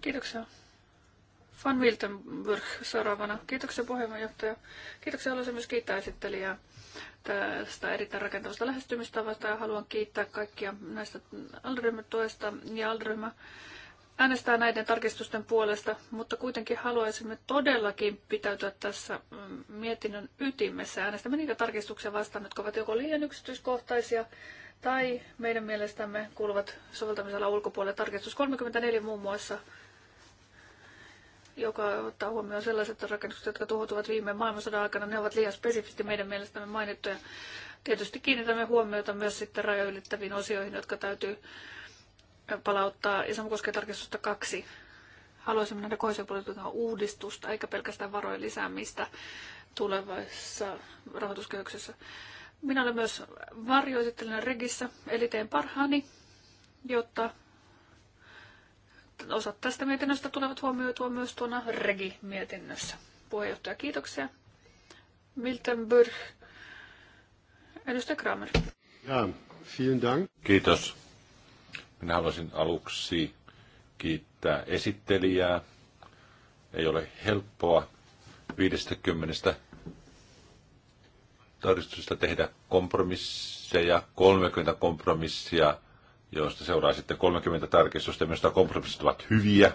Kiitoksia. Van Wiltenburg seuraavana. Kiitoksia puheenjohtaja. Kiitoksia. Haluaisin myös kiittää esittelijää tästä erittäin rakentavasta lähestymistavasta ja haluan kiittää kaikkia näistä alderyhmätuesta ja alderyhmä äänestää näiden tarkistusten puolesta, mutta kuitenkin haluaisimme todellakin pitäytyä tässä mm, mietinnön ytimessä. Äänestämme niitä tarkistuksia vastaan, jotka ovat joko liian yksityiskohtaisia tai meidän mielestämme kuuluvat soveltamisella ulkopuolelle. Tarkistus 34 muun muassa, joka ottaa huomioon sellaiset rakennukset, jotka tuhoutuvat viime maailmansodan aikana. Ne ovat liian spesifisti meidän mielestämme mainittuja. Tietysti kiinnitämme huomiota myös sitten rajoja osioihin, jotka täytyy palauttaa ja sama koskee tarkistusta kaksi. Haluaisimme nähdä kohesiopolitiikan uudistusta eikä pelkästään varojen lisäämistä tulevassa rahoituskehyksessä. Minä olen myös varjoesittelijänä Regissä, eli teen parhaani, jotta osat tästä mietinnöstä tulevat huomioitua myös tuona Regi-mietinnössä. Puheenjohtaja, kiitoksia. Miltenburg, edustaja Kramer. Ja, vielen dank. Kiitos. Minä haluaisin aluksi kiittää esittelijää. Ei ole helppoa 50 todistusta tehdä kompromisseja, 30 kompromissia, joista seuraa sitten 30 tarkistusta. myös kompromissit ovat hyviä.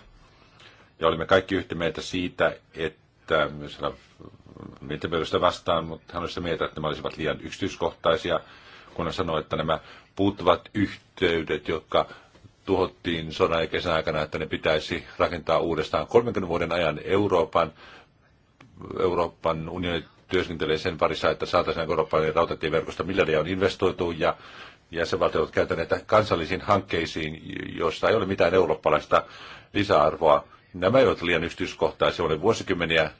Ja olimme kaikki yhtä mieltä siitä, että myös mietintöpöydästä vastaan, mutta hän olisi mieltä, että nämä olisivat liian yksityiskohtaisia kun sanoi, että nämä puuttuvat yhteydet, jotka tuhottiin sodan ja aikana, että ne pitäisi rakentaa uudestaan 30 vuoden ajan Euroopan, Euroopan unioni työskentelee sen parissa, että saataisiin eurooppalainen rautatieverkosto, miljardia on investoitu ja jäsenvaltiot ovat käytäneet kansallisiin hankkeisiin, joissa ei ole mitään eurooppalaista lisäarvoa. Nämä eivät liian yksityiskohtaisia, olen vuosikymmeniä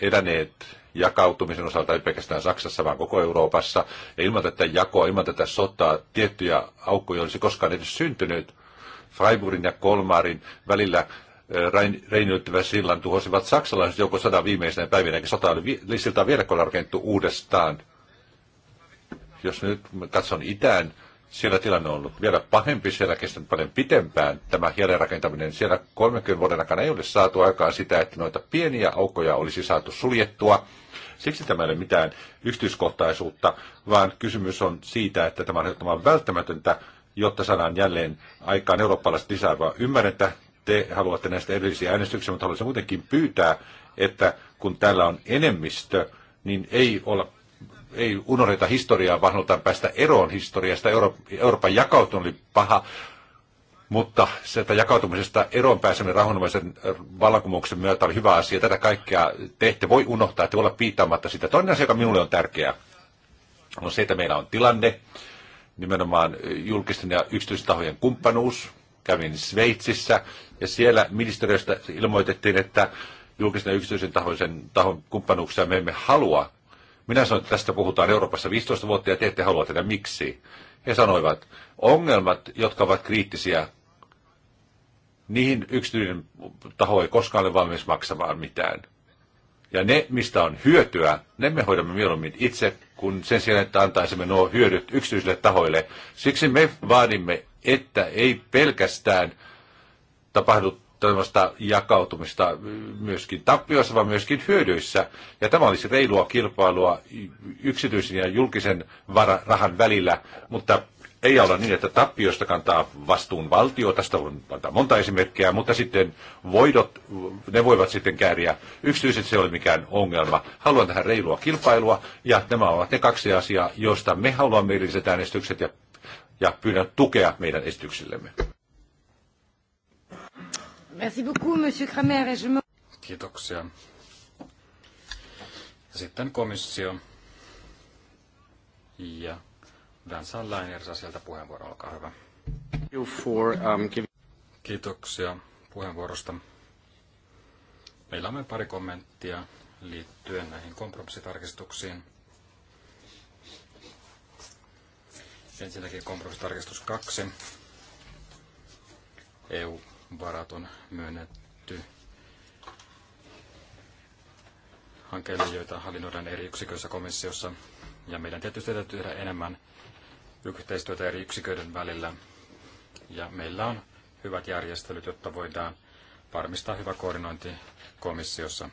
edäneet jakautumisen osalta, ei pelkästään Saksassa, vaan koko Euroopassa. Ja ilman tätä jakoa, ilman tätä sotaa, tiettyjä aukkoja olisi koskaan edes syntynyt. Freiburgin ja Kolmarin välillä Reinyltyvä sillan tuhosivat saksalaiset joko sadan viimeisenä päivinä, eikä sota oli vi- siltaan vielä rakennettu uudestaan. Jos nyt katson itään, siellä tilanne on ollut vielä pahempi, siellä kestänyt paljon pitempään tämä jälleenrakentaminen. Siellä 30 vuoden aikana ei ole saatu aikaan sitä, että noita pieniä aukkoja olisi saatu suljettua. Siksi tämä ei ole mitään yksityiskohtaisuutta, vaan kysymys on siitä, että tämä on välttämätöntä, jotta saadaan jälleen aikaan eurooppalaiset lisäävää ymmärrettä. te haluatte näistä erillisiä äänestyksiä, mutta haluaisin kuitenkin pyytää, että kun täällä on enemmistö, niin ei olla ei unohdeta historiaa, vaan halutaan päästä eroon historiasta. Euro, Euroopan jakautuminen oli paha, mutta sieltä jakautumisesta eroon pääseminen rauhanomaisen vallankumouksen myötä oli hyvä asia. Tätä kaikkea te ette voi unohtaa, että voi olla piittaamatta sitä. Toinen asia, joka minulle on tärkeä, on se, että meillä on tilanne, nimenomaan julkisten ja yksityistahojen kumppanuus. Kävin Sveitsissä ja siellä ministeriöstä ilmoitettiin, että julkisen ja yksityisen tahoisen tahon kumppanuuksia me emme halua minä sanoin, että tästä puhutaan Euroopassa 15 vuotta ja te ette halua tehdä Miksi? He sanoivat, ongelmat, jotka ovat kriittisiä, niihin yksityinen taho ei koskaan ole valmis maksamaan mitään. Ja ne, mistä on hyötyä, ne me hoidamme mieluummin itse, kun sen sijaan, että antaisimme nuo hyödyt yksityisille tahoille. Siksi me vaadimme, että ei pelkästään tapahdu toivosta jakautumista myöskin tappioissa, vaan myöskin hyödyissä. Ja tämä olisi reilua kilpailua yksityisen ja julkisen rahan välillä, mutta ei olla niin, että tappiosta kantaa vastuun valtio, tästä on antaa monta esimerkkiä, mutta sitten voidot, ne voivat sitten kääriä yksityiset, se ei ole mikään ongelma. Haluan tähän reilua kilpailua, ja nämä ovat ne kaksi asiaa, joista me haluamme erilliset äänestykset, ja, ja pyydän tukea meidän esityksillemme. Merci beaucoup, monsieur Kramer. Kiitoksia. Sitten komissio ja Dansan Lainer niin saa sieltä puheenvuoron, olkaa hyvä. Um, Kiitoksia puheenvuorosta. Meillä on pari kommenttia liittyen näihin kompromissitarkistuksiin. Ensinnäkin kompromissitarkistus 2. EU varat on myönnetty hankkeille, joita hallinnoidaan eri yksiköissä komissiossa. Ja meidän tietysti täytyy tehdä enemmän yhteistyötä eri yksiköiden välillä. Ja meillä on hyvät järjestelyt, jotta voidaan varmistaa hyvä koordinointi komissiossa.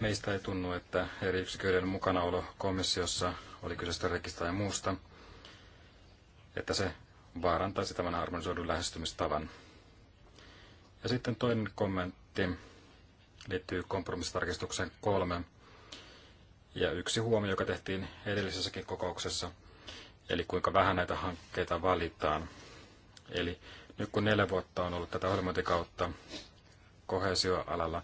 Meistä ei tunnu, että eri yksiköiden mukanaolo komissiossa, oli kyseistä rekistä ja muusta, että se vaarantaisi tämän harmonisoidun lähestymistavan. Ja sitten toinen kommentti liittyy kompromissitarkistuksen kolme. Ja yksi huomio, joka tehtiin edellisessäkin kokouksessa, eli kuinka vähän näitä hankkeita valitaan. Eli nyt kun neljä vuotta on ollut tätä ohjelmointikautta kohesioalalla,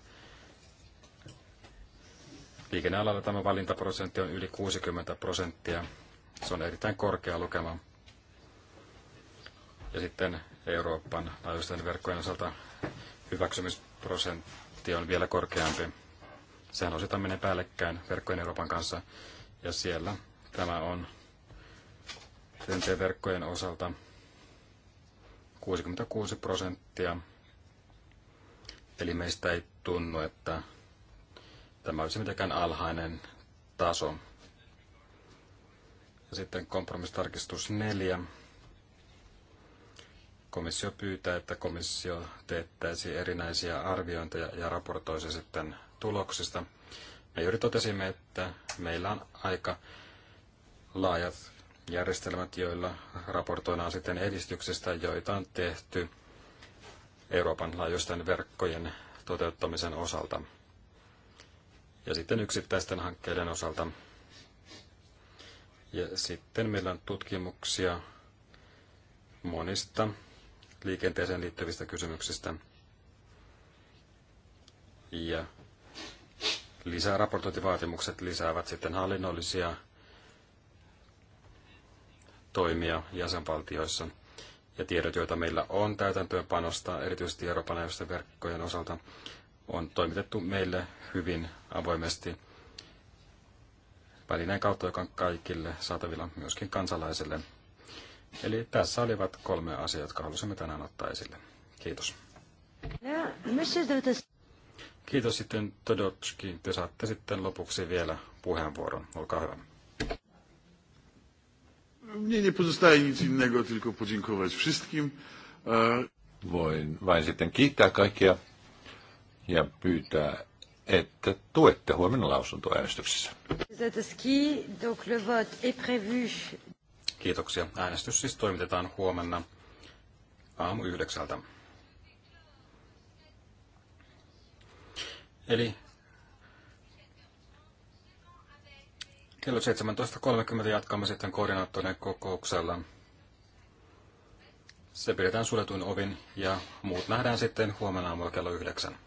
liikennealalla tämä valintaprosentti on yli 60 prosenttia. Se on erittäin korkea lukema. Ja sitten Euroopan laajuisten verkkojen osalta hyväksymisprosentti on vielä korkeampi. Sehän osittain menee päällekkäin verkkojen Euroopan kanssa, ja siellä tämä on TNT-verkkojen osalta 66 prosenttia. Eli meistä ei tunnu, että tämä olisi mitenkään alhainen taso. Ja sitten kompromistarkistus 4 komissio pyytää, että komissio teettäisi erinäisiä arviointeja ja raportoisi sitten tuloksista. Me juuri totesimme, että meillä on aika laajat järjestelmät, joilla raportoidaan sitten edistyksestä, joita on tehty Euroopan laajuisten verkkojen toteuttamisen osalta. Ja sitten yksittäisten hankkeiden osalta. Ja sitten meillä on tutkimuksia monista liikenteeseen liittyvistä kysymyksistä. Ja lisäraportointivaatimukset lisäävät sitten hallinnollisia toimia jäsenvaltioissa. Ja tiedot, joita meillä on täytäntöönpanosta, erityisesti Euroopan verkkojen osalta, on toimitettu meille hyvin avoimesti välineen kautta, joka on kaikille saatavilla myöskin kansalaisille Eli tässä olivat kolme asiaa, jotka halusimme tänään ottaa esille. Kiitos. Kiitos sitten Todotski. Te saatte sitten lopuksi vielä puheenvuoron. Olkaa hyvä. E, Voin vain sitten kiittää kaikkia ja pyytää, että tuette huomenna lausuntoäänestyksessä. Kiitoksia. Äänestys siis toimitetaan huomenna aamu yhdeksältä. Eli kello 17.30 jatkamme sitten koordinaattorien kokouksella. Se pidetään suljetuin ovin ja muut nähdään sitten huomenna aamulla kello yhdeksän.